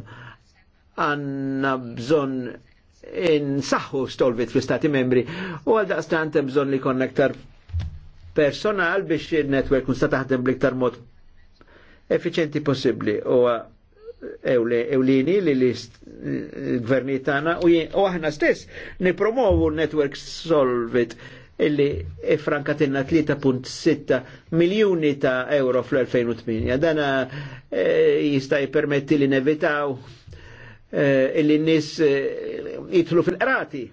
Għanna bżon insaħħu stolvit fl-Stati membri u għal daqstant bżon li iktar personal biex il-network nista taħdem bliktar mod effiċenti possibli u ewlini li l-gverni tana u aħna stess nipromovu network solvit illi e franka tinna 3.6 miljoni ta' euro fl-2008. Dana e, eh, jista' jipermetti li nevitaw e, illi nis eh, jitlu fil-qrati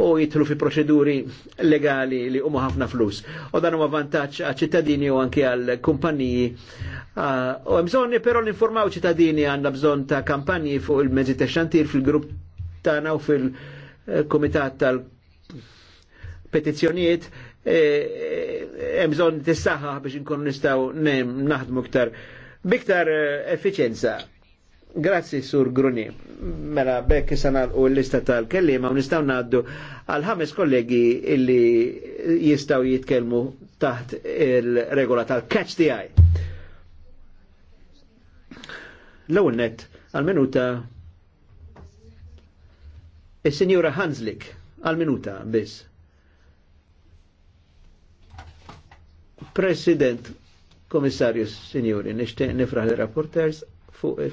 u jitlu fi proċeduri legali li huma ħafna flus. U dan huwa vantaġġ għal ċittadini u anke għal kumpaniji ah, U uh, bżonni però l-informaw ċittadini għandna bżon ta' kampanji fuq il-mezzi ta' xantir fil-grupp tagħna u fil-komitat tal- petizzjonijiet e, e, hemm bżonn tissaħħaħ biex inkunu nistgħu naħdmu iktar biktar e, efficienza. Grazzi sur Gruni. Mela bekk sanal u l-lista tal-kellima u nistgħu ngħaddu għal ħames kollegi illi jistgħu jitkellmu taħt il-regola tal-catch the eye. L-ewwel net għal-minuta il sinjura Hanslik għal-minuta biss. President, Komissarju, Signori, nishtiq nifraħ li rapporters fuq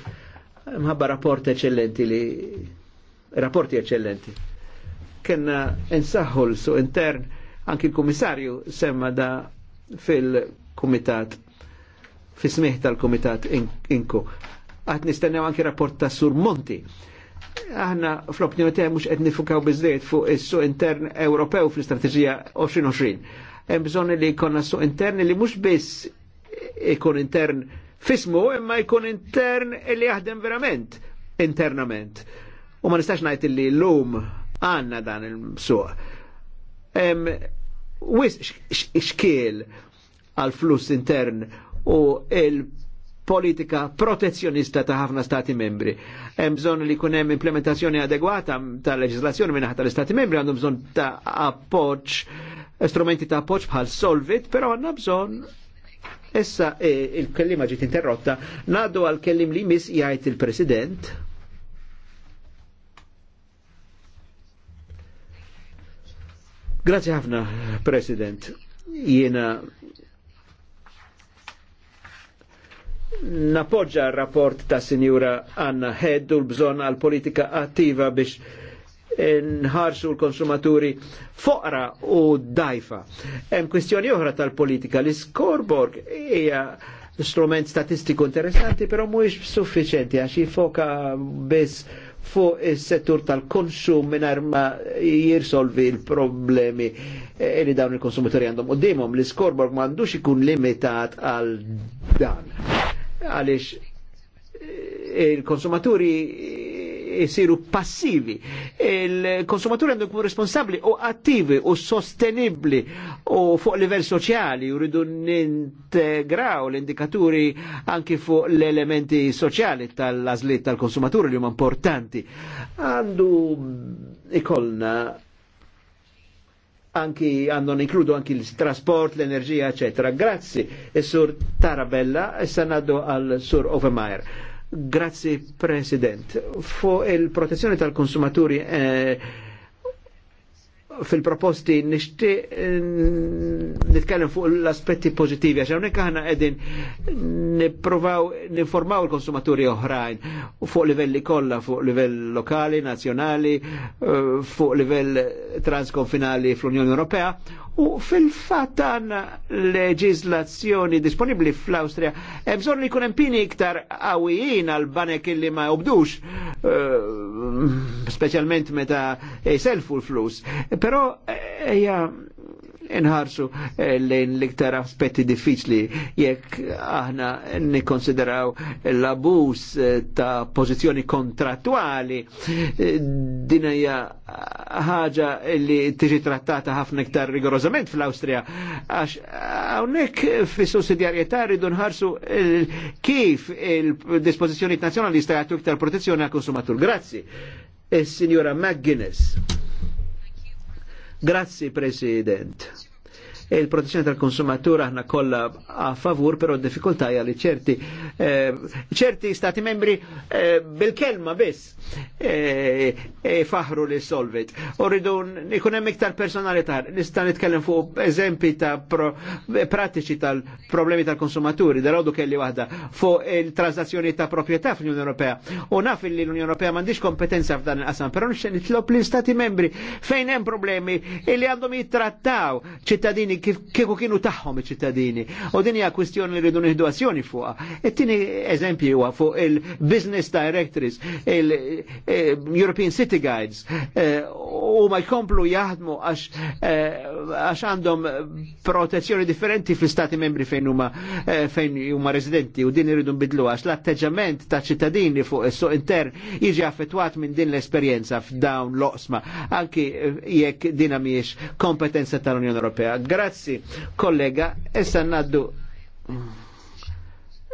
mħabba rapport eccellenti li rapporti eccellenti. Kenna insaħħu su intern anki il-Komissarju semma da fil-Komitat fismiħ tal-Komitat Inku. Għat nistennew anki rapport ta' Sur Monti. Aħna fl-opinjoni tiegħi mhux qed nifukaw biżdejjed fuq is su intern Ewropew fl-Istrateġija 2020 hemm bżonn li jkollna suq intern li mhux biss ikun intern fismu imma jkun intern li jaħdem verament internament. U ma nistax ngħid li llum għandna dan il-suq. Wis xkiel għal flus intern u il-politika protezzjonista ta' ħafna stati membri. Hemm bżonn li jkun hemm implementazzjoni adegwata tal leġislazzjoni minn tal-istati membri għandhom bżonn ta' appoġġ strumenti ta' appoġġ bħal solvit, però għanna bżonn issa e, il-kellima ġiet interrotta, ngħaddu għal kellim li mis jgħid il-President. Grazie ħafna, President. Jiena napoġġa r-rapport ta' Sinjura Anna Head u l-bżon għal politika attiva biex nħarsu l-konsumaturi foqra u dajfa. Hemm kwestjoni oħra tal-politika. li scoreboard hija strument statistiku interessanti, però mhuwiex suffiċenti għax jifoka biss fuq is-settur tal-konsum minar ma jirsolvi l-problemi eh, li dawn il-konsumatori għandhom U qudiemhom. L-scoreboard m'għandux ikun limitat għal dan. Għaliex eh, il-konsumaturi jisiru passivi. Il-konsumaturi għandu jkunu responsabli u attivi u sostenibli u fuq livell soċjali u n-integraw l-indikaturi anki fuq l-elementi soċjali tal-azlit tal-konsumaturi li huma importanti. Għandu ikolna anki għandhom inkludu anki l-trasport, l-enerġija, eccetera. Grazzi, il-sur e Tarabella, issa e sanaddu għal-sur Ovemajer. Grazzi President. Fuq il-protezzjoni tal-konsumaturi eh, fil-proposti nishti eh, nitkellem fuq l-aspetti pozitivi, għax hawnhekk aħna qegħdin nippruvaw ninformaw il-konsumaturi oħrajn fuq livelli kollha, fuq livell lokali, nazzjonali, eh, fuq livell transkonfinali fl-Unjoni Ewropea U fil fat għanna leġizlazzjoni disponibli fl-Austria, hemm li kunem pini iktar għawijin għal banek illi ma jobdux, eh, specialment meta jiselfu l-flus. Pero, eh, hija inħarsu eh, lejn l-iktar aspetti diffiċli jekk aħna nikkonsideraw l-abus eh, ta' pożizzjoni kontrattuali eh, din hija ħaġa li tiġi trattata ħafna iktar rigorozament fl-Awstrija għax hawnhekk fis-sussidjarjetà rridu nħarsu kif il-dispożizzjoni nazzjonali jista' jagħtu iktar protezzjoni għal konsumatur. Grazzi. E signora McGuinness. Grazzi, President il-protezzjoni tal konsumatura aħna kollha a favur, però diffikultà li ċerti eh, ċerti stati membri eh, bil-kelma biss eh, e faħru li solvit. Urridu ikun hemm iktar personalità, nista' nitkellem fuq eżempi ta' pratiċi tal-problemi tal-konsumaturi, dal-għodu kelli waħda fuq il-transazzjoni ta' proprietà fl-Unjoni Ewropea. U naf li l-Unjoni Ewropea m'għandix kompetenza f'dan il-qasam, però nixtieq nitlob l-Istati membri fejn hemm problemi li għandhom jittrattaw ċittadini kieku kienu taħħom iċ-ċittadini. U din hija kwistjoni li rridu nieħdu azzjoni fuqha. It-tieni eżempju huwa fuq il-Business Directories, il-European eh, City Guides, eh, u ma jkomplu jaħdmu eh, għax għandhom protezzjoni differenti fl-Stati membri fejn huma fejn huma residenti u din irridu nbidlu għax l-atteġġament ta' ċittadini fuq is-suq intern jiġi affettwat minn din l-esperjenza f'dawn l-oqsma, anki jekk din mhijiex kompetenza tal-Unjoni Ewropea. Grazzi, kollega, essa naddu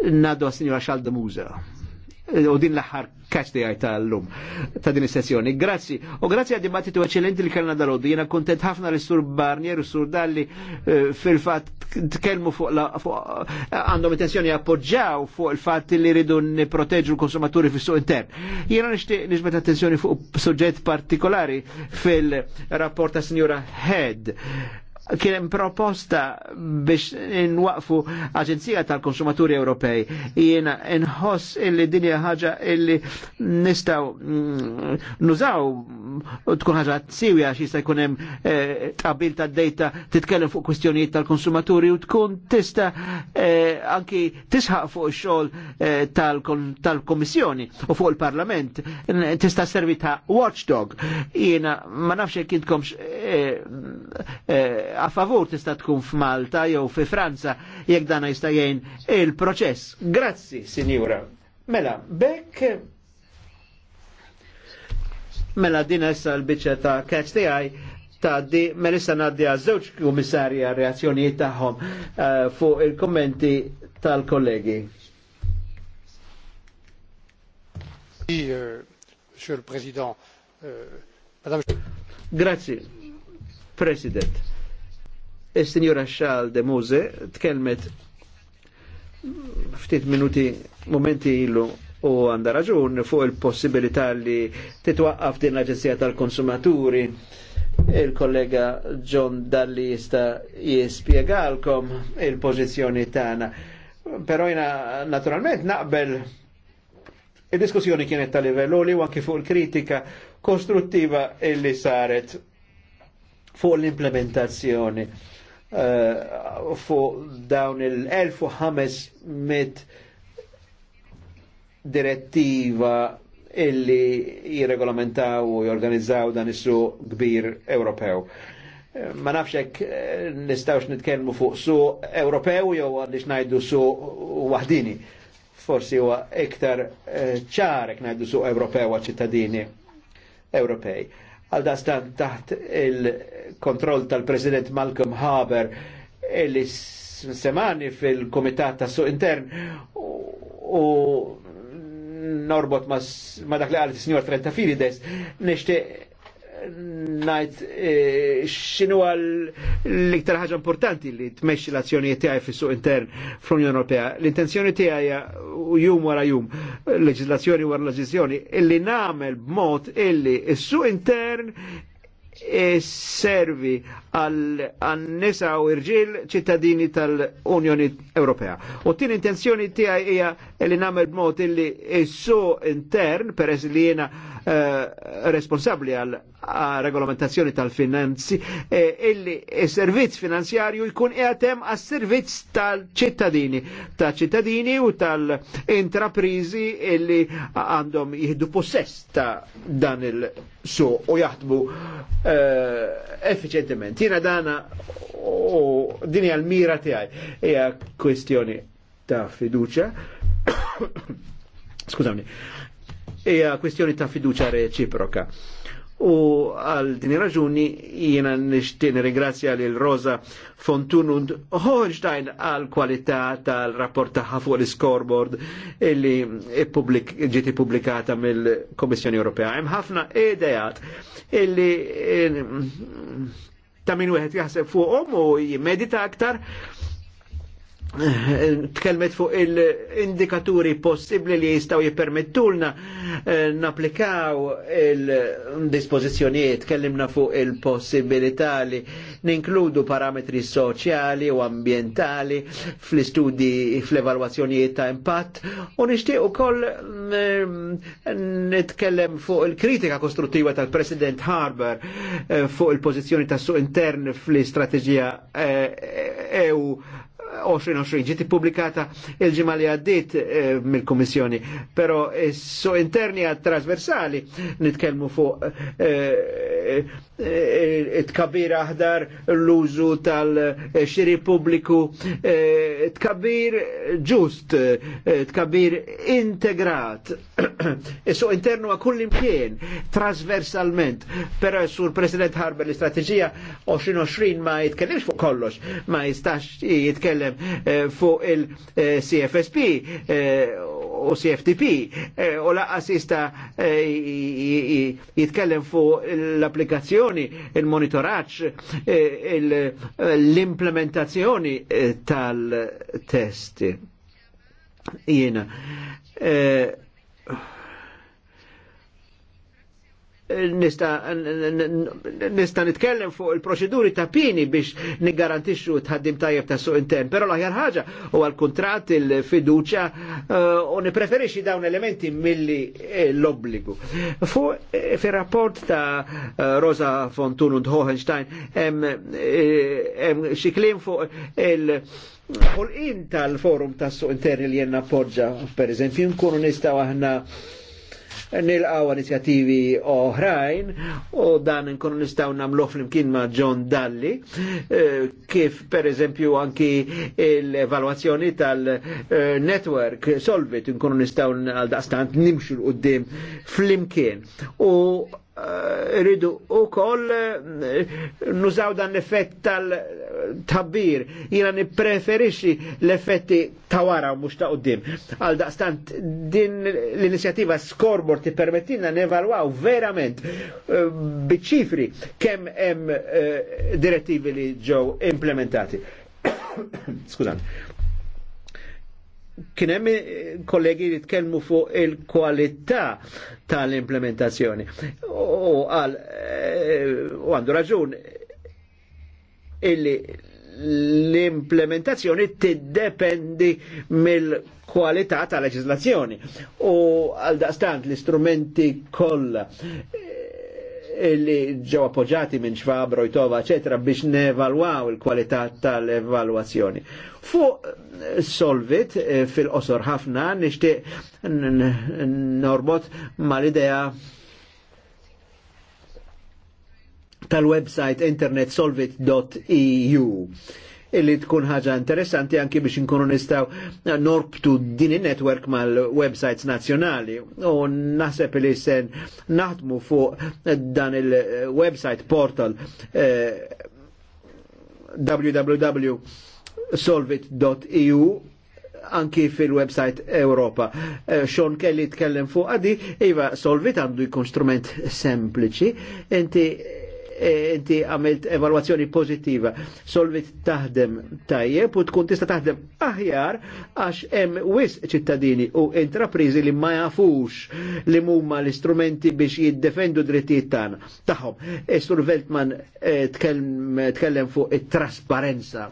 naddu għas-signora Xalda Musa U din l-ħar kaċti għaj tal-lum, ta' din sessjoni. Grazzi, u grazzi għad dibattitu eccellenti li kellna dal oddi Jena kontent ħafna li sur Barnier u sur Dalli eh, fil-fat t-kelmu fuq la għandhom intenzjoni appoġġaw fuq il-fat li rridu n-proteġu l-konsumaturi fis suq intern. Jena nishti nixbet attenzjoni fuq soġġet partikolari fil-rapport ta' Signora Head hemm proposta biex nwaqfu Aġenzija tal-Konsumaturi Ewropej. Jiena nħoss illi din ħaġa illi nistaw mm, nużaw tkun ħaġa siwja xi jista' jkun hemm eh, tqabil tad-dejta titkellem fuq kwistjonijiet tal-konsumaturi u tkun tista' eh, anki tisħaq fuq ix-xogħol eh, tal-Komissjoni u fuq il-Parlament tista' servi ta' watchdog. Jiena ma nafx jekk intkomx a favur tista' tkun f'Malta jew fi Franza jekk dan jista' jgħin il-proċess. Grazzi, Sinjura. Mela, bekk Mela din issa l-biċċa ta' catch ta' di melissa naddi għaż-żewġ kummissarji reazzjonijiet tagħhom uh, fuq il-kommenti tal-kollegi. Euh, monsieur le Président, euh, Madame... Grazie, President. Il-Sinjora Xal de Muse tkelmet ftit minuti momenti ilu u għanda raġun fuq il-possibilità li titwaqqaf din l-Aġenzija tal-Konsumaturi. Il-kollega John Dalli jista jispiegalkom il-pożizzjoni tagħna. Però jina naturalment naqbel il-diskussjoni kienet ta' livellu li għanki fuq il-kritika kostruttiva illi saret fuq l-implementazzjoni uh, fuq dawn il-1500 direttiva illi jirregolamentaw u jorganizzaw dan is-su kbir Ewropew. Ma nafxek eh, nistawx nitkellmu fuq su Ewropew jew għaliex ngħidu su wahdini. Forsi huwa iktar eh, ċarek najdu su Ewropew għal ċittadini Ewropej għal dastan taħt il-kontroll tal-President Malcolm Haber il semani fil-Komitat ta' Suq Intern u norbot ma dak li għalet signor Trenta des, nishtiq najt e, xinu għal l-iktar ħaġa importanti li tmexxi l-azzjonijiet tiegħi fis-suq intern fl-Unjoni Ewropea. L-intenzjoni tiegħi jum wara jum, leġislazzjoni wara leġislazzjoni, illi nagħmel b'mod illi s-suq intern e servi għal nisa u irġil ċittadini tal-Unjoni Ewropea. U tin intenzjoni tiegħi hija li namel b'mod illi issu intern, peress li jena eh, responsabli għal regolamentazzjoni tal-finanzi, eh, illi il-servizz e finanzjarju jkun jgħatem għas servizz tal-ċittadini, tal-ċittadini u tal-intraprizi illi għandhom jihdu possess ta' dan il-su u jaħdbu eh, effiċentement. Jena dana u dini għal-mira tijaj. Ija kwestjoni ta' fiduċa Skużawni. Hija kwestjoni ta' fiduċa reċiproka. U għal din raġuni jiena nixtieq ringrazzja lil Rosa Fontunund Holstein għal kwalità tal-rapport ta' fuq l-scoreboard illi ġieti publikata mill komissjoni Ewropea. Hemm ħafna idejat illi eh, ta' min wieħed jaħseb fuqhom u jimmedita aktar tkelmet fuq il-indikaturi possibli li jistaw jipermettulna eh, naplikaw il-dispozizjoniet, tkellimna fuq il-possibilità li ninkludu parametri soċjali u ambientali fl-istudi, fl-evaluazzjonijiet ta' impatt u nishtiq u koll mm, nitkellem fuq il-kritika kostruttiva tal-President Harber eh, fuq il-pozizjoni tas suq intern fl-istrategija EU eh, e 2020 ġiet ippubblikata il-ġimgħa li għaddiet eh, mill-Kummissjoni, però so interni għad trasversali nitkellmu fuq eh, eh, tkabbir aħdar l-użu tal-xiri pubbliku, tkabbir ġust, tkabbir integrat. Issu internu għa kull imkien, trasversalment, però sur President Harber l-istrateġija 2020 ma jitkellimx fuq kollox, ma jistax jitkellem taħdem eh, fuq il-CFSP eh, u CFTP eh, u laqqas jista jitkellem fuq l-applikazzjoni, il-monitoraċ, l-implementazzjoni tal-test. Jena. Eh, nista nitkellem fuq il-proċeduri ta' pini biex nigarantixxu tħaddim tajjeb ta' suq intern, però l-aħjar ħaġa u għal kuntratt il fiduċja eh, u nipreferixi dawn elementi milli l-obbligu. Fuq eh, fir-rapport ta' eh, Rosa Fontun und Hohenstein hemm xi kliem fuq il- Ul-in tal-forum tas-suq interni li jenna poġġa, per eżempju, nkunu nistaw aħna nilqaw inizjattivi oħrajn u dan nkunu nistgħu namlu flimkien ma' John Dalli eh, kif per eżempju anki l-evalwazzjoni tal-network Solvit nkunu nistgħu għal daqstant nimxu l qoddim flimkien. U Eh, rridu u koll eh, nużaw dan l-effett tal-tabbir. Jina nipreferixi l-effetti ta'wara u mux ta' uddim. Għal daqstant din l-inizjativa Scoreboard ti permettina nevalwaw verament eh, biċifri kem hemm direttivi li ġew implementati. Skużan. Kien hemm kollegi li tkellmu fuq il-kwalità tal-implementazzjoni. U għal, eh, u għandu raġun, illi l-implementazzjoni t-dependi mill kualità tal-leġislazzjoni. U għal daqstant l-istrumenti kollha li ġew appoġġati minn Schwab, Rojtova, eċetera, biex nevalwaw il-kwalità tal-evalwazzjoni. Fuq eh, Solvit eh, fil-qosor ħafna nixtieq norbot mal-idea tal-website internetsolvit.eu illi tkun ħaġa interessanti anki biex nkunu nistaw norbtu din il network mal-websites nazjonali u naħseb li sen naħdmu fuq dan il-website portal eh, www.solvit.eu anki fil-website Europa. Eh, Sean Kelly tkellem fuq għadi, iva solvit għandu jkun strument sempliċi, inti inti e, għamilt evalwazzjoni pozittiva. Solvit taħdem tajjeb u tkun tista' taħdem aħjar għax hemm wis ċittadini u intraprizi li ma jafux li mumma l-istrumenti biex jiddefendu drittijiet tagħna tagħhom. E, Sur Veltman e, tkellem fuq it-trasparenza.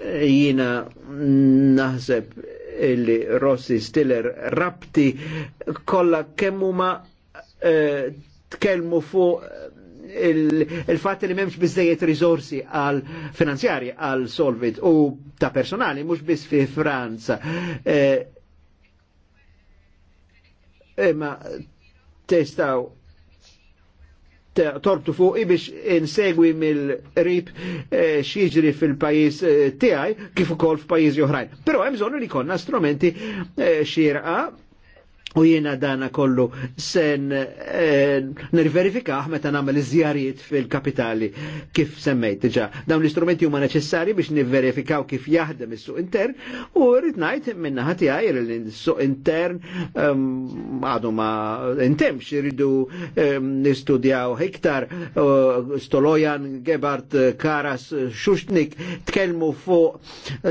Jina naħseb illi Rossi Stiller rabti kollha kemm huma tkellmu fuq il-fat li memx bizzejiet rizorsi għal finanzjari għal solvit u ta' personali mux biz fi Franza. Imma eh, eh, testaw torbtu fuqi biex insegwi mill-rib eh, xieġri fil-pajis tiegħi kif ukoll f'pajjiżi oħrajn. Però hemm bżonn li konna strumenti xieraqa U jiena dana kollu sen eh, nirverifikaħ meta nagħmel iżjarijiet fil-kapitali kif semmejt diġà. Dawn l-istrumenti huma neċessari biex nivverifikaw kif jaħdem is-suq intern u rrid ngħid minna tiegħi li s-suq intern ehm, għadu um, ma intemx iridu um, nistudjaw iktar uh, eh, Stolojan, Gebart, Karas, Xuxtnik tkellmu fuq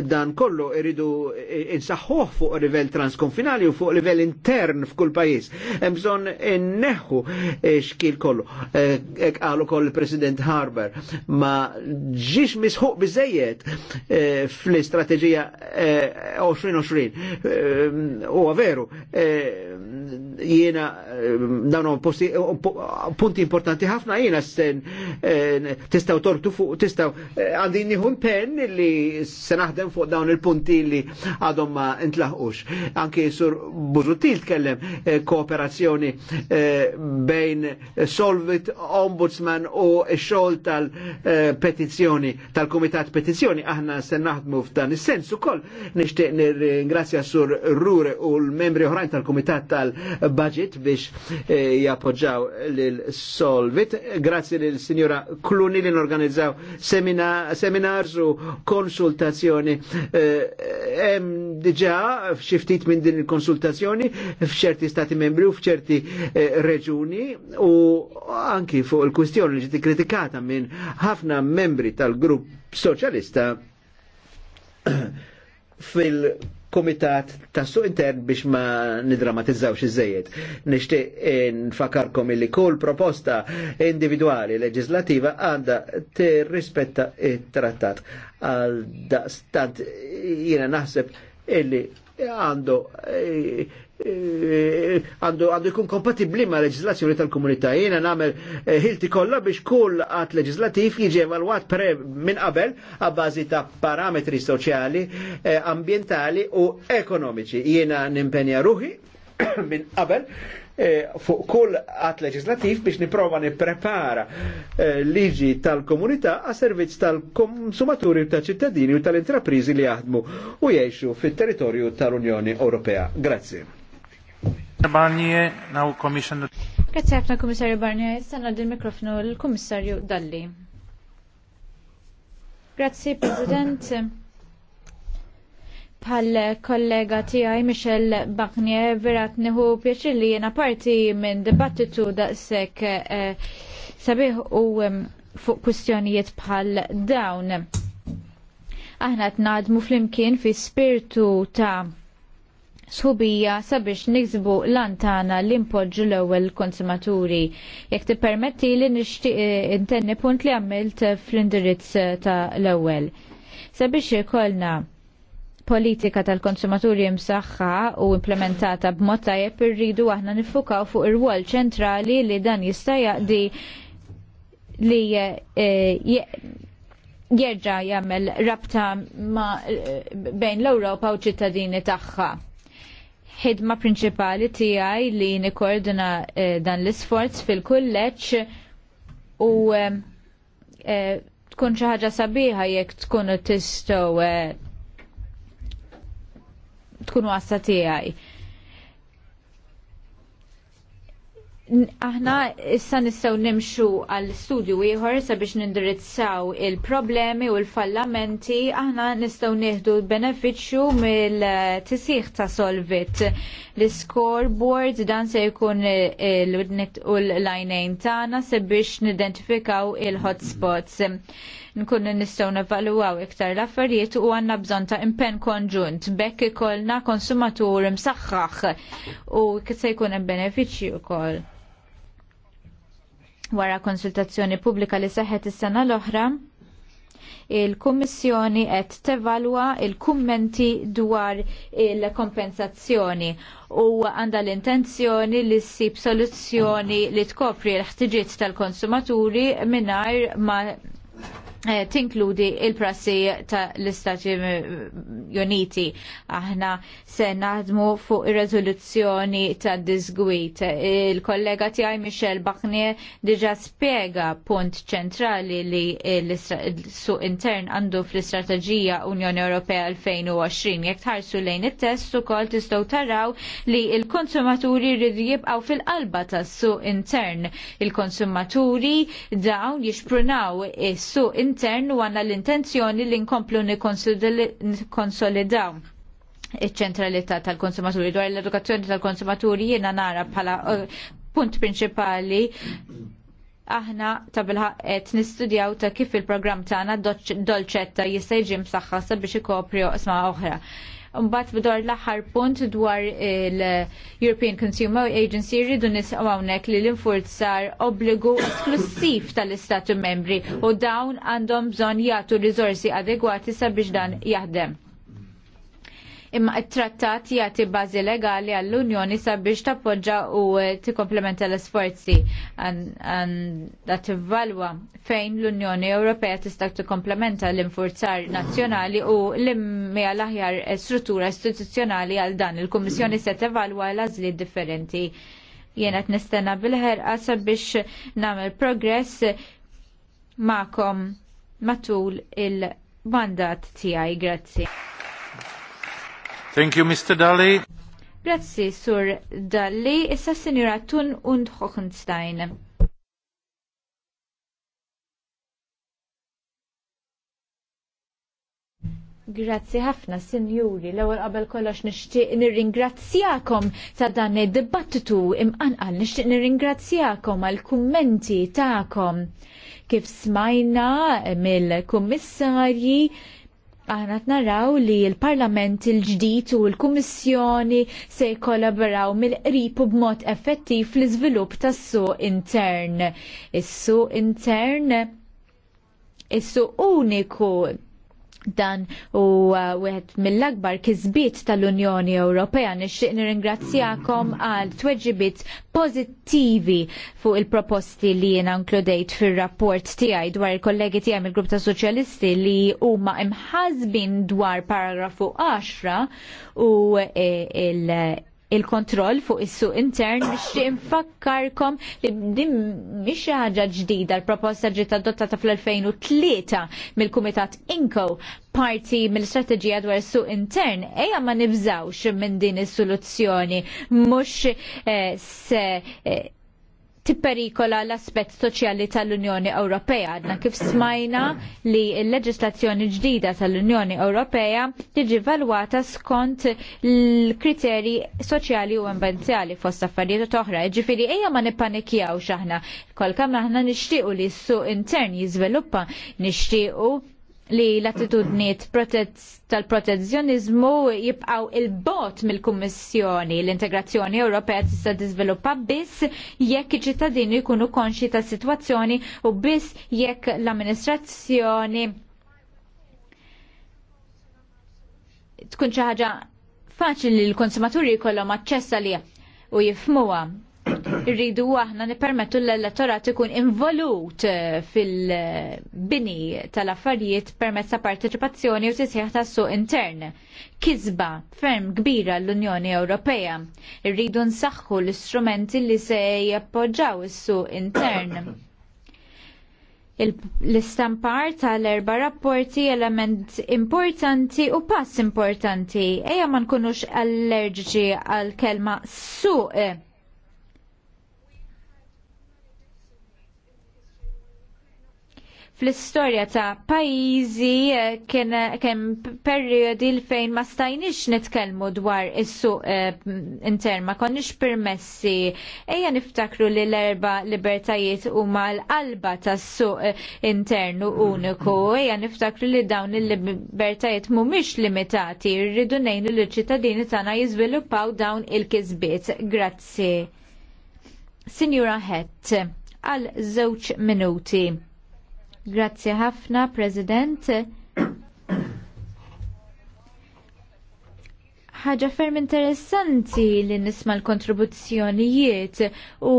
dan kollu iridu eh, insaħħuh fuq livell transkonfinali u fuq livell intern gvern f'kull pajis. Hemm bżonn inneħħu xkil kollu. Hekk qalu koll il-President Harber ma ġiex misħuq biżejjed eh, fl-istrateġija 2020. Eh, eh, huwa veru, jiena dawn punti importanti ħafna jiena sen tistgħu tortu fuq tistgħu għandi nieħu pen li se naħdem fuq dawn il-punti li għadhom ma intlaħqux. Anki sur Buzutil tkellem nitkellem eh, kooperazzjoni eh, bejn Solvit Ombudsman u xogħol tal-petizzjoni eh, tal-Kumitat Petizzjoni aħna se naħdmu f'dan is-sens ukoll nixtieq nirringrazzja sur Rure u l-membri oħrajn tal-Kumitat tal-Budget biex jappoġġaw lil Solvit. Grazzi lil Sinjura Kluni li norganizzaw seminars u konsultazzjoni hemm diġà xi ftit minn din il-konsultazzjoni f'ċerti stati membri u f'ċerti eh, reġuni u anki fuq il-kwistjoni li ġiti kritikata minn ħafna membri tal-grupp soċjalista fil- komitat ta' suq intern biex ma nidramatizzaw iż-żejjed. Nixtieq eh, nfakarkom illi kull proposta individuali leġislativa għandha tirrispetta it-trattat. Għal daqstant jiena naħseb illi għandu eh, għandu għandu jkun kompatibli ma' leġislazzjoni tal-komunità. Jiena nagħmel eh, ħilti kollha biex kull għat leġislattiv jiġi evalwat pre minn qabel għabbażi ta' parametri soċjali, eh, ambientali u ekonomiċi. Jiena nimpenja ruħi minn qabel eh, fuq kull għat leġislattiv biex niprofa niprepara liġi tal-komunità għas servizz tal-konsumaturi ta' ċittadini u tal-intraprizi li jaħdmu u jgħixu fit-territorju tal-Unjoni Ewropea. Grazie. Barnier, Grazie ħafna Kummissarju Barnier, sanna il mikrofonu l-Kummissarju Dalli. Grazie President. Pal kollega tiegħi Michel Barnier verat neħu pjaċir li jena parti minn dibattitu daqshekk eh, sabiħ u fuq kwistjonijiet bħal dawn. Aħna qed ngħadmu flimkien fi spiritu ta' sħubija sabiex niksbu lantana li impoġġu l-ewwel konsumaturi. Jekk tippermetti li nixtieq eh, intenni punt li għamilt fl-indirizz ta' l-ewwel. Sabiex ikollna politika tal-konsumaturi msaħħa u implementata b'mod tajjeb irridu aħna nifukaw fuq ir-rwol ċentrali li dan jista' jaqdi li eh, jerġa' jagħmel rabta ma' eh, bejn l-Ewropa u ċittadini tagħha ħidma prinċipali tiegħi li nikkoordina eh, dan l-isforz fil-kulleġġ u eh, eh, tkun xi ħaġa sabiħa jekk tkunu tistgħu tkunu għassa tiegħi aħna issa nistgħu nimxu għal studju ieħor sabiex nindirizzaw il-problemi u l-fallamenti aħna nistgħu nieħdu l-benefiċċju mill tisiħ ta' solvit l-scoreboard dan se jkun l-udnet u l-lajnejn tagħna sabiex nidentifikaw il-hotspots nkunu nistgħu nevaluaw iktar l-affarijiet u għandna bżonn ta' impenn konġunt bekk ikollna konsumatur msaħħaħ u kif se jkun hemm benefiċċji wkoll. Wara konsultazzjoni pubblika li seħħet is-sena l-oħra, il-Kummissjoni qed tevalwa il-kummenti dwar il-kompensazzjoni u għandha l-intenzjoni li ssib soluzzjoni li tkopri l-ħtiġiet tal-konsumaturi mingħajr ma Eh, tinkludi il-prassi ta' l-Istati Uniti. Aħna se naħdmu fuq ir-rezoluzzjoni ta' disgwit. Il-kollega tiegħi Michel Bachnie diġa spiega punt ċentrali li l-suq intern għandu fl-istrateġija Unjoni Ewropea 2020. Jek tħarsu lejn it-test ukoll tistgħu taraw li l-konsumaturi jridu jibqgħu fil-qalba tas-suq intern. Il-konsumaturi dawn jixprunaw is-suq intern intern u għanna l-intenzjoni li nkomplu nikonsolidaw iċ-ċentralità tal-konsumaturi dwar l-edukazzjoni tal-konsumaturi jiena nara bħala uh, punt prinċipali aħna ta' qed nistudjaw ta' kif il-programm tagħna dolċetta jista' jiġi msaħħa sabiex ikopri oqsma oħra. Mbagħad b'dar l-aħħar punt dwar il-European Consumer Agency rridu nisqgħu hawnhekk li l-infurzar obbligu esklusiv tal-Istati membri u dawn għandhom bżonn jagħtu rizorsi adegwati sabiex dan jaħdem imma it-trattat jagħti bażi legali għall-Unjoni sabiex tappoġġa u tikkomplementa l-isforzi għandha tivvalwa fejn l-Unjoni Ewropea tista' tikkomplementa l-infurzar nazzjonali u l-immija l-aħjar struttura istituzzjonali għal dan. Il-Kummissjoni se tevalwa l għażli differenti. Jiena qed nistenna bil-ħerqa sabiex nagħmel progress ma'kom matul il-mandat tiegħi. Grazzi. Thank you, Mr. Dalli. Grazzi, Sur Dalli. Issa Sinjura Tun und Hochenstein. Grazzi ħafna, Sinjuri. L-ewwel qabel kollox nixtieq nirringrazzjakom ta' dan id-dibattitu imqanqal nixtieq nirringrazzjakom għal kummenti tagħkom kif smajna mill-kummissarji aħna naraw li l-Parlament il ġdid u l-Kummissjoni se jkollaboraw mill-qrib u b'mod effettiv fl-iżvilupp tas-suq intern. Is-suq intern is-suq uniku dan u uh, wieħed mill-akbar kisbiet tal-Unjoni Ewropea. Nixtieq nirringrazzjakom għal tweġibiet pożittivi fuq il-proposti li jiena nkludejt fir-rapport tiegħi dwar il-kollegi tiegħi mill-Grupp ta' Soċjalisti li huma imħazbin dwar paragrafu 10 u eh, il- il-kontroll fuq is-suq intern nixtieq infakkarkom li din mhix xi ħaġa ġdida l-proposta ġiet adottata fl-2003 mill-Kumitat Inko parti mill-istrateġija dwar is-suq intern ejja ma nibżawx minn din is-soluzzjoni mhux eh, se eh, tipperikola l-aspett soċjali tal-Unjoni Ewropea. Għadna kif smajna li l-leġislazzjoni ġdida tal-Unjoni Ewropea tiġi valwata skont l-kriteri soċjali u ambenzjali fost affarijiet oħra. Ġifiri, eja ma nippanikjaw xaħna. Kolkam aħna nixtiequ li s-suq intern jiżviluppa nixtiequ li l attitudni tal-protezzjonizmu jibqaw il-bot mill-Kummissjoni. L-integrazzjoni Ewropea tista' tiżviluppa biss jekk iċ-ċittadini jkunu konxi ta' sitwazzjoni u biss jekk l-amministrazzjoni tkun xi ħaġa faċli li l-konsumaturi jkollhom aċċess li u jifhmuha. Irridu aħna nipermettu l-elettorat ikun involut fil-bini tal-affarijiet permezz ta' partecipazzjoni u tisħiħ ta' suq intern. Kizba ferm kbira l-Unjoni Ewropea. Irridu nsaħħu l-istrumenti li se jappoġġaw is-suq intern l-istampar tal-erba rapporti element importanti u pass importanti. Eja ma nkunux allerġiċi għal-kelma suq fl-istorja ta' pajjiżi eh, kien perjodi l fejn ma stajniex nitkellmu dwar is-suq eh, intern ma konniex permessi. Ejja niftakru li l-erba libertajiet huma l-qalba tas-suq eh, internu uniku. Ejja niftakru li dawn il-libertajiet mhumiex limitati, rridu ngħinu liċ ċittadini tagħna jiżviluppaw dawn il-kisbiet. Grazzi. Signora Het, għal żewġ minuti. Grazzi ħafna, President. ħaġa ferm interessanti li nisma l-kontribuzzjonijiet u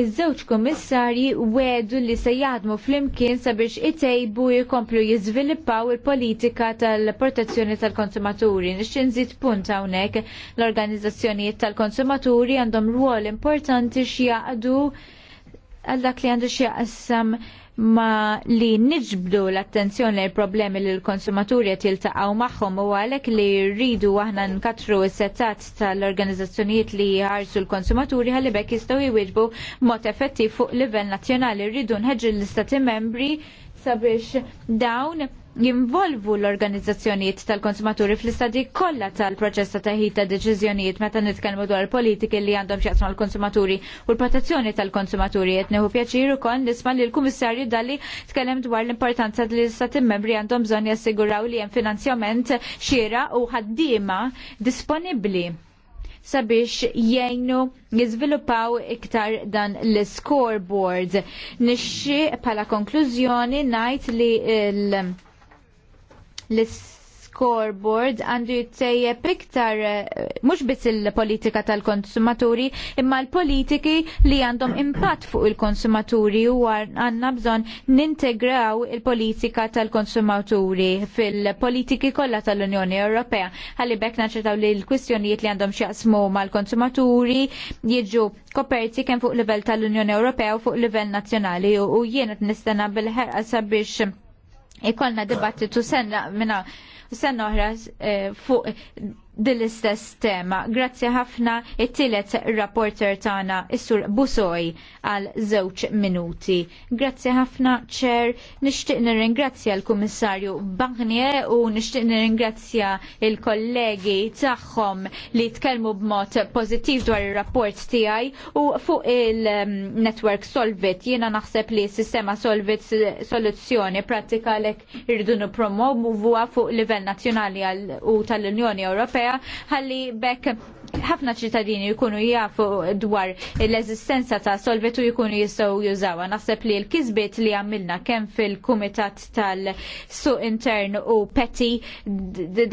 iż-żewġ komissarji wedu li se jaħdmu flimkien sabiex itejbu jkomplu jiżviluppaw il-politika tal-protezzjoni tal-konsumaturi. Nixin nżid punt hawnhekk l-organizzazzjonijiet tal-konsumaturi għandhom rwol importanti x'jaqdu għal dak li għandu x'jaqsam ma li niġbdu l-attenzjoni l problemi li l-konsumaturi qed jiltaqgħu magħhom u għalhekk li rridu aħna nkatru s-settat tal-organizzazzjonijiet li jħarsu l-konsumaturi ħalli bekk jistgħu jwieġbu mod effettiv fuq livell nazzjonali rridu nħeġġu l-istati membri sabiex dawn jinvolvu l-organizzazzjonijiet tal-konsumaturi fl-istadji kollha tal-proċess ta' teħid ta' deċiżjonijiet meta nitkellmu dwar politiki li għandhom x'jaqsmu l-konsumaturi u l-protezzjoni tal-konsumaturi qed neħu pjaċir ukoll nisma' li l-Kummissarju dalli tkellem dwar l-importanza li l-istati membri għandhom bżonn jassiguraw li hemm finanzjament xiera u ħaddiema disponibbli sabiex jgħinu jizviluppaw iktar dan l-scoreboard. Nixxi pala konklużjoni najt li l- l-scoreboard għandu jittejjeb iktar eh, mhux biss il-politika tal-konsumaturi imma l-politiki li għandhom impatt fuq il-konsumaturi u għandna bżonn nintegraw il-politika tal-konsumaturi fil-politiki kollha tal-Unjoni Ewropea. Ħalli bekk naċċertaw li l-kwistjonijiet li għandhom x'jaqsmu mal-konsumaturi jiġu koperti kemm fuq livell tal-Unjoni Ewropea u fuq livell nazzjonali u jiena nistenna bil-ħerqa sabiex ikolna dibattitu senna minna senna oħra eh, fuq dil-istess tema. Grazzi ħafna it-tielet rapporter tagħna is-sur Busoj għal żewġ minuti. Grazzi ħafna ċer, nixtieq nirringrazzja l-Kummissarju Bagnie u nixtieq nirringrazzja il-kollegi tagħhom li tkellmu b'mod pożittiv dwar ir-rapport tiegħi u fuq il-network Solvit. Jiena naħseb li s-sistema Solvit soluzzjoni pratika lek irridu nippromovuha fuq livell nazzjonali u tal-Unjoni Ewropea Ewropea ħalli bekk ħafna ċittadini jkunu jafu dwar l-eżistenza ta' solvetu jkunu jistgħu jużawa. Naħseb li l-kisbiet li għamilna kemm fil-Kumitat tal-Suq Intern u Peti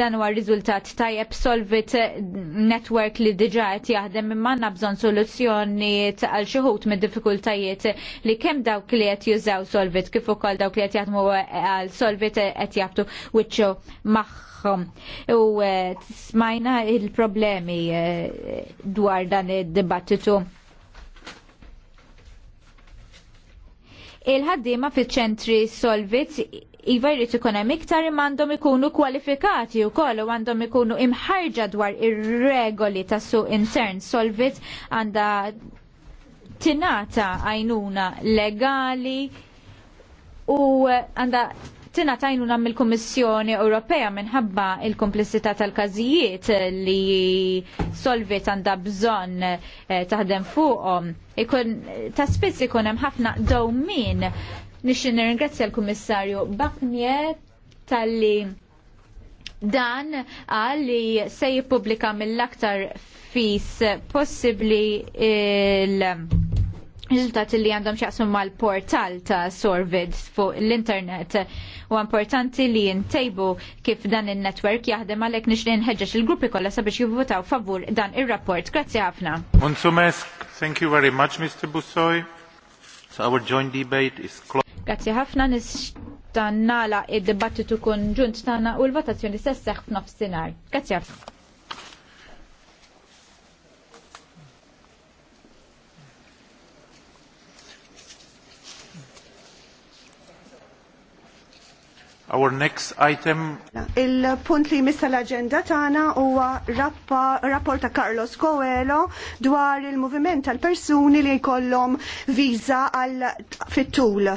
dan huwa riżultat tajjeb solvit network li diġà qed jaħdem imma għandna bżonn soluzzjonijiet għal xi ħut mid-diffikultajiet li kemm dawk li qed jużaw solvit kif ukoll dawk li qed jaħdmu għal solvit qed jagħtu wiċċu magħha tagħhom. U eh, smajna il-problemi eh, dwar dan id-dibattitu. Il-ħaddiema fiċ-ċentri Solvit iva jrid ikun hemm iktar għandhom ikunu kwalifikati wkoll u għandhom ikunu imħarġa dwar ir-regoli tas suq intern solvit għandha tinata għajnuna legali u għandha tina tajnu nam il-Kommissjoni Ewropea minħabba il-komplessità tal-każijiet li solvit għandha bżonn eh, taħdem fuqhom. Ikun ta' spiss ikun hemm ħafna dowmin. Nixin nirringrazzja l-Kummissarju Baknie tal-li dan għalli se jippubblika mill-aktar fis possibbli il- riżultati li għandhom xaqsum mal portal ta' Sorvid fuq l-internet u importanti li jintejbu kif dan il-netwerk jaħdem għalek nix li il-gruppi kolla sabiex jivvotaw favur dan il-rapport. Grazzi ħafna. thank you very much, Mr. Bussoy. So our joint debate is closed. Grazzi ħafna nistannala id-dibattitu ġunt tana u l-votazzjoni sessaħ f'nofsinar. Grazie ħafna. Our next item. Mela, il-punt li jmissa l-agenda tagħna huwa rapport ta' Carlos Coelho dwar il-moviment tal-persuni li jkollhom viża għal fit-tul.